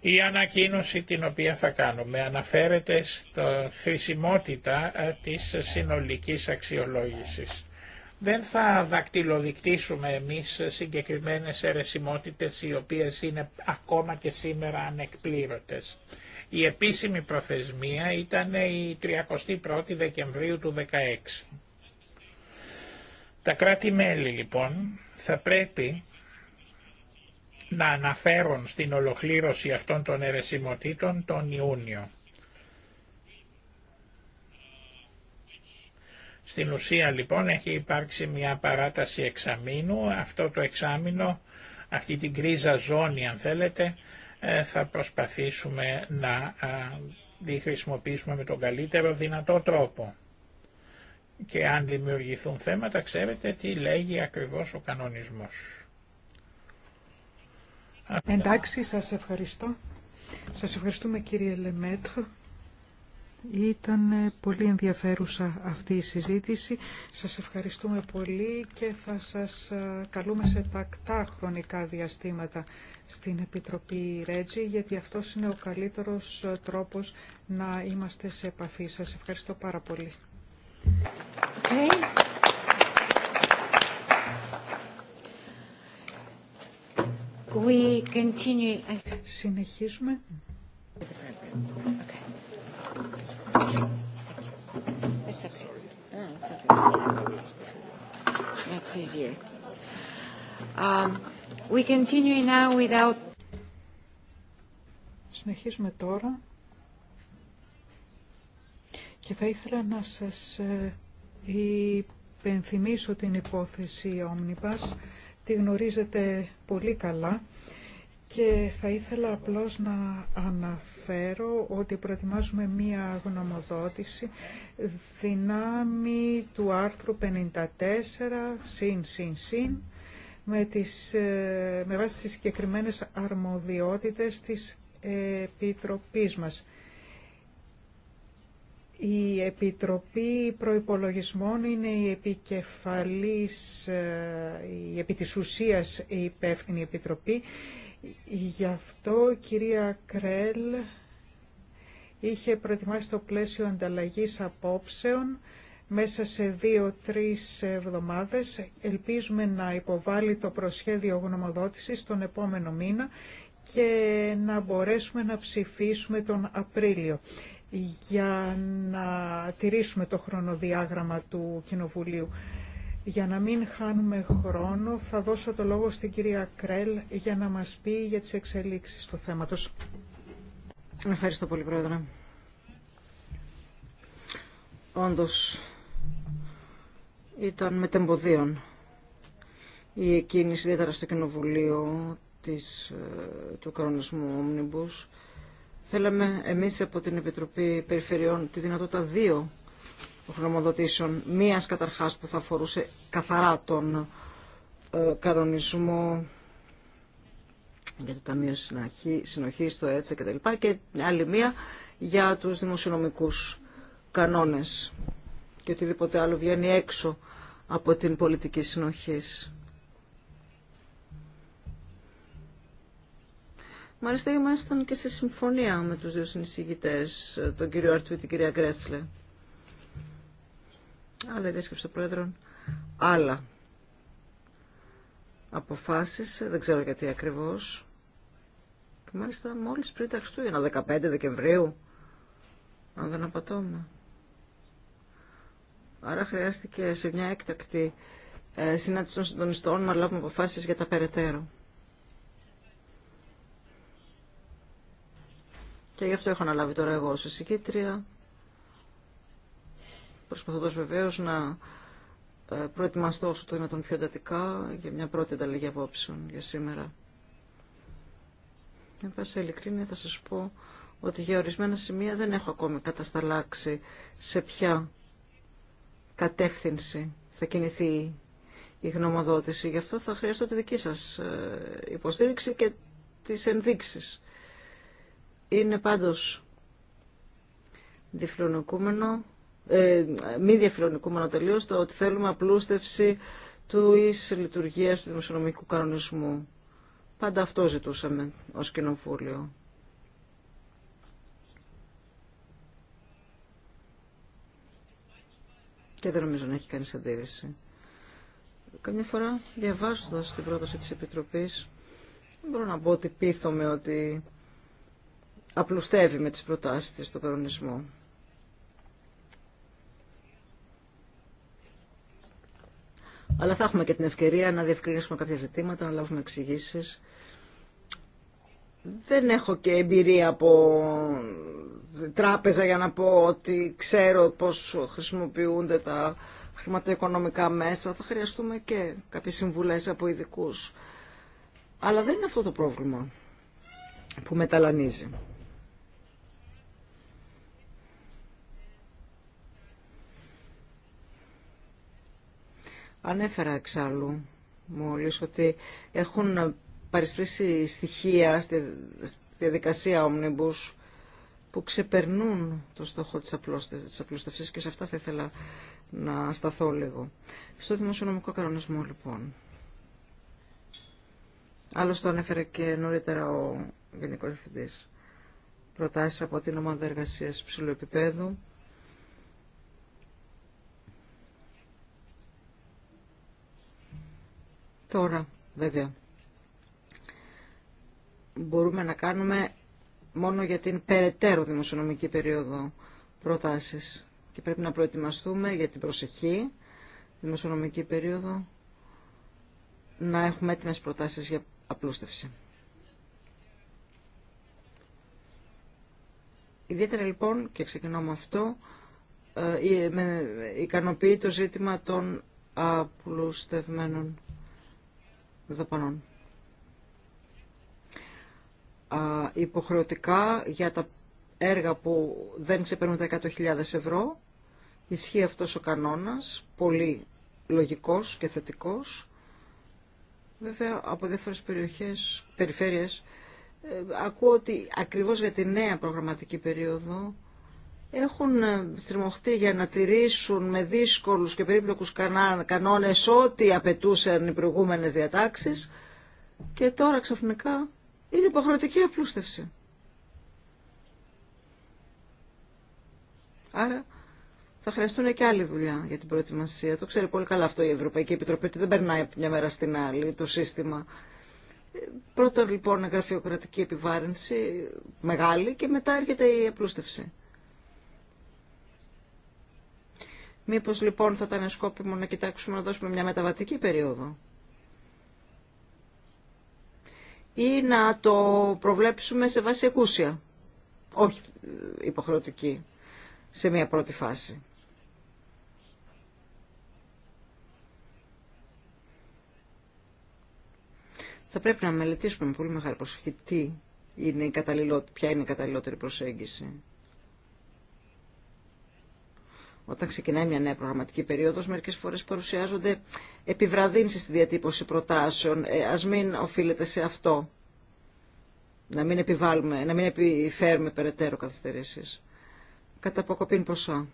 Η ανακοίνωση την οποία θα κάνουμε αναφέρεται στο χρησιμότητα ε, της συνολικής αξιολόγησης. Δεν θα δακτυλοδεικτήσουμε εμείς συγκεκριμένες αιρεσιμότητες οι οποίες είναι ακόμα και σήμερα ανεκπλήρωτες. Η επίσημη προθεσμία ήταν η 31η Δεκεμβρίου του 2016. Τα κράτη-μέλη λοιπόν θα πρέπει να αναφέρουν στην ολοκλήρωση αυτών των ερεσιμοτήτων τον Ιούνιο. Στην ουσία λοιπόν έχει υπάρξει μια παράταση εξαμήνου, αυτό το εξάμηνο, αυτή την κρίζα ζώνη αν θέλετε, ε, θα προσπαθήσουμε να τη χρησιμοποιήσουμε με τον καλύτερο δυνατό τρόπο. Και αν δημιουργηθούν θέματα, ξέρετε τι λέγει ακριβώς ο κανονισμός. Εντάξει, σας ευχαριστώ. Σας ευχαριστούμε κύριε Λεμέτρο. Ήταν πολύ ενδιαφέρουσα αυτή η συζήτηση. Σας ευχαριστούμε πολύ και θα σας ε, καλούμε σε τακτά χρονικά διαστήματα στην Επιτροπή Ρέτζη, γιατί αυτό είναι ο καλύτερος ε, τρόπος να είμαστε σε επαφή. Σας ευχαριστώ πάρα πολύ. Okay. We continue. Συνεχίζουμε. Um, Συνεχίζουμε τώρα και θα ήθελα να σας ε, υπενθυμίσω την υπόθεση Omnibus. Τη γνωρίζετε πολύ καλά και θα ήθελα απλώς να αναφέρω ότι προετοιμάζουμε μία γνωμοδότηση δυνάμει του άρθρου 54 συν συν συν με, τις, ε, με βάση τις συγκεκριμένε αρμοδιότητες της Επιτροπής μας. Η Επιτροπή Προϋπολογισμών είναι η επικεφαλής, ε, η επί της ουσίας η υπεύθυνη Επιτροπή Γι' αυτό κυρία Κρέλ είχε προετοιμάσει το πλαίσιο ανταλλαγής απόψεων μέσα σε δύο-τρεις εβδομάδες. Ελπίζουμε να υποβάλει το προσχέδιο γνωμοδότησης τον επόμενο μήνα και να μπορέσουμε να ψηφίσουμε τον Απρίλιο για να τηρήσουμε το χρονοδιάγραμμα του Κοινοβουλίου. Για να μην χάνουμε χρόνο, θα δώσω το λόγο στην κυρία Κρέλ για να μας πει για τις εξελίξεις του θέματος. Ευχαριστώ πολύ, Πρόεδρε. Όντως, ήταν με μετεμποδίων η εκκίνηση, ιδιαίτερα στο Κοινοβουλίο της, ε, του κανονισμού Omnibus. Θέλαμε εμείς από την Επιτροπή Περιφερειών τη δυνατότητα δύο γνωμοδοτήσεων. Μίας καταρχάς που θα αφορούσε καθαρά τον ε, κανονισμό για το Ταμείο Συνοχής, το ΕΤΣΕ κτλ. και άλλη μία για τους δημοσιονομικούς κανόνες και οτιδήποτε άλλο βγαίνει έξω από την πολιτική συνοχής. Μάλιστα ήμασταν και σε συμφωνία με τους δύο συνεισηγητές, τον κύριο Αρτουή και την κυρία Γκρέσλε αλλά η διάσκεψη των Πρόεδρων άλλα αποφάσεις. δεν ξέρω γιατί ακριβώς, και μάλιστα μόλις πριν τα Χριστούγεννα, 15 Δεκεμβρίου, αν δεν απατώμε. Άρα χρειάστηκε σε μια έκτακτη ε, συνάντηση των συντονιστών να λάβουμε αποφάσεις για τα περαιτέρω. Και γι' αυτό έχω αναλάβει τώρα εγώ ως εισηγήτρια προσπαθώντας βεβαίως να ε, προετοιμαστώ όσο το δυνατόν πιο εντατικά για μια πρώτη ανταλλαγή απόψεων για σήμερα. Εν πάση ειλικρίνεια θα σας πω ότι για ορισμένα σημεία δεν έχω ακόμη κατασταλάξει σε ποια κατεύθυνση θα κινηθεί η γνωμοδότηση. Γι' αυτό θα χρειαστώ τη δική σας ε, υποστήριξη και τις ενδείξεις. Είναι πάντως διφλονοκούμενο ε, μη διαφιλονικού μονοτελείως το ότι θέλουμε απλούστευση του εις λειτουργίας του δημοσιονομικού κανονισμού. Πάντα αυτό ζητούσαμε ως κοινοβούλιο. Και δεν νομίζω να έχει κανείς αντίρρηση. Καμιά φορά διαβάζοντας την πρόταση της Επιτροπής, δεν μπορώ να πω ότι πείθομαι ότι απλουστεύει με τις προτάσεις της το κανονισμό. αλλά θα έχουμε και την ευκαιρία να διευκρινίσουμε κάποια ζητήματα, να λάβουμε εξηγήσει. Δεν έχω και εμπειρία από τράπεζα για να πω ότι ξέρω πώς χρησιμοποιούνται τα χρηματοοικονομικά μέσα. Θα χρειαστούμε και κάποιες συμβουλές από ειδικού. Αλλά δεν είναι αυτό το πρόβλημα που μεταλανίζει. Ανέφερα εξάλλου μόλις ότι έχουν παρισπρίσει στοιχεία στη διαδικασία Omnibus που ξεπερνούν το στόχο της απλούστευσης και σε αυτά θα ήθελα να σταθώ λίγο. Στο δημοσιονομικό κανονισμό λοιπόν. Άλλωστε ανέφερε και νωρίτερα ο Γενικός Διευθυντής. Προτάσεις από την ομάδα εργασίας ψηλού επίπεδου Τώρα, βέβαια, μπορούμε να κάνουμε μόνο για την περαιτέρω δημοσιονομική περίοδο προτάσεις και πρέπει να προετοιμαστούμε για την προσεχή δημοσιονομική περίοδο να έχουμε έτοιμες προτάσεις για απλούστευση. Ιδιαίτερα λοιπόν, και ξεκινώ με αυτό, ε, ικανοποιεί το ζήτημα των απλούστευμένων δαπανών. υποχρεωτικά για τα έργα που δεν ξεπερνούν τα 100.000 ευρώ ισχύει αυτός ο κανόνας, πολύ λογικός και θετικός. Βέβαια από διάφορες περιοχές, περιφέρειες, ε, ακούω ότι ακριβώς για τη νέα προγραμματική περίοδο έχουν ε, στριμωχτεί για να τηρήσουν με δύσκολους και περίπλοκους κανόνες ό,τι απαιτούσαν οι προηγούμενες διατάξεις και τώρα ξαφνικά είναι υποχρεωτική απλούστευση. Άρα θα χρειαστούν και άλλη δουλειά για την προετοιμασία. Το ξέρει πολύ καλά αυτό η Ευρωπαϊκή Επιτροπή, ότι δεν περνάει από μια μέρα στην άλλη το σύστημα. Πρώτον λοιπόν γραφειοκρατική επιβάρυνση μεγάλη και μετά έρχεται η απλούστευση. Μήπως λοιπόν θα ήταν σκόπιμο να κοιτάξουμε να δώσουμε μια μεταβατική περίοδο. Ή να το προβλέψουμε σε βάση εκούσια. Όχι ε, υποχρεωτική σε μια πρώτη φάση. Θα πρέπει να μελετήσουμε με πολύ μεγάλη προσοχή είναι η ποια είναι η καταλληλότερη προσέγγιση. Όταν ξεκινάει μια νέα προγραμματική περίοδος, μερικές φορές παρουσιάζονται επιβραδύνσεις στη διατύπωση προτάσεων. Ε, ας μην οφείλεται σε αυτό. Να μην, επιβάλλουμε, να μην επιφέρουμε περαιτέρω καθυστερήσεις. Κατά αποκοπήν ποσά.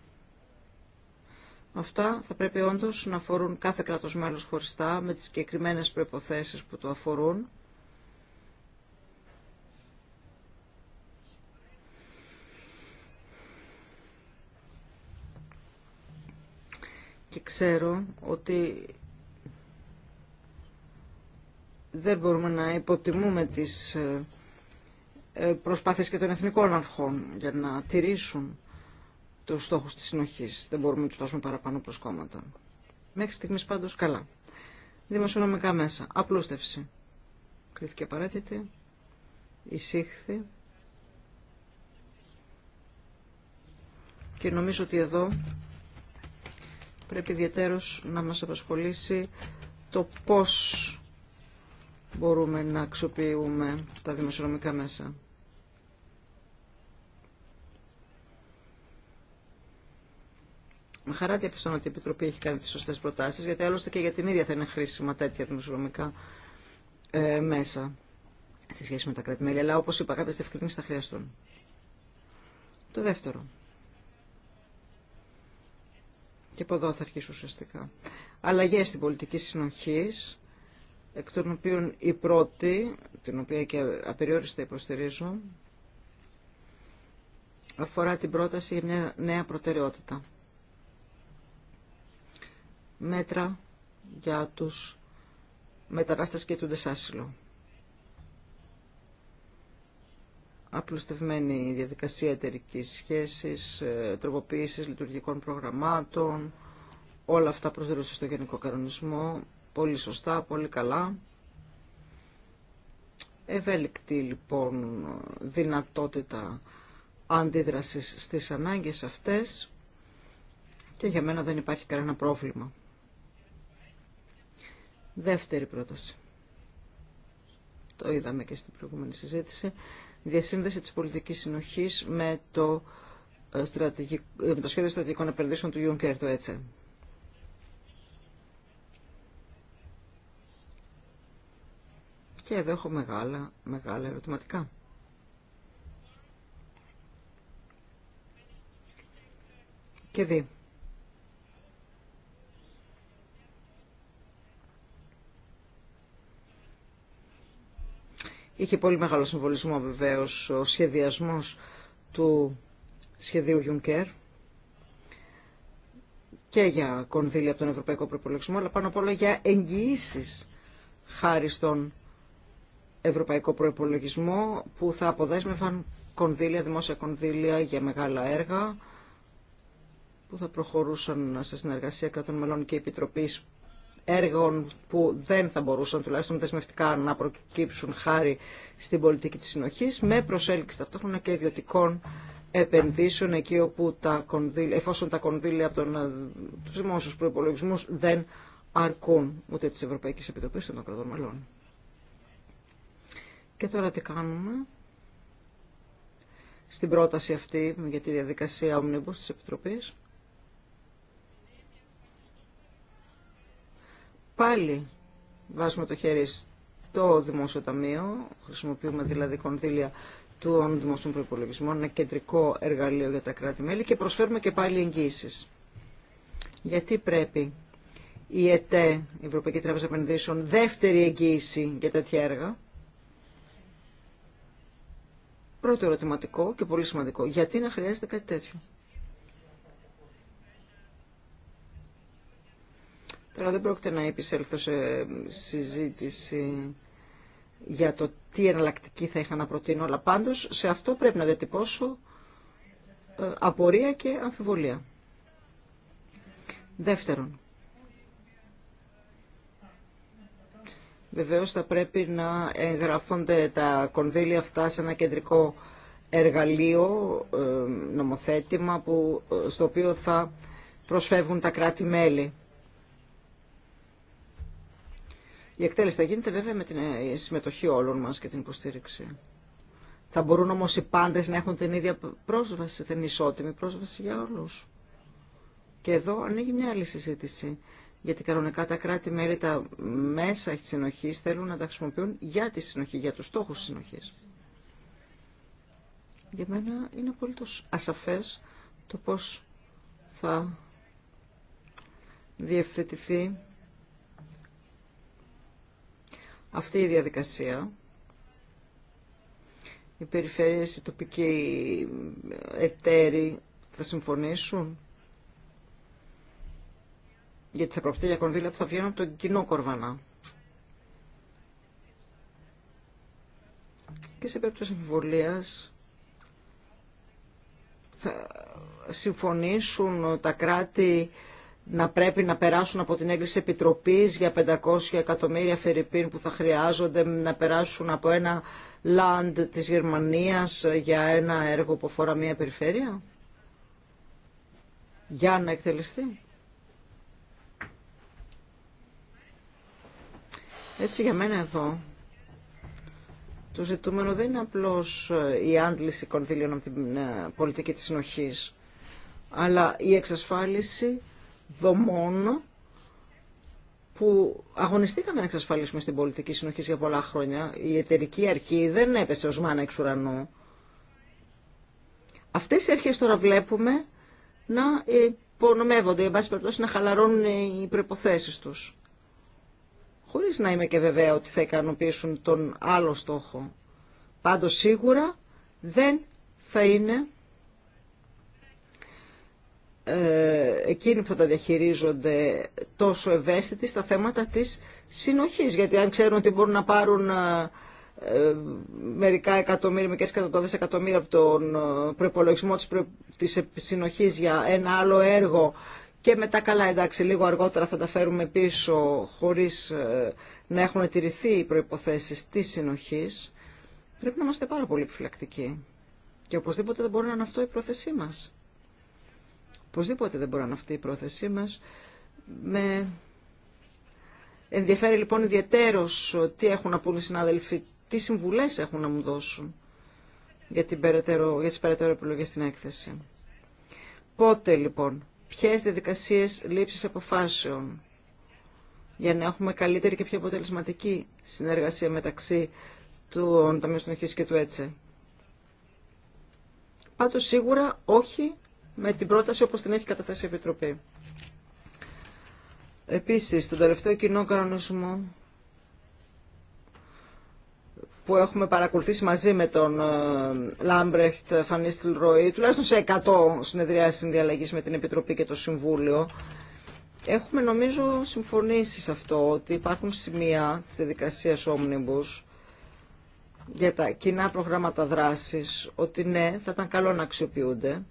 Αυτά θα πρέπει όντως να αφορούν κάθε κράτος μέλος χωριστά με τις συγκεκριμένε προϋποθέσεις που το αφορούν και ξέρω ότι δεν μπορούμε να υποτιμούμε τις ε, ε, προσπάθειες και των εθνικών αρχών για να τηρήσουν τους στόχους της συνοχής. Δεν μπορούμε να τους βάσουμε παραπάνω προσκόμματα. Μέχρι στιγμής πάντως καλά. Δημοσιονομικά μέσα. Απλούστευση. Κρίθηκε απαραίτητη. Εισήχθη. Και νομίζω ότι εδώ πρέπει ιδιαίτερως να μας απασχολήσει το πώς μπορούμε να αξιοποιούμε τα δημοσιονομικά μέσα. Με χαρά διαπιστώνω ότι η Επιτροπή έχει κάνει τις σωστές προτάσεις, γιατί άλλωστε και για την ίδια θα είναι χρήσιμα τέτοια δημοσιονομικά ε, μέσα σε σχέση με τα κρατημέλη. Αλλά όπως είπα, κάποιες ευκρινήσεις θα χρειαστούν. Το δεύτερο και από εδώ θα αρχίσω ουσιαστικά. Αλλαγέ στην πολιτική συνοχή, εκ των οποίων η πρώτη, την οποία και απεριόριστα υποστηρίζω, αφορά την πρόταση για μια νέα προτεραιότητα. Μέτρα για τους μετανάστες και του άσυλο. απλουστευμένη διαδικασία εταιρική σχέση, ε, τροποποίηση λειτουργικών προγραμμάτων, όλα αυτά προσδερούσε στο γενικό κανονισμό, πολύ σωστά, πολύ καλά. Ευέλικτη λοιπόν δυνατότητα αντίδρασης στις ανάγκες αυτές και για μένα δεν υπάρχει κανένα πρόβλημα. Δεύτερη πρόταση. Το είδαμε και στην προηγούμενη συζήτηση διασύνδεση της πολιτικής συνοχής με το, ε, ε, με το σχέδιο στρατηγικών επενδύσεων του Juncker, το έτσι. Και εδώ έχω μεγάλα, μεγάλα ερωτηματικά. Και δει. Είχε πολύ μεγάλο συμβολισμό βεβαίως ο σχεδιασμός του σχεδίου Juncker και για κονδύλια από τον Ευρωπαϊκό Προπολογισμό, αλλά πάνω απ' όλα για εγγυήσει χάρη στον Ευρωπαϊκό Προπολογισμό που θα αποδέσμευαν κονδύλια, δημόσια κονδύλια για μεγάλα έργα που θα προχωρούσαν σε συνεργασία των μελών και επιτροπής έργων που δεν θα μπορούσαν τουλάχιστον δεσμευτικά να προκύψουν χάρη στην πολιτική της συνοχής με προσέλκυση ταυτόχρονα και ιδιωτικών επενδύσεων εκεί όπου τα κονδύλια, εφόσον τα κονδύλια από τον, ε, τους δημόσιους προϋπολογισμούς δεν αρκούν ούτε της Ευρωπαϊκής Επιτροπής των Ακροδών Μελών. Και τώρα τι κάνουμε στην πρόταση αυτή για τη διαδικασία ομνίμπους της Επιτροπής. πάλι βάζουμε το χέρι στο δημόσιο ταμείο, χρησιμοποιούμε δηλαδή κονδύλια του Δημοσίου Προϋπολογισμού, ένα κεντρικό εργαλείο για τα κράτη-μέλη και προσφέρουμε και πάλι εγγύησει. Γιατί πρέπει η ΕΤΕ, η Ευρωπαϊκή Τράπεζα Επενδύσεων, δεύτερη εγγύηση για τέτοια έργα. Πρώτο ερωτηματικό και πολύ σημαντικό. Γιατί να χρειάζεται κάτι τέτοιο. Τώρα δεν πρόκειται να επισέλθω σε συζήτηση για το τι εναλλακτική θα είχα να προτείνω, αλλά πάντως σε αυτό πρέπει να διατυπώσω ε, απορία και αμφιβολία. Δεύτερον, βεβαίως θα πρέπει να εγγραφούνται τα κονδύλια αυτά σε ένα κεντρικό εργαλείο, ε, νομοθέτημα, που, ε, στο οποίο θα προσφεύγουν τα κράτη-μέλη. Η εκτέλεση θα γίνεται βέβαια με την ε, συμμετοχή όλων μας και την υποστήριξη. Θα μπορούν όμως οι πάντες να έχουν την ίδια πρόσβαση, την ισότιμη πρόσβαση για όλους. Και εδώ ανοίγει μια άλλη συζήτηση. Γιατί κανονικά τα κράτη-μέλη τα μέσα της συνοχής θέλουν να τα χρησιμοποιούν για τη συνοχή, για τους στόχους της συνοχής. Για μένα είναι απολύτως ασαφές το πώς θα διευθετηθεί αυτή η διαδικασία. Οι περιφέρειες, οι τοπικοί εταίροι θα συμφωνήσουν. Γιατί θα προπτεί για κονδύλια που θα βγαίνουν από τον κοινό κορβανά. Και σε περίπτωση εμφιβολίας θα συμφωνήσουν τα κράτη να πρέπει να περάσουν από την έγκριση επιτροπής για 500 εκατομμύρια φερρυπίν που θα χρειάζονται να περάσουν από ένα land της Γερμανίας για ένα έργο που αφορά μια περιφέρεια για να εκτελεστεί. Έτσι για μένα εδώ το ζητούμενο δεν είναι απλώς η άντληση κονδύλιων από την ε, πολιτική της συνοχής αλλά η εξασφάλιση δομών που αγωνιστήκαμε να εξασφαλίσουμε στην πολιτική συνοχή για πολλά χρόνια. Η εταιρική αρχή δεν έπεσε ως μάνα εξ ουρανού. Αυτές οι αρχές τώρα βλέπουμε να υπονομεύονται, εν πάση περιπτώσει να χαλαρώνουν οι προποθέσει τους. Χωρίς να είμαι και βεβαία ότι θα ικανοποιήσουν τον άλλο στόχο. Πάντως σίγουρα δεν θα είναι ε, εκείνοι που τα διαχειρίζονται τόσο ευαίσθητοι στα θέματα της συνοχής. Γιατί αν ξέρουν ότι μπορούν να πάρουν ε, ε, μερικά εκατομμύρια, μερικές εκατοντάδες εκατομμύρια από τον προπολογισμό της, της συνοχής για ένα άλλο έργο και μετά καλά εντάξει λίγο αργότερα θα τα φέρουμε πίσω χωρίς να έχουν τηρηθεί οι προϋποθέσεις της συνοχής, πρέπει να είμαστε πάρα πολύ επιφυλακτικοί. Και οπωσδήποτε δεν μπορεί να είναι αυτό η πρόθεσή μας. Οπωσδήποτε δεν μπορεί να αυτή η πρόθεσή μας. Με ενδιαφέρει λοιπόν ιδιαίτερος τι έχουν να πούν οι συνάδελφοι, τι συμβουλές έχουν να μου δώσουν για, την περαιτέρω, για τις περαιτέρω επιλογές στην έκθεση. Πότε λοιπόν, ποιες διαδικασίες λήψης αποφάσεων για να έχουμε καλύτερη και πιο αποτελεσματική συνεργασία μεταξύ του Ταμείου Συνοχής και του ΕΤΣΕ. Πάντως σίγουρα όχι με την πρόταση όπως την έχει καταθέσει η Επιτροπή. Επίσης, τον τελευταίο κοινό κανονισμό που έχουμε παρακολουθήσει μαζί με τον ε, Λάμπρεχτ Φανίστηλ Ροή, τουλάχιστον σε 100 συνεδριάσεις συνδιαλλαγής με την Επιτροπή και το Συμβούλιο, έχουμε νομίζω συμφωνήσει σε αυτό ότι υπάρχουν σημεία της διαδικασία Omnibus για τα κοινά προγράμματα δράσης, ότι ναι, θα ήταν καλό να αξιοποιούνται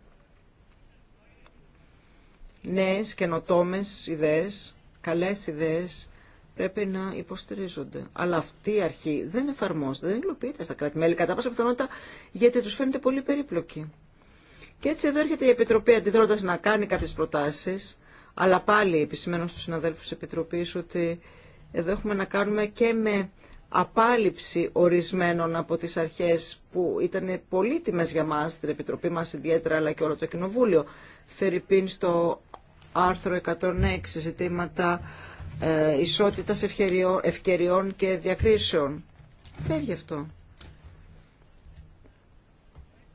νέες καινοτόμε ιδέες, καλές ιδέες πρέπει να υποστηρίζονται. Αλλά αυτή η αρχή δεν εφαρμόζεται, δεν υλοποιείται στα κράτη-μέλη κατά πάσα πιθανότητα γιατί τους φαίνεται πολύ περίπλοκη. Και έτσι εδώ έρχεται η Επιτροπή αντιδρώντας να κάνει κάποιες προτάσεις, αλλά πάλι επισημένω στους συναδέλφους της Επιτροπής ότι εδώ έχουμε να κάνουμε και με απάλληψη ορισμένων από τις αρχές που ήταν πολύτιμες για μας, την Επιτροπή μας ιδιαίτερα αλλά και όλο το Κοινοβούλιο. Φερρυπίν στο άρθρο 106 ζητήματα ε, ισότητας ευκαιριών, ευκαιριών και διακρίσεων. Φεύγει αυτό.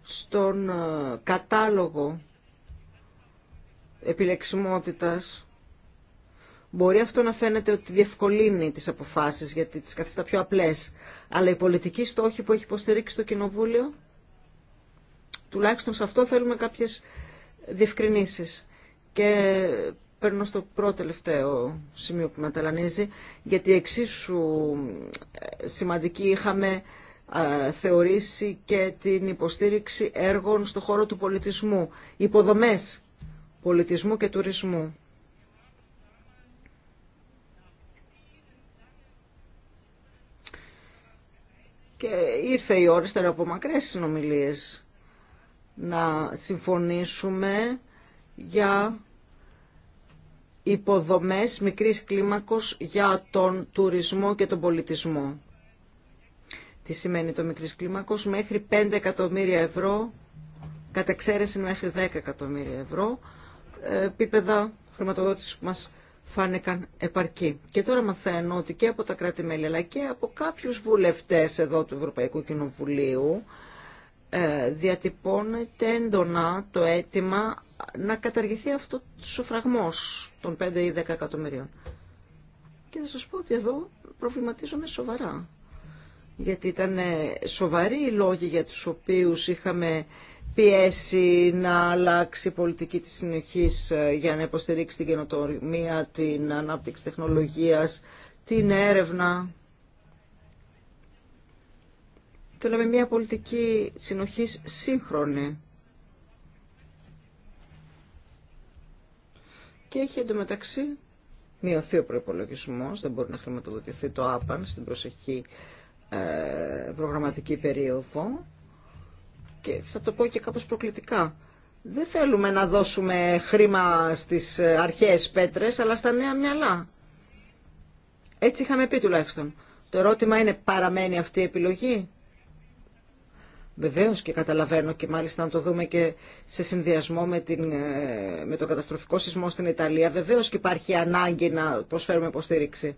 Στον ε, κατάλογο επιλεξιμότητας Μπορεί αυτό να φαίνεται ότι διευκολύνει τις αποφάσεις γιατί τις καθιστά πιο απλές. Αλλά η πολιτική στόχη που έχει υποστηρίξει το Κοινοβούλιο, τουλάχιστον σε αυτό θέλουμε κάποιες διευκρινήσεις. Και παίρνω στο πρώτο τελευταίο σημείο που με ταλανίζει, γιατί εξίσου ε, σημαντική είχαμε ε, θεωρήσει και την υποστήριξη έργων στον χώρο του πολιτισμού, υποδομές πολιτισμού και τουρισμού. και ήρθε η ώρα στερα από μακρές συνομιλίες να συμφωνήσουμε για υποδομές μικρής κλίμακος για τον τουρισμό και τον πολιτισμό. Τι σημαίνει το μικρής κλίμακος, μέχρι 5 εκατομμύρια ευρώ, κατεξαίρεση μέχρι 10 εκατομμύρια ευρώ, ε, επίπεδα χρηματοδότησης που μας φάνηκαν επαρκή. Και τώρα μαθαίνω ότι και από τα κράτη-μέλη αλλά και από κάποιους βουλευτές εδώ του Ευρωπαϊκού Κοινοβουλίου ε, διατυπώνεται έντονα το αίτημα να καταργηθεί αυτό ο φραγμός των 5 ή 10 εκατομμυρίων. Και θα σας πω ότι εδώ προβληματίζομαι σοβαρά. Γιατί ήταν ε, σοβαροί οι λόγοι για τους οποίους είχαμε πιέσει να αλλάξει η πολιτική της συνοχής ε, για να υποστηρίξει την καινοτομία, την ανάπτυξη τεχνολογίας, την έρευνα. Θέλαμε μια πολιτική συνοχής σύγχρονη. Και έχει εντωμεταξύ μειωθεί ο προπολογισμό, δεν μπορεί να χρηματοδοτηθεί το ΆΠΑΝ στην προσεχή ε, προγραμματική περίοδο και θα το πω και κάπως προκλητικά, δεν θέλουμε να δώσουμε χρήμα στις ε, αρχές πέτρες, αλλά στα νέα μυαλά. Έτσι είχαμε πει τουλάχιστον. Το ερώτημα είναι παραμένει αυτή η επιλογή. Βεβαίω και καταλαβαίνω και μάλιστα να το δούμε και σε συνδυασμό με, την, ε, με το καταστροφικό σεισμό στην Ιταλία. Βεβαίω και υπάρχει ανάγκη να προσφέρουμε υποστήριξη.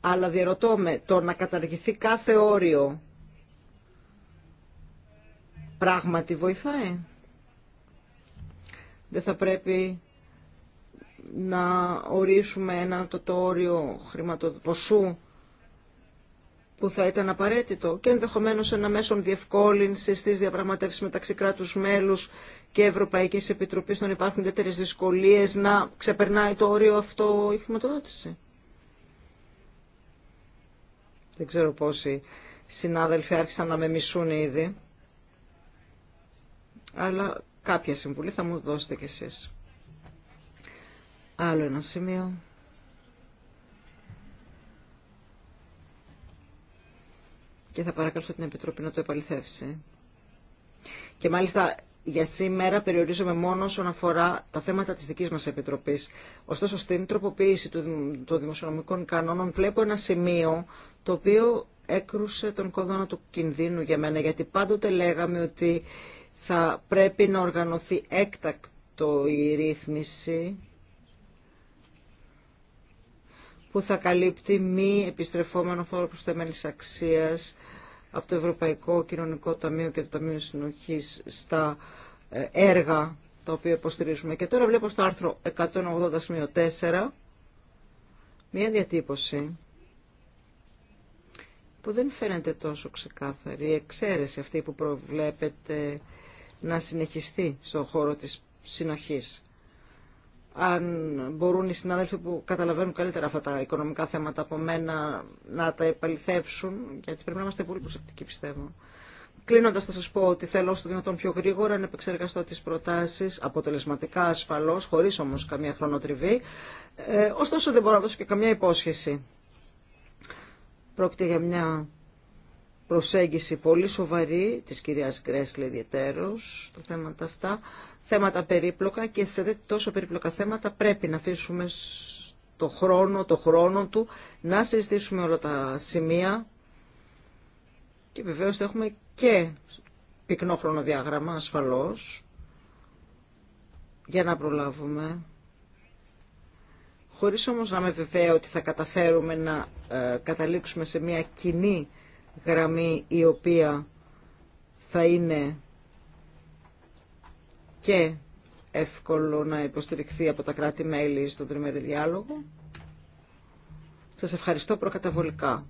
Αλλά διαρωτώ με το να καταργηθεί κάθε όριο πράγματι βοηθάει. Δεν θα πρέπει να ορίσουμε ένα το όριο που θα ήταν απαραίτητο και ενδεχομένως ένα μέσον διευκόλυνση στις διαπραγματεύσεις μεταξύ κράτους μέλους και Ευρωπαϊκής Επιτροπής των υπάρχουν τέτοιες δυσκολίες να ξεπερνάει το όριο αυτό η χρηματοδότηση. Δεν ξέρω πόσοι συνάδελφοι άρχισαν να με μισούν ήδη αλλά κάποια συμβουλή θα μου δώσετε κι εσείς. Άλλο ένα σημείο. Και θα παρακαλώ την Επιτροπή να το επαληθεύσει. Και μάλιστα για σήμερα περιορίζομαι μόνο όσον αφορά τα θέματα της δικής μας Επιτροπής. Ωστόσο στην τροποποίηση των δημοσιονομικών κανόνων βλέπω ένα σημείο το οποίο έκρουσε τον κόδωνα του κινδύνου για μένα γιατί πάντοτε λέγαμε ότι θα πρέπει να οργανωθεί έκτακτο η ρύθμιση που θα καλύπτει μη επιστρεφόμενο φόρο προσθέμενης αξίας από το Ευρωπαϊκό Κοινωνικό Ταμείο και το Ταμείο Συνοχής στα ε, έργα τα οποία υποστηρίζουμε. Και τώρα βλέπω στο άρθρο 180-4 μια διατύπωση που δεν φαίνεται τόσο ξεκάθαρη. Η εξαίρεση αυτή που προβλέπεται να συνεχιστεί στον χώρο της συνοχής. Αν μπορούν οι συνάδελφοι που καταλαβαίνουν καλύτερα αυτά τα οικονομικά θέματα από μένα να τα επαληθεύσουν, γιατί πρέπει να είμαστε πολύ προσεκτικοί πιστεύω. Κλείνοντα, θα σα πω ότι θέλω όσο δυνατόν πιο γρήγορα να επεξεργαστώ τι προτάσει αποτελεσματικά, ασφαλώ, χωρί όμω καμία χρονοτριβή. Ε, ωστόσο, δεν μπορώ να δώσω και καμία υπόσχεση. Πρόκειται για μια προσέγγιση πολύ σοβαρή της κυρίας Γκρέσλε ιδιαιτέρως τα θέματα αυτά, θέματα περίπλοκα και σε τόσο περίπλοκα θέματα πρέπει να αφήσουμε το χρόνο, το χρόνο του, να συζητήσουμε όλα τα σημεία και βεβαίως θα έχουμε και πυκνό χρονοδιάγραμμα ασφαλώς για να προλάβουμε χωρίς όμως να είμαι βεβαία ότι θα καταφέρουμε να ε, καταλήξουμε σε μια κοινή γραμμή η οποία θα είναι και εύκολο να υποστηριχθεί από τα κράτη-μέλη στον τριμερή διάλογο. Σας ευχαριστώ προκαταβολικά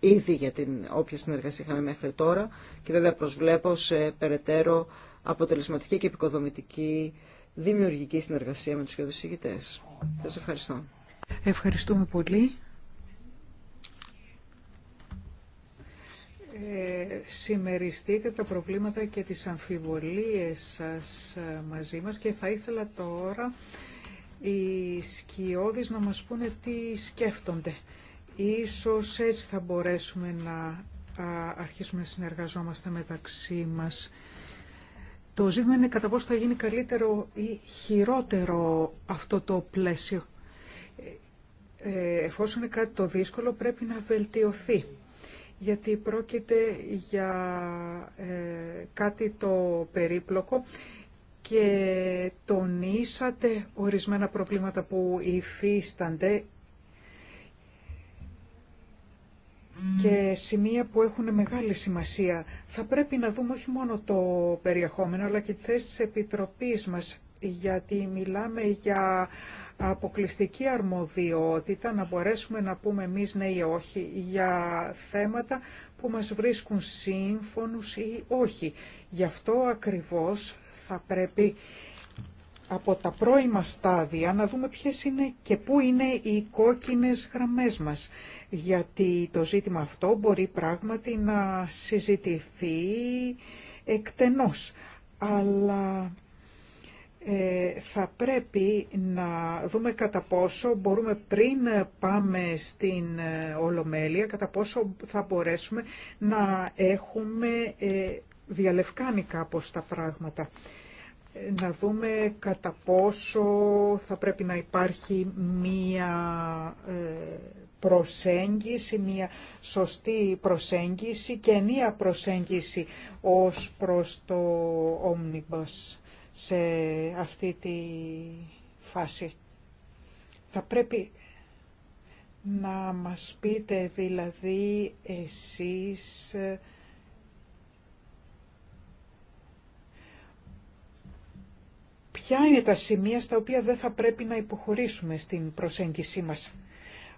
ήδη για την όποια συνεργασία είχαμε μέχρι τώρα και βέβαια προσβλέπω σε περαιτέρω αποτελεσματική και επικοδομητική δημιουργική συνεργασία με τους ηγητές. Σας ευχαριστώ. Ευχαριστούμε πολύ. ε, συμμεριστείτε τα προβλήματα και τις αμφιβολίες σας ε, μαζί μας και θα ήθελα τώρα οι σκιώδεις να μας πούνε τι σκέφτονται. Ίσως έτσι θα μπορέσουμε να αρχίσουμε να συνεργαζόμαστε μεταξύ μας. Το ζήτημα είναι κατά πόσο θα γίνει καλύτερο ή χειρότερο αυτό το πλαίσιο. Ε, ε εφόσον είναι κάτι το δύσκολο πρέπει να βελτιωθεί γιατί πρόκειται για ε, κάτι το περίπλοκο και τονίσατε ορισμένα προβλήματα που υφίστανται και σημεία που έχουν μεγάλη σημασία. Θα πρέπει να δούμε όχι μόνο το περιεχόμενο, αλλά και τη θέση της Επιτροπής μας, γιατί μιλάμε για αποκλειστική αρμοδιότητα να μπορέσουμε να πούμε εμείς ναι ή όχι για θέματα που μας βρίσκουν σύμφωνους ή όχι. Γι' αυτό ακριβώς θα πρέπει από τα πρώιμα στάδια να δούμε ποιες είναι και πού είναι οι κόκκινες γραμμές μας. Γιατί το ζήτημα αυτό μπορεί πράγματι να συζητηθεί εκτενώς. Αλλά ε, θα πρέπει να δούμε κατά πόσο μπορούμε πριν πάμε στην ε, Ολομέλεια, κατά πόσο θα μπορέσουμε να έχουμε ε, διαλευκάνει κάπως τα πράγματα. Να δούμε κατά πόσο θα πρέπει να υπάρχει μία προσέγγιση, μία σωστή προσέγγιση και μία προσέγγιση ως προς το Omnibus σε αυτή τη φάση. Θα πρέπει να μας πείτε δηλαδή εσείς ποια είναι τα σημεία στα οποία δεν θα πρέπει να υποχωρήσουμε στην προσέγγισή μας.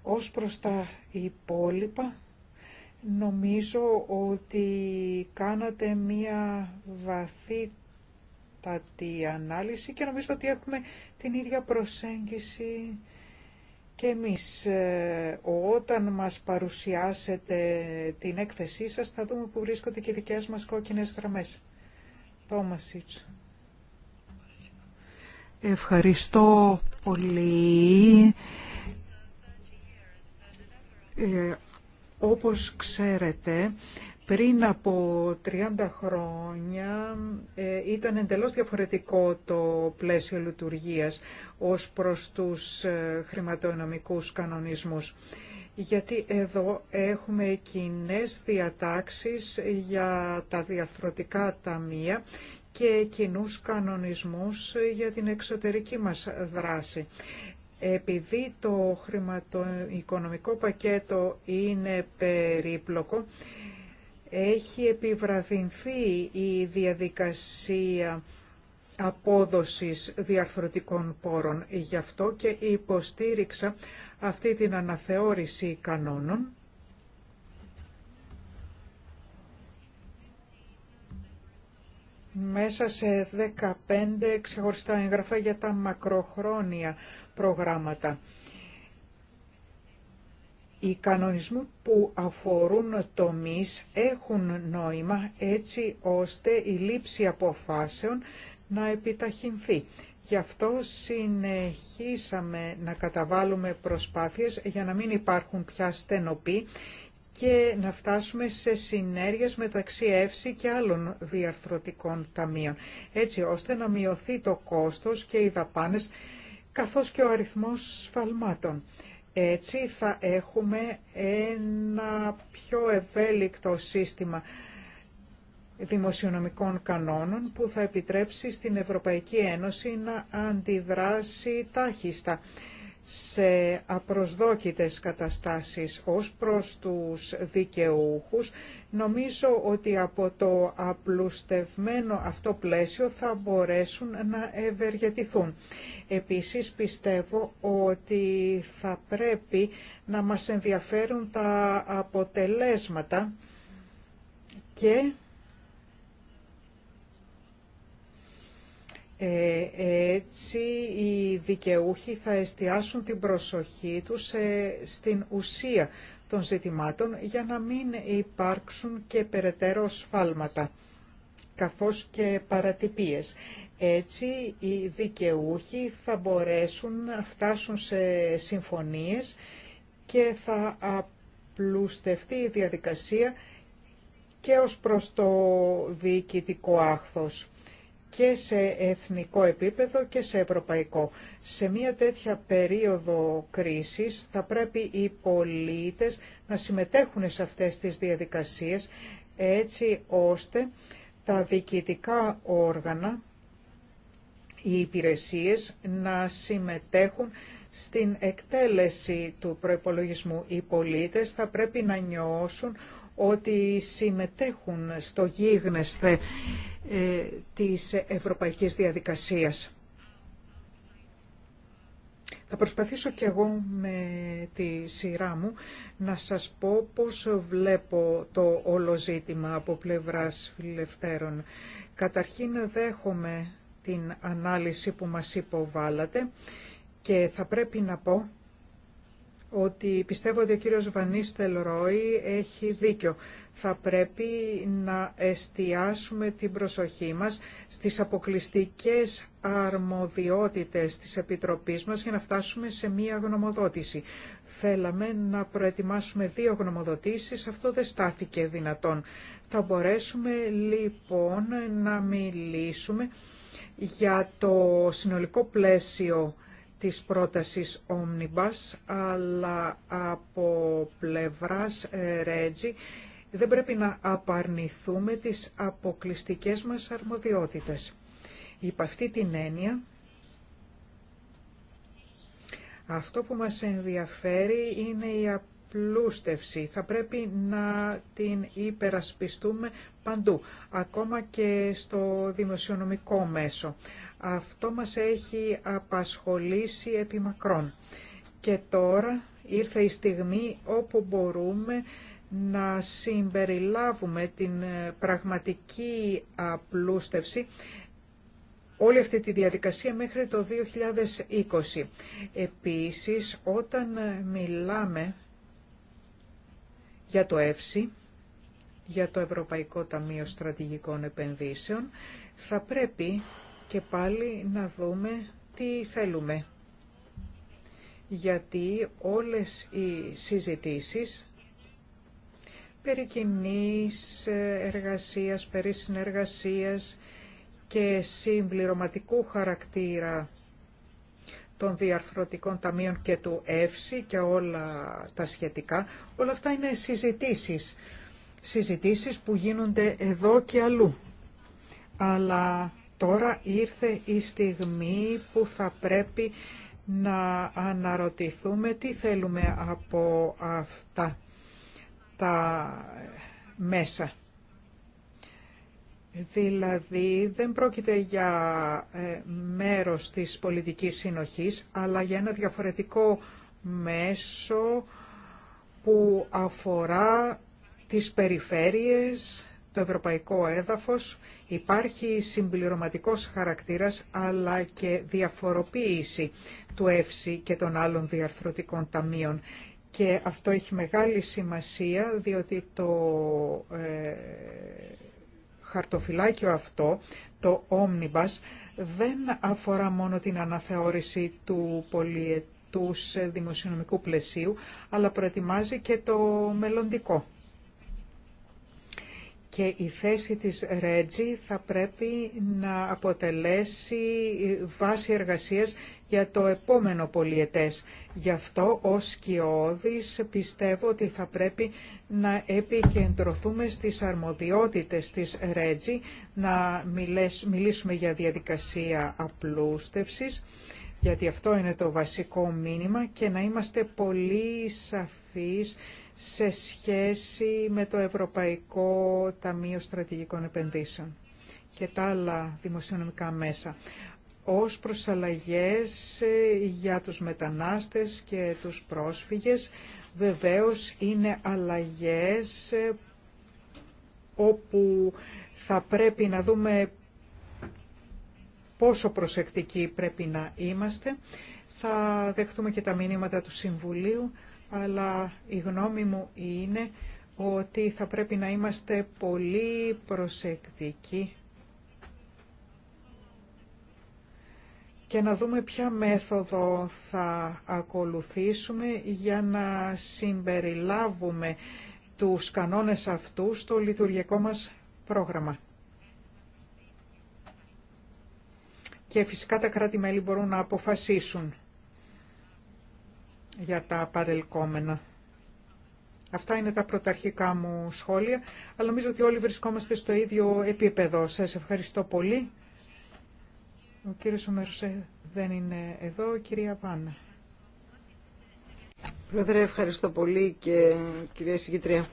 Ως προς τα υπόλοιπα, νομίζω ότι κάνατε μία βαθύ κατατατή ανάλυση και νομίζω ότι έχουμε την ίδια προσέγγιση και εμείς. Ε, όταν μας παρουσιάσετε την έκθεσή σας θα δούμε που βρίσκονται και οι δικές μας κόκκινες γραμμές. Τόμασιτς. Ευχαριστώ πολύ. Ε, όπως ξέρετε, πριν από 30 χρόνια ε, ήταν εντελώς διαφορετικό το πλαίσιο λειτουργίας ως προς τους ε, χρηματοοικονομικούς κανονισμούς. Γιατί εδώ έχουμε κοινέ διατάξεις για τα διαφορετικά ταμεία και κοινού κανονισμούς για την εξωτερική μας δράση. Επειδή το χρηματοοικονομικό πακέτο είναι περίπλοκο, έχει επιβραδυνθεί η διαδικασία απόδοσης διαρθρωτικών πόρων. Γι' αυτό και υποστήριξα αυτή την αναθεώρηση κανόνων. Μέσα σε 15 ξεχωριστά έγγραφα για τα μακροχρόνια προγράμματα. Οι κανονισμοί που αφορούν τομεί έχουν νόημα έτσι ώστε η λήψη αποφάσεων να επιταχυνθεί. Γι' αυτό συνεχίσαμε να καταβάλουμε προσπάθειες για να μην υπάρχουν πια στενοποί και να φτάσουμε σε συνέργειες μεταξύ ΕΦΣΙ και άλλων διαρθρωτικών ταμείων, έτσι ώστε να μειωθεί το κόστος και οι δαπάνες, καθώς και ο αριθμός σφαλμάτων. Έτσι θα έχουμε ένα πιο ευέλικτο σύστημα δημοσιονομικών κανόνων που θα επιτρέψει στην Ευρωπαϊκή Ένωση να αντιδράσει τάχιστα σε απροσδόκητες καταστάσεις ως προς τους δικαιούχους, νομίζω ότι από το απλουστευμένο αυτό πλαίσιο θα μπορέσουν να ευεργετηθούν. Επίσης πιστεύω ότι θα πρέπει να μας ενδιαφέρουν τα αποτελέσματα και Ε, έτσι οι δικαιούχοι θα εστιάσουν την προσοχή τους ε, στην ουσία των ζητημάτων για να μην υπάρξουν και περαιτέρω σφάλματα καθώς και παρατυπίες. Έτσι οι δικαιούχοι θα μπορέσουν να φτάσουν σε συμφωνίες και θα απλουστευτεί η διαδικασία και ως προς το διοικητικό άχθος και σε εθνικό επίπεδο και σε ευρωπαϊκό. Σε μια τέτοια περίοδο κρίσης θα πρέπει οι πολίτες να συμμετέχουν σε αυτές τις διαδικασίες έτσι ώστε τα διοικητικά όργανα, οι υπηρεσίες να συμμετέχουν στην εκτέλεση του προϋπολογισμού. Οι πολίτες θα πρέπει να νιώσουν ότι συμμετέχουν στο γίγνεσθε ε, της ευρωπαϊκής διαδικασίας. Θα προσπαθήσω κι εγώ με τη σειρά μου να σας πω πώς βλέπω το όλο ζήτημα από πλευράς φιλελευθέρων. Καταρχήν δέχομαι την ανάλυση που μας υποβάλλατε και θα πρέπει να πω ότι πιστεύω ότι ο κύριος Βανίστελ Ρόι έχει δίκιο θα πρέπει να εστιάσουμε την προσοχή μας στις αποκλειστικές αρμοδιότητες της Επιτροπής μας για να φτάσουμε σε μία γνωμοδότηση. Θέλαμε να προετοιμάσουμε δύο γνωμοδοτήσεις, αυτό δεν στάθηκε δυνατόν. Θα μπορέσουμε λοιπόν να μιλήσουμε για το συνολικό πλαίσιο της πρότασης Omnibus, αλλά από πλευράς ε, Ρέτζι δεν πρέπει να απαρνηθούμε τις αποκλειστικές μας αρμοδιότητες. Υπ' αυτή την έννοια, αυτό που μας ενδιαφέρει είναι η απλούστευση. Θα πρέπει να την υπερασπιστούμε παντού, ακόμα και στο δημοσιονομικό μέσο. Αυτό μας έχει απασχολήσει επί μακρόν. Και τώρα ήρθε η στιγμή όπου μπορούμε να συμπεριλάβουμε την ε, πραγματική απλούστευση όλη αυτή τη διαδικασία μέχρι το 2020. Επίσης, όταν ε, μιλάμε για το ΕΦΣΥ, για το Ευρωπαϊκό Ταμείο Στρατηγικών Επενδύσεων, θα πρέπει και πάλι να δούμε τι θέλουμε. Γιατί όλες οι συζητήσεις περί κοινής ε, εργασίας, περί συνεργασίας και συμπληρωματικού χαρακτήρα των διαρθρωτικών ταμείων και του ΕΦΣΥ και όλα τα σχετικά. Όλα αυτά είναι συζητήσεις. Συζητήσεις που γίνονται εδώ και αλλού. Αλλά τώρα ήρθε η στιγμή που θα πρέπει να αναρωτηθούμε τι θέλουμε από αυτά τα μέσα. Δηλαδή δεν πρόκειται για ε, μέρος της πολιτικής συνοχής, αλλά για ένα διαφορετικό μέσο που αφορά τις περιφέρειες, το ευρωπαϊκό έδαφος. Υπάρχει συμπληρωματικός χαρακτήρας, αλλά και διαφοροποίηση του ΕΦΣΥ και των άλλων διαρθρωτικών ταμείων. Και αυτό έχει μεγάλη σημασία διότι το ε, χαρτοφυλάκιο αυτό, το Omnibus, δεν αφορά μόνο την αναθεώρηση του πολιετούς δημοσιονομικού πλαισίου, αλλά προετοιμάζει και το μελλοντικό και η θέση της Ρέτζη θα πρέπει να αποτελέσει βάση εργασίας για το επόμενο πολιετές. Γι' αυτό ως κοιόδης πιστεύω ότι θα πρέπει να επικεντρωθούμε στις αρμοδιότητες της Ρέτζη, να μιλήσουμε για διαδικασία απλούστευσης, γιατί αυτό είναι το βασικό μήνυμα και να είμαστε πολύ σαφείς σε σχέση με το Ευρωπαϊκό Ταμείο Στρατηγικών Επενδύσεων και τα άλλα δημοσιονομικά μέσα ως προσαλλαγές ε, για τους μετανάστες και τους πρόσφυγες. Βεβαίως είναι αλλαγές ε, όπου θα πρέπει να δούμε πόσο προσεκτικοί πρέπει να είμαστε. Θα δεχτούμε και τα μηνύματα του Συμβουλίου αλλά η γνώμη μου είναι ότι θα πρέπει να είμαστε πολύ προσεκτικοί και να δούμε ποια μέθοδο θα ακολουθήσουμε για να συμπεριλάβουμε τους κανόνες αυτούς στο λειτουργικό μας πρόγραμμα. Και φυσικά τα κράτη-μέλη μπορούν να αποφασίσουν για τα παρελκόμενα. Αυτά είναι τα πρωταρχικά μου σχόλια, αλλά νομίζω ότι όλοι βρισκόμαστε στο ίδιο επίπεδο. Σας ευχαριστώ πολύ. Ο κύριος Ομερουσέ ε, δεν είναι εδώ, κυρία Βάνα. Πρόεδρε, ευχαριστώ πολύ και κυρία Συγκητρία.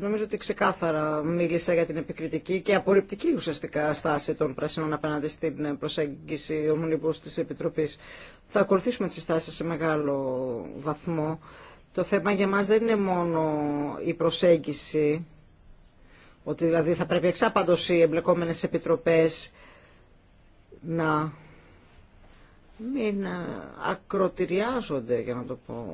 νομίζω ότι ξεκάθαρα μίλησα για την επικριτική και απορριπτική ουσιαστικά στάση των πρασινών απέναντι στην προσέγγιση ομονιμπού τη Επιτροπής. Θα ακολουθήσουμε τι στάσεις σε μεγάλο βαθμό. Το θέμα για μας δεν είναι μόνο η προσέγγιση, ότι δηλαδή θα πρέπει εξάπαντο οι εμπλεκόμενες επιτροπές να μην ακροτηριάζονται, για να το πω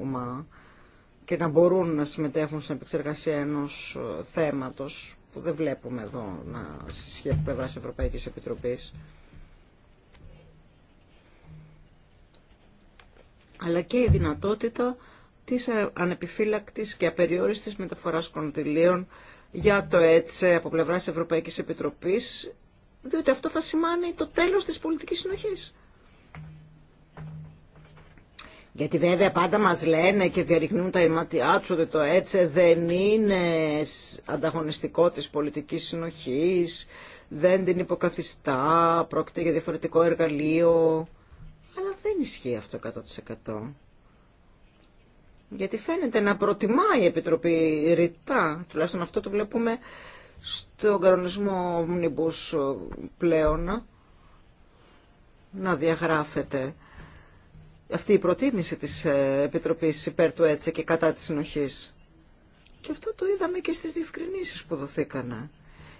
και να μπορούν να συμμετέχουν στην επεξεργασία ενός ε, θέματος που δεν βλέπουμε εδώ να συσχεύει από πλευρά Ευρωπαϊκή Ευρωπαϊκής Επιτροπής. Αλλά και η δυνατότητα της ε, ανεπιφύλακτης και απεριόριστης μεταφοράς κοντιλίων για το έτσε από πλευράς Ευρωπαϊκής Επιτροπής, διότι αυτό θα σημάνει το τέλος της πολιτικής συνοχής. Γιατί βέβαια πάντα μας λένε και διαρριχνούν τα ηματιά τους ότι το έτσι δεν είναι ανταγωνιστικό της πολιτικής συνοχής, δεν την υποκαθιστά, πρόκειται για διαφορετικό εργαλείο. Αλλά δεν ισχύει αυτό 100%. Γιατί φαίνεται να προτιμά η Επιτροπή ρητά, τουλάχιστον αυτό το βλέπουμε στον κανονισμό Omnibus ε, πλέον, να διαγράφεται αυτή η προτίμηση της ε, Επιτροπής υπέρ του έτσι και κατά της συνοχής. Και αυτό το είδαμε και στις διευκρινήσεις που δοθήκανε.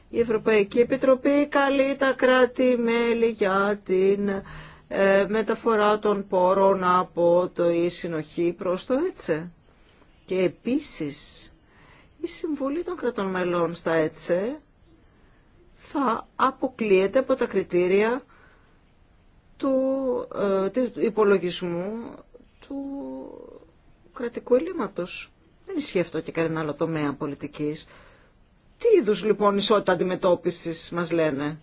Η Ευρωπαϊκή Επιτροπή καλεί τα κράτη-μέλη για την ε, μεταφορά των πόρων από το η συνοχή προς το έτσε. Και επίσης η Συμβουλή των κρατών μελών στα έτσε θα αποκλείεται από τα κριτήρια του, ε, του υπολογισμού του κρατικού ελλείμματος. Δεν ισχύει αυτό και κανένα άλλο τομέα πολιτικής. Τι είδους λοιπόν ισότητα αντιμετώπισης μας λένε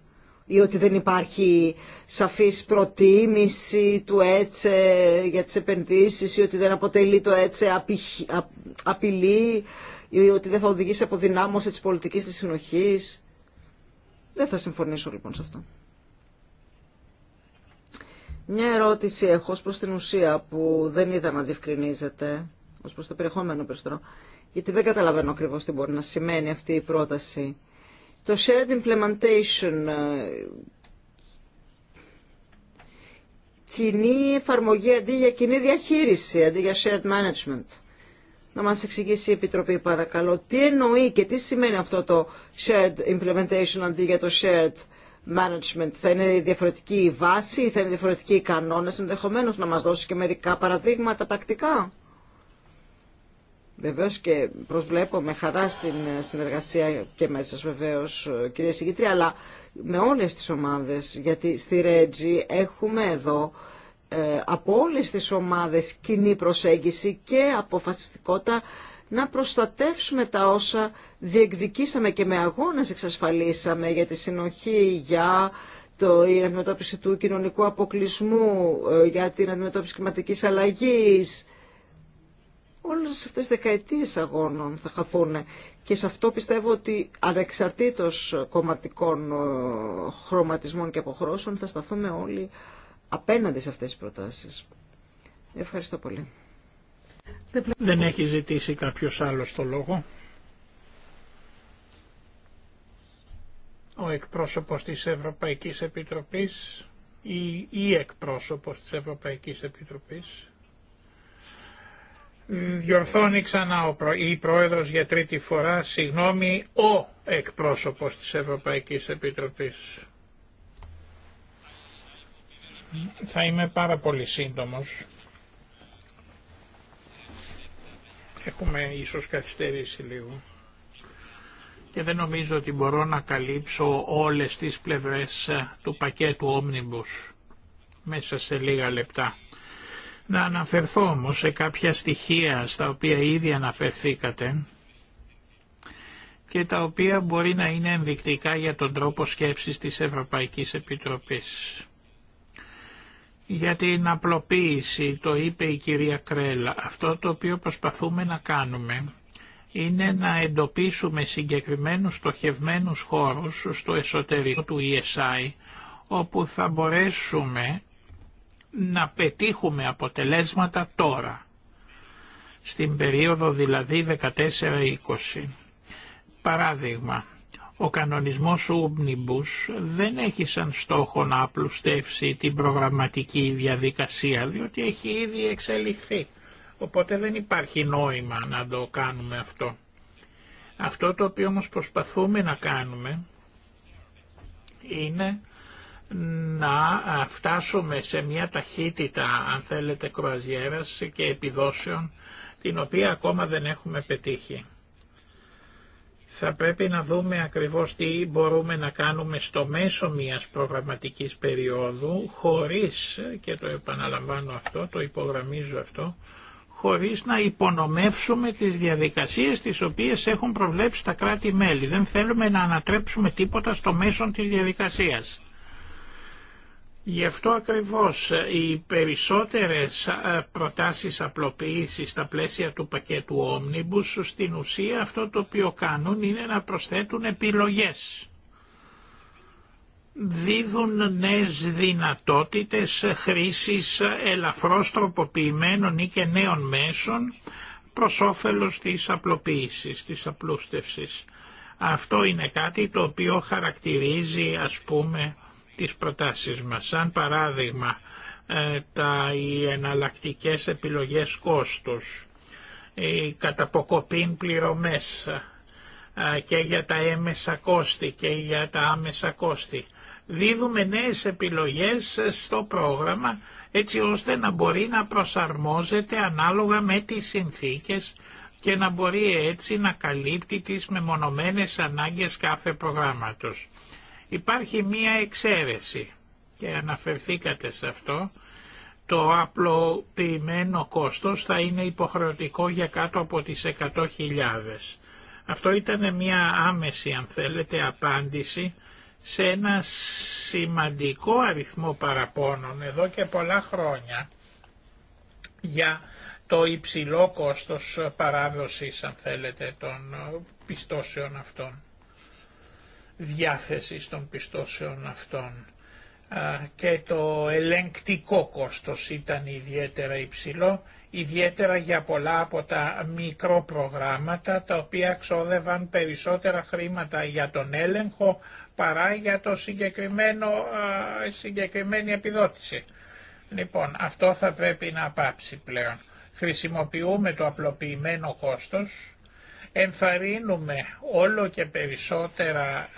ή ότι δεν υπάρχει σαφής προτίμηση του έτσε για τις επενδύσεις ή ότι δεν αποτελεί το έτσε απειλή ή ότι δεν θα οδηγήσει αποδυνάμωση της πολιτικής της συνοχής. Δεν θα συμφωνήσω λοιπόν σε αυτό. Μια ερώτηση έχω ως προς την ουσία που δεν είδα να διευκρινίζεται, ως προς το περιεχόμενο περισσότερο, γιατί δεν καταλαβαίνω ακριβώ τι μπορεί να σημαίνει αυτή η πρόταση. Το shared implementation, ε, κοινή εφαρμογή αντί για κοινή διαχείριση, αντί για shared management. Να μας εξηγήσει η Επιτροπή παρακαλώ τι εννοεί και τι σημαίνει αυτό το shared implementation αντί για το shared management. Θα είναι διαφορετική η βάση, θα είναι διαφορετικοί η κανόνες, ενδεχομένως να μας δώσει και μερικά παραδείγματα πρακτικά. Βεβαίως και προσβλέπω με χαρά στην ε, συνεργασία και μέσα σας βεβαίως ε, κυρία Συγκήτρια, αλλά με όλες τις ομάδες, γιατί στη Ρέτζη έχουμε εδώ ε, από όλες τις ομάδες κοινή προσέγγιση και αποφασιστικότητα να προστατεύσουμε τα όσα διεκδικήσαμε και με αγώνες εξασφαλίσαμε για τη συνοχή, για το, η αντιμετώπιση του κοινωνικού αποκλεισμού, ε, για την αντιμετώπιση κλιματικής αλλαγής. Όλες αυτές τις δεκαετίες αγώνων θα χαθούν. Και σε αυτό πιστεύω ότι ανεξαρτήτως κομματικών ε, χρωματισμών και αποχρώσεων θα σταθούμε όλοι απέναντι σε αυτές τις προτάσεις. Ευχαριστώ πολύ. Δεν έχει ζητήσει κάποιος άλλος το λόγο. Ο εκπρόσωπος της Ευρωπαϊκής Επιτροπής ή, ή εκπρόσωπος της Ευρωπαϊκής Επιτροπής. Διορθώνει ξανά ο προ, η πρόεδρος για τρίτη φορά, συγγνώμη, ο εκπρόσωπος της Ευρωπαϊκής Επιτροπής. Θα είμαι πάρα πολύ σύντομος. Έχουμε ίσως καθυστερήσει λίγο. Και δεν νομίζω ότι μπορώ να καλύψω όλες τις πλευρές ε, του πακέτου Omnibus μέσα σε λίγα λεπτά. Να αναφερθώ όμως σε κάποια στοιχεία στα οποία ήδη αναφερθήκατε και τα οποία μπορεί να είναι ενδεικτικά για τον τρόπο σκέψης της Ευρωπαϊκής Επιτροπής για την απλοποίηση, το είπε η κυρία Κρέλα, αυτό το οποίο προσπαθούμε να κάνουμε είναι να εντοπίσουμε συγκεκριμένους στοχευμένους χώρους στο εσωτερικό του ESI, όπου θα μπορέσουμε να πετύχουμε αποτελέσματα τώρα, στην περίοδο δηλαδή 14-20. Παράδειγμα, ο κανονισμός Ούμνιμπους δεν έχει σαν στόχο να απλουστεύσει την προγραμματική διαδικασία, διότι έχει ήδη εξελιχθεί. Οπότε δεν υπάρχει νόημα να το κάνουμε αυτό. Αυτό το οποίο όμως προσπαθούμε να κάνουμε είναι να φτάσουμε σε μια ταχύτητα, αν θέλετε, κρουαζιέρας και επιδόσεων, την οποία ακόμα δεν έχουμε πετύχει θα πρέπει να δούμε ακριβώς τι μπορούμε να κάνουμε στο μέσο μιας προγραμματικής περίοδου χωρίς, και το επαναλαμβάνω αυτό, το υπογραμμίζω αυτό, χωρίς να υπονομεύσουμε τις διαδικασίες τις οποίες έχουν προβλέψει τα κράτη-μέλη. Δεν θέλουμε να ανατρέψουμε τίποτα στο μέσο της διαδικασίας. Γι' αυτό ακριβώς ε, οι περισσότερες ε, προτάσεις απλοποίησης στα πλαίσια του πακέτου Omnibus στην ουσία αυτό το οποίο κάνουν είναι να προσθέτουν επιλογές. Δίδουν νέες δυνατότητες χρήσης ελαφρώς τροποποιημένων ή και νέων μέσων προς όφελος της απλοποίησης, της απλούστευσης. Αυτό είναι κάτι το οποίο χαρακτηρίζει ας πούμε τις προτάσεις μας. Σαν παράδειγμα, ε, τα, οι εναλλακτικέ επιλογές κόστους, οι καταποκοπήν πληρωμές ε, και για τα έμεσα κόστη και για τα άμεσα κόστη. Δίδουμε νέες επιλογές στο πρόγραμμα έτσι ώστε να μπορεί να προσαρμόζεται ανάλογα με τις συνθήκες και να μπορεί έτσι να καλύπτει τις μεμονωμένες ανάγκες κάθε προγράμματος. Υπάρχει μία εξαίρεση και αναφερθήκατε σε αυτό. Το απλοποιημένο κόστος θα είναι υποχρεωτικό για κάτω από τις 100.000. Αυτό ήταν μια άμεση αν θέλετε απάντηση σε ένα σημαντικό αριθμό παραπώνων εδώ και πολλά χρόνια για το υψηλό κόστος παράδοσης αν θέλετε των πιστώσεων αυτών διάθεσης των πιστώσεων αυτών και το ελεγκτικό κόστος ήταν ιδιαίτερα υψηλό, ιδιαίτερα για πολλά από τα μικροπρογράμματα τα οποία ξόδευαν περισσότερα χρήματα για τον έλεγχο παρά για το συγκεκριμένο, συγκεκριμένη επιδότηση. Λοιπόν, αυτό θα πρέπει να πάψει πλέον. Χρησιμοποιούμε το απλοποιημένο κόστος Ενθαρρύνουμε όλο και περισσότερα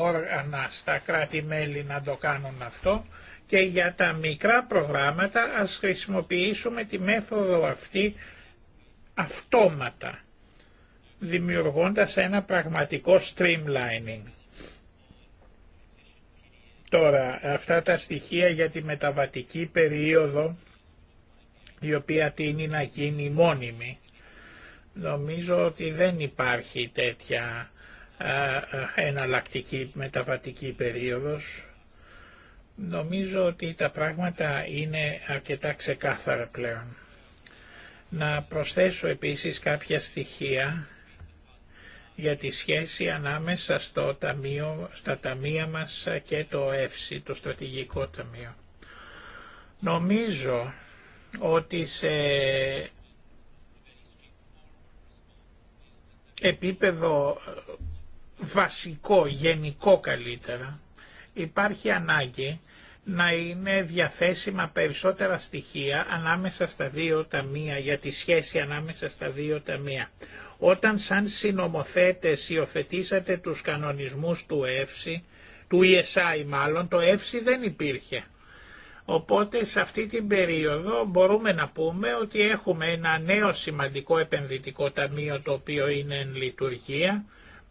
όργανα στα κράτη-μέλη να το κάνουν αυτό και για τα μικρά προγράμματα ας χρησιμοποιήσουμε τη μέθοδο αυτή αυτόματα, δημιουργώντας ένα πραγματικό streamlining. Τώρα, αυτά τα στοιχεία για τη μεταβατική περίοδο, η οποία τίνει να γίνει μόνιμη, Νομίζω ότι δεν υπάρχει τέτοια ε, ε, εναλλακτική μεταβατική περίοδος. Νομίζω ότι τα πράγματα είναι αρκετά ξεκάθαρα πλέον. Να προσθέσω επίσης κάποια στοιχεία για τη σχέση ανάμεσα στο ταμείο, στα ταμεία μας και το ΕΦΣΥ, το Στρατηγικό Ταμείο. Νομίζω ότι σε επίπεδο ε, βασικό, γενικό καλύτερα, υπάρχει ανάγκη να είναι διαθέσιμα περισσότερα στοιχεία ανάμεσα στα δύο ταμεία, για τη σχέση ανάμεσα στα δύο ταμεία. Όταν σαν συνομοθέτες υιοθετήσατε τους κανονισμούς του ΕΦΣΙ, του ESI μάλλον, το ΕΦΣΙ δεν υπήρχε. Οπότε σε αυτή την περίοδο μπορούμε να πούμε ότι έχουμε ένα νέο σημαντικό επενδυτικό ταμείο το οποίο είναι εν λειτουργία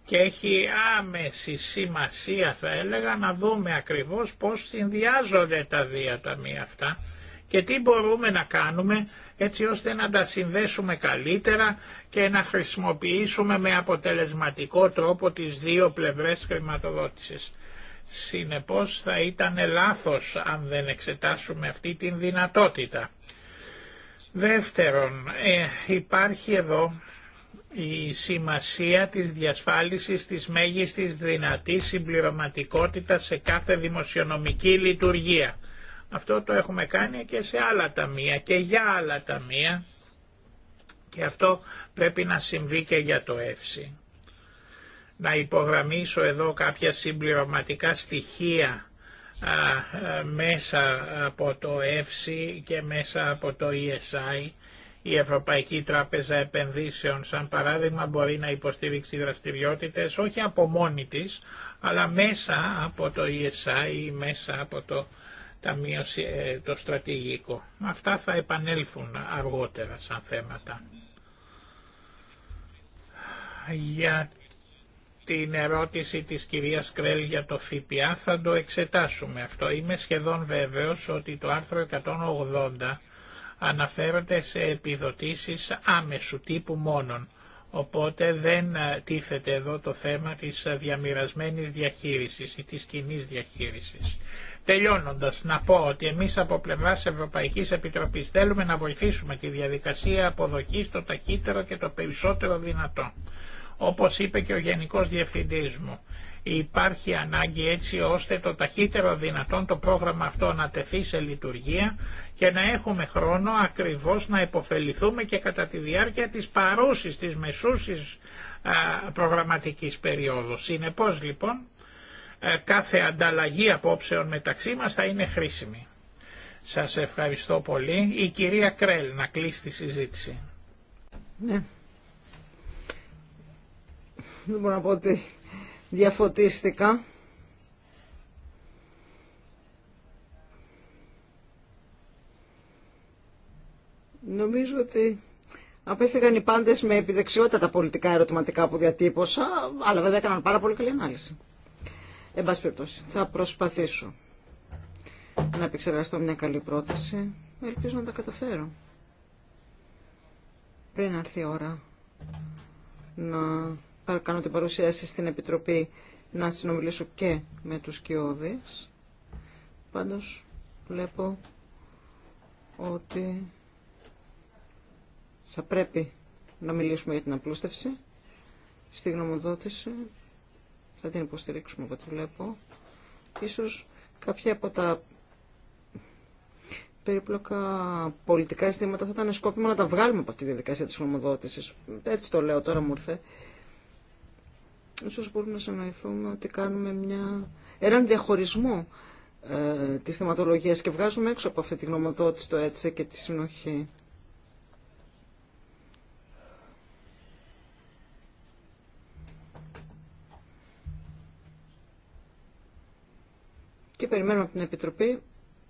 και έχει άμεση σημασία θα έλεγα να δούμε ακριβώς πώς συνδυάζονται τα δύο ταμεία αυτά και τι μπορούμε να κάνουμε έτσι ώστε να τα συνδέσουμε καλύτερα και να χρησιμοποιήσουμε με αποτελεσματικό τρόπο τις δύο πλευρές χρηματοδότησης. Συνεπώς θα ήταν λάθος αν δεν εξετάσουμε αυτή την δυνατότητα. Δεύτερον, ε, υπάρχει εδώ η σημασία της διασφάλισης της μέγιστης δυνατής συμπληρωματικότητας σε κάθε δημοσιονομική λειτουργία. Αυτό το έχουμε κάνει και σε άλλα ταμεία και για άλλα ταμεία και αυτό πρέπει να συμβεί και για το ΕΦΣΥ να υπογραμμίσω εδώ κάποια συμπληρωματικά στοιχεία μέσα από το ΕΦΣΙ και μέσα από το ESI. Η Ευρωπαϊκή Τράπεζα Επενδύσεων, σαν παράδειγμα, μπορεί να υποστηρίξει δραστηριότητες όχι από μόνη της, αλλά μέσα από το ESI ή μέσα από το Ταμείο ε, το Στρατηγικό. Αυτά θα επανέλθουν αργότερα σαν θέματα την ερώτηση της κυρίας Κρέλ για το ΦΠΑ θα το εξετάσουμε αυτό. Είμαι σχεδόν βέβαιος ότι το άρθρο 180 αναφέρεται σε επιδοτήσεις άμεσου τύπου μόνον. Οπότε δεν τίθεται εδώ το θέμα της διαμοιρασμένης διαχείρισης ή της κοινής διαχείρισης. Τελειώνοντας να πω ότι εμείς από πλευράς Ευρωπαϊκής Επιτροπής θέλουμε να βοηθήσουμε τη διαδικασία αποδοχής το ταχύτερο και το περισσότερο δυνατό. Όπως είπε και ο Γενικός Διευθυντής μου, υπάρχει ανάγκη έτσι ώστε το ταχύτερο δυνατόν το πρόγραμμα αυτό να τεθεί σε λειτουργία και να έχουμε χρόνο ακριβώς να υποφεληθούμε και κατά τη διάρκεια της παρούσης, της μεσούσης προγραμματικής περίοδου. Συνεπώς λοιπόν ε, κάθε ανταλλαγή απόψεων μεταξύ μας θα είναι χρήσιμη. Σας ευχαριστώ πολύ. Η κυρία Κρέλ να κλείσει τη συζήτηση. Ναι δεν μπορώ να πω ότι διαφωτίστηκα. Νομίζω ότι απέφυγαν οι πάντες με επιδεξιότητα τα πολιτικά ερωτηματικά που διατύπωσα, αλλά βέβαια έκαναν πάρα πολύ καλή ανάλυση. Εν θα προσπαθήσω να επεξεργαστώ μια καλή πρόταση. Ελπίζω να τα καταφέρω. Πριν έρθει η ώρα να κάνω την παρουσίαση στην Επιτροπή να συνομιλήσω και με τους κοιόδης. Πάντως βλέπω ότι θα πρέπει να μιλήσουμε για την απλούστευση στη γνωμοδότηση. Θα την υποστηρίξουμε από ό,τι βλέπω. Ίσως κάποια από τα περίπλοκα πολιτικά ζητήματα θα ήταν σκόπιμο να τα βγάλουμε από αυτή τη διαδικασία της γνωμοδότησης. Έτσι το λέω τώρα μου ήρθε ίσως μπορούμε να συνοηθούμε ότι κάνουμε μια, έναν διαχωρισμό ε, της θεματολογίας και βγάζουμε έξω από αυτή τη γνωμοδότηση το έτσι και τη συνοχή. Και περιμένουμε από την Επιτροπή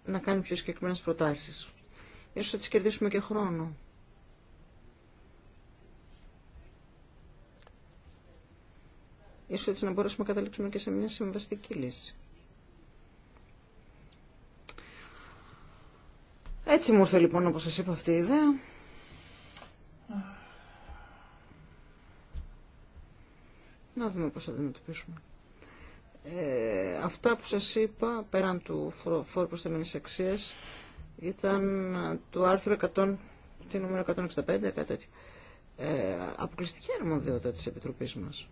να κάνει πιο συγκεκριμένε προτάσεις. Ίσως θα τις κερδίσουμε και χρόνο. ίσως έτσι να μπορέσουμε να καταλήξουμε και σε μια συμβαστική λύση. Έτσι μου ήρθε λοιπόν όπως σας είπα αυτή η ιδέα. Να δούμε πώς θα αντιμετωπίσουμε. Ε, αυτά που σας είπα, πέραν του φόρου θεμένες αξίες ήταν του άρθρου 100, τι νούμερο 165, κάτι τέτοιο. Ε, αποκλειστική αρμοδιότητα της Επιτροπής μας.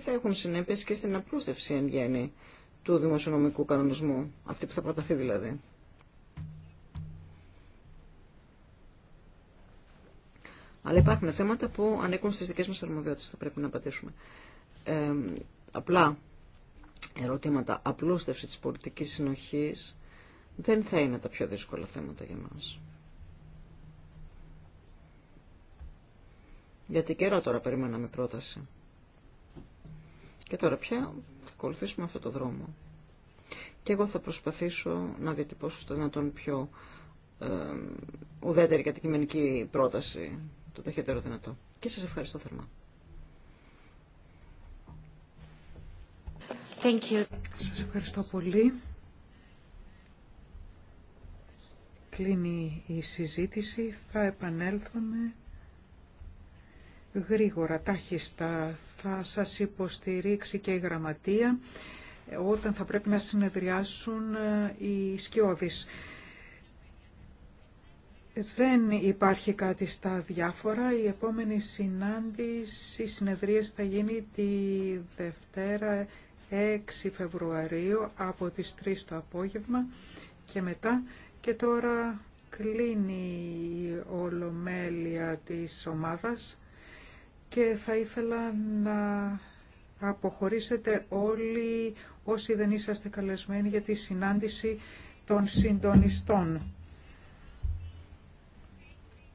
θα έχουν συνέπειες και στην απλούστευση εν γέννη του δημοσιονομικού κανονισμού, αυτή που θα προταθεί δηλαδή. Αλλά υπάρχουν θέματα που ανήκουν στις δικές μας αρμοδιότητες, θα πρέπει να απαντήσουμε. Ε, απλά ερωτήματα απλούστευση της πολιτικής συνοχής δεν θα είναι τα πιο δύσκολα θέματα για μας. Γιατί καιρό τώρα περιμέναμε πρόταση. Και τώρα πια θα ακολουθήσουμε αυτό το δρόμο. Και εγώ θα προσπαθήσω να διατυπώσω στο δυνατόν πιο ουδέτερη και πρόταση το ταχύτερο δυνατό. Και σας ευχαριστώ θερμά. Thank you. Σας ευχαριστώ πολύ. Κλείνει η συζήτηση. Θα επανέλθουμε γρήγορα, τάχιστα. Θα σας υποστηρίξει και η γραμματεία όταν θα πρέπει να συνεδριάσουν ε, οι σκιώδεις. Δεν υπάρχει κάτι στα διάφορα. Η επόμενη συνάντηση, η συνεδρίες θα γίνει τη Δευτέρα 6 Φεβρουαρίου από τις 3 το απόγευμα και μετά. Και τώρα κλείνει η ολομέλεια της ομάδας και θα ήθελα να αποχωρήσετε όλοι όσοι δεν είσαστε καλεσμένοι για τη συνάντηση των συντονιστών.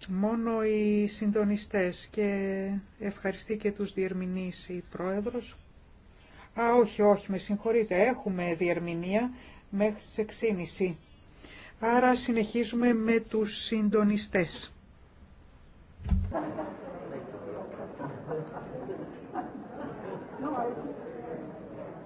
Μόνο οι συντονιστές και ευχαριστεί και τους διερμηνείς η Πρόεδρος. Α, όχι, όχι, με συγχωρείτε, έχουμε διερμηνία μέχρι τις Άρα συνεχίζουμε με τους συντονιστές.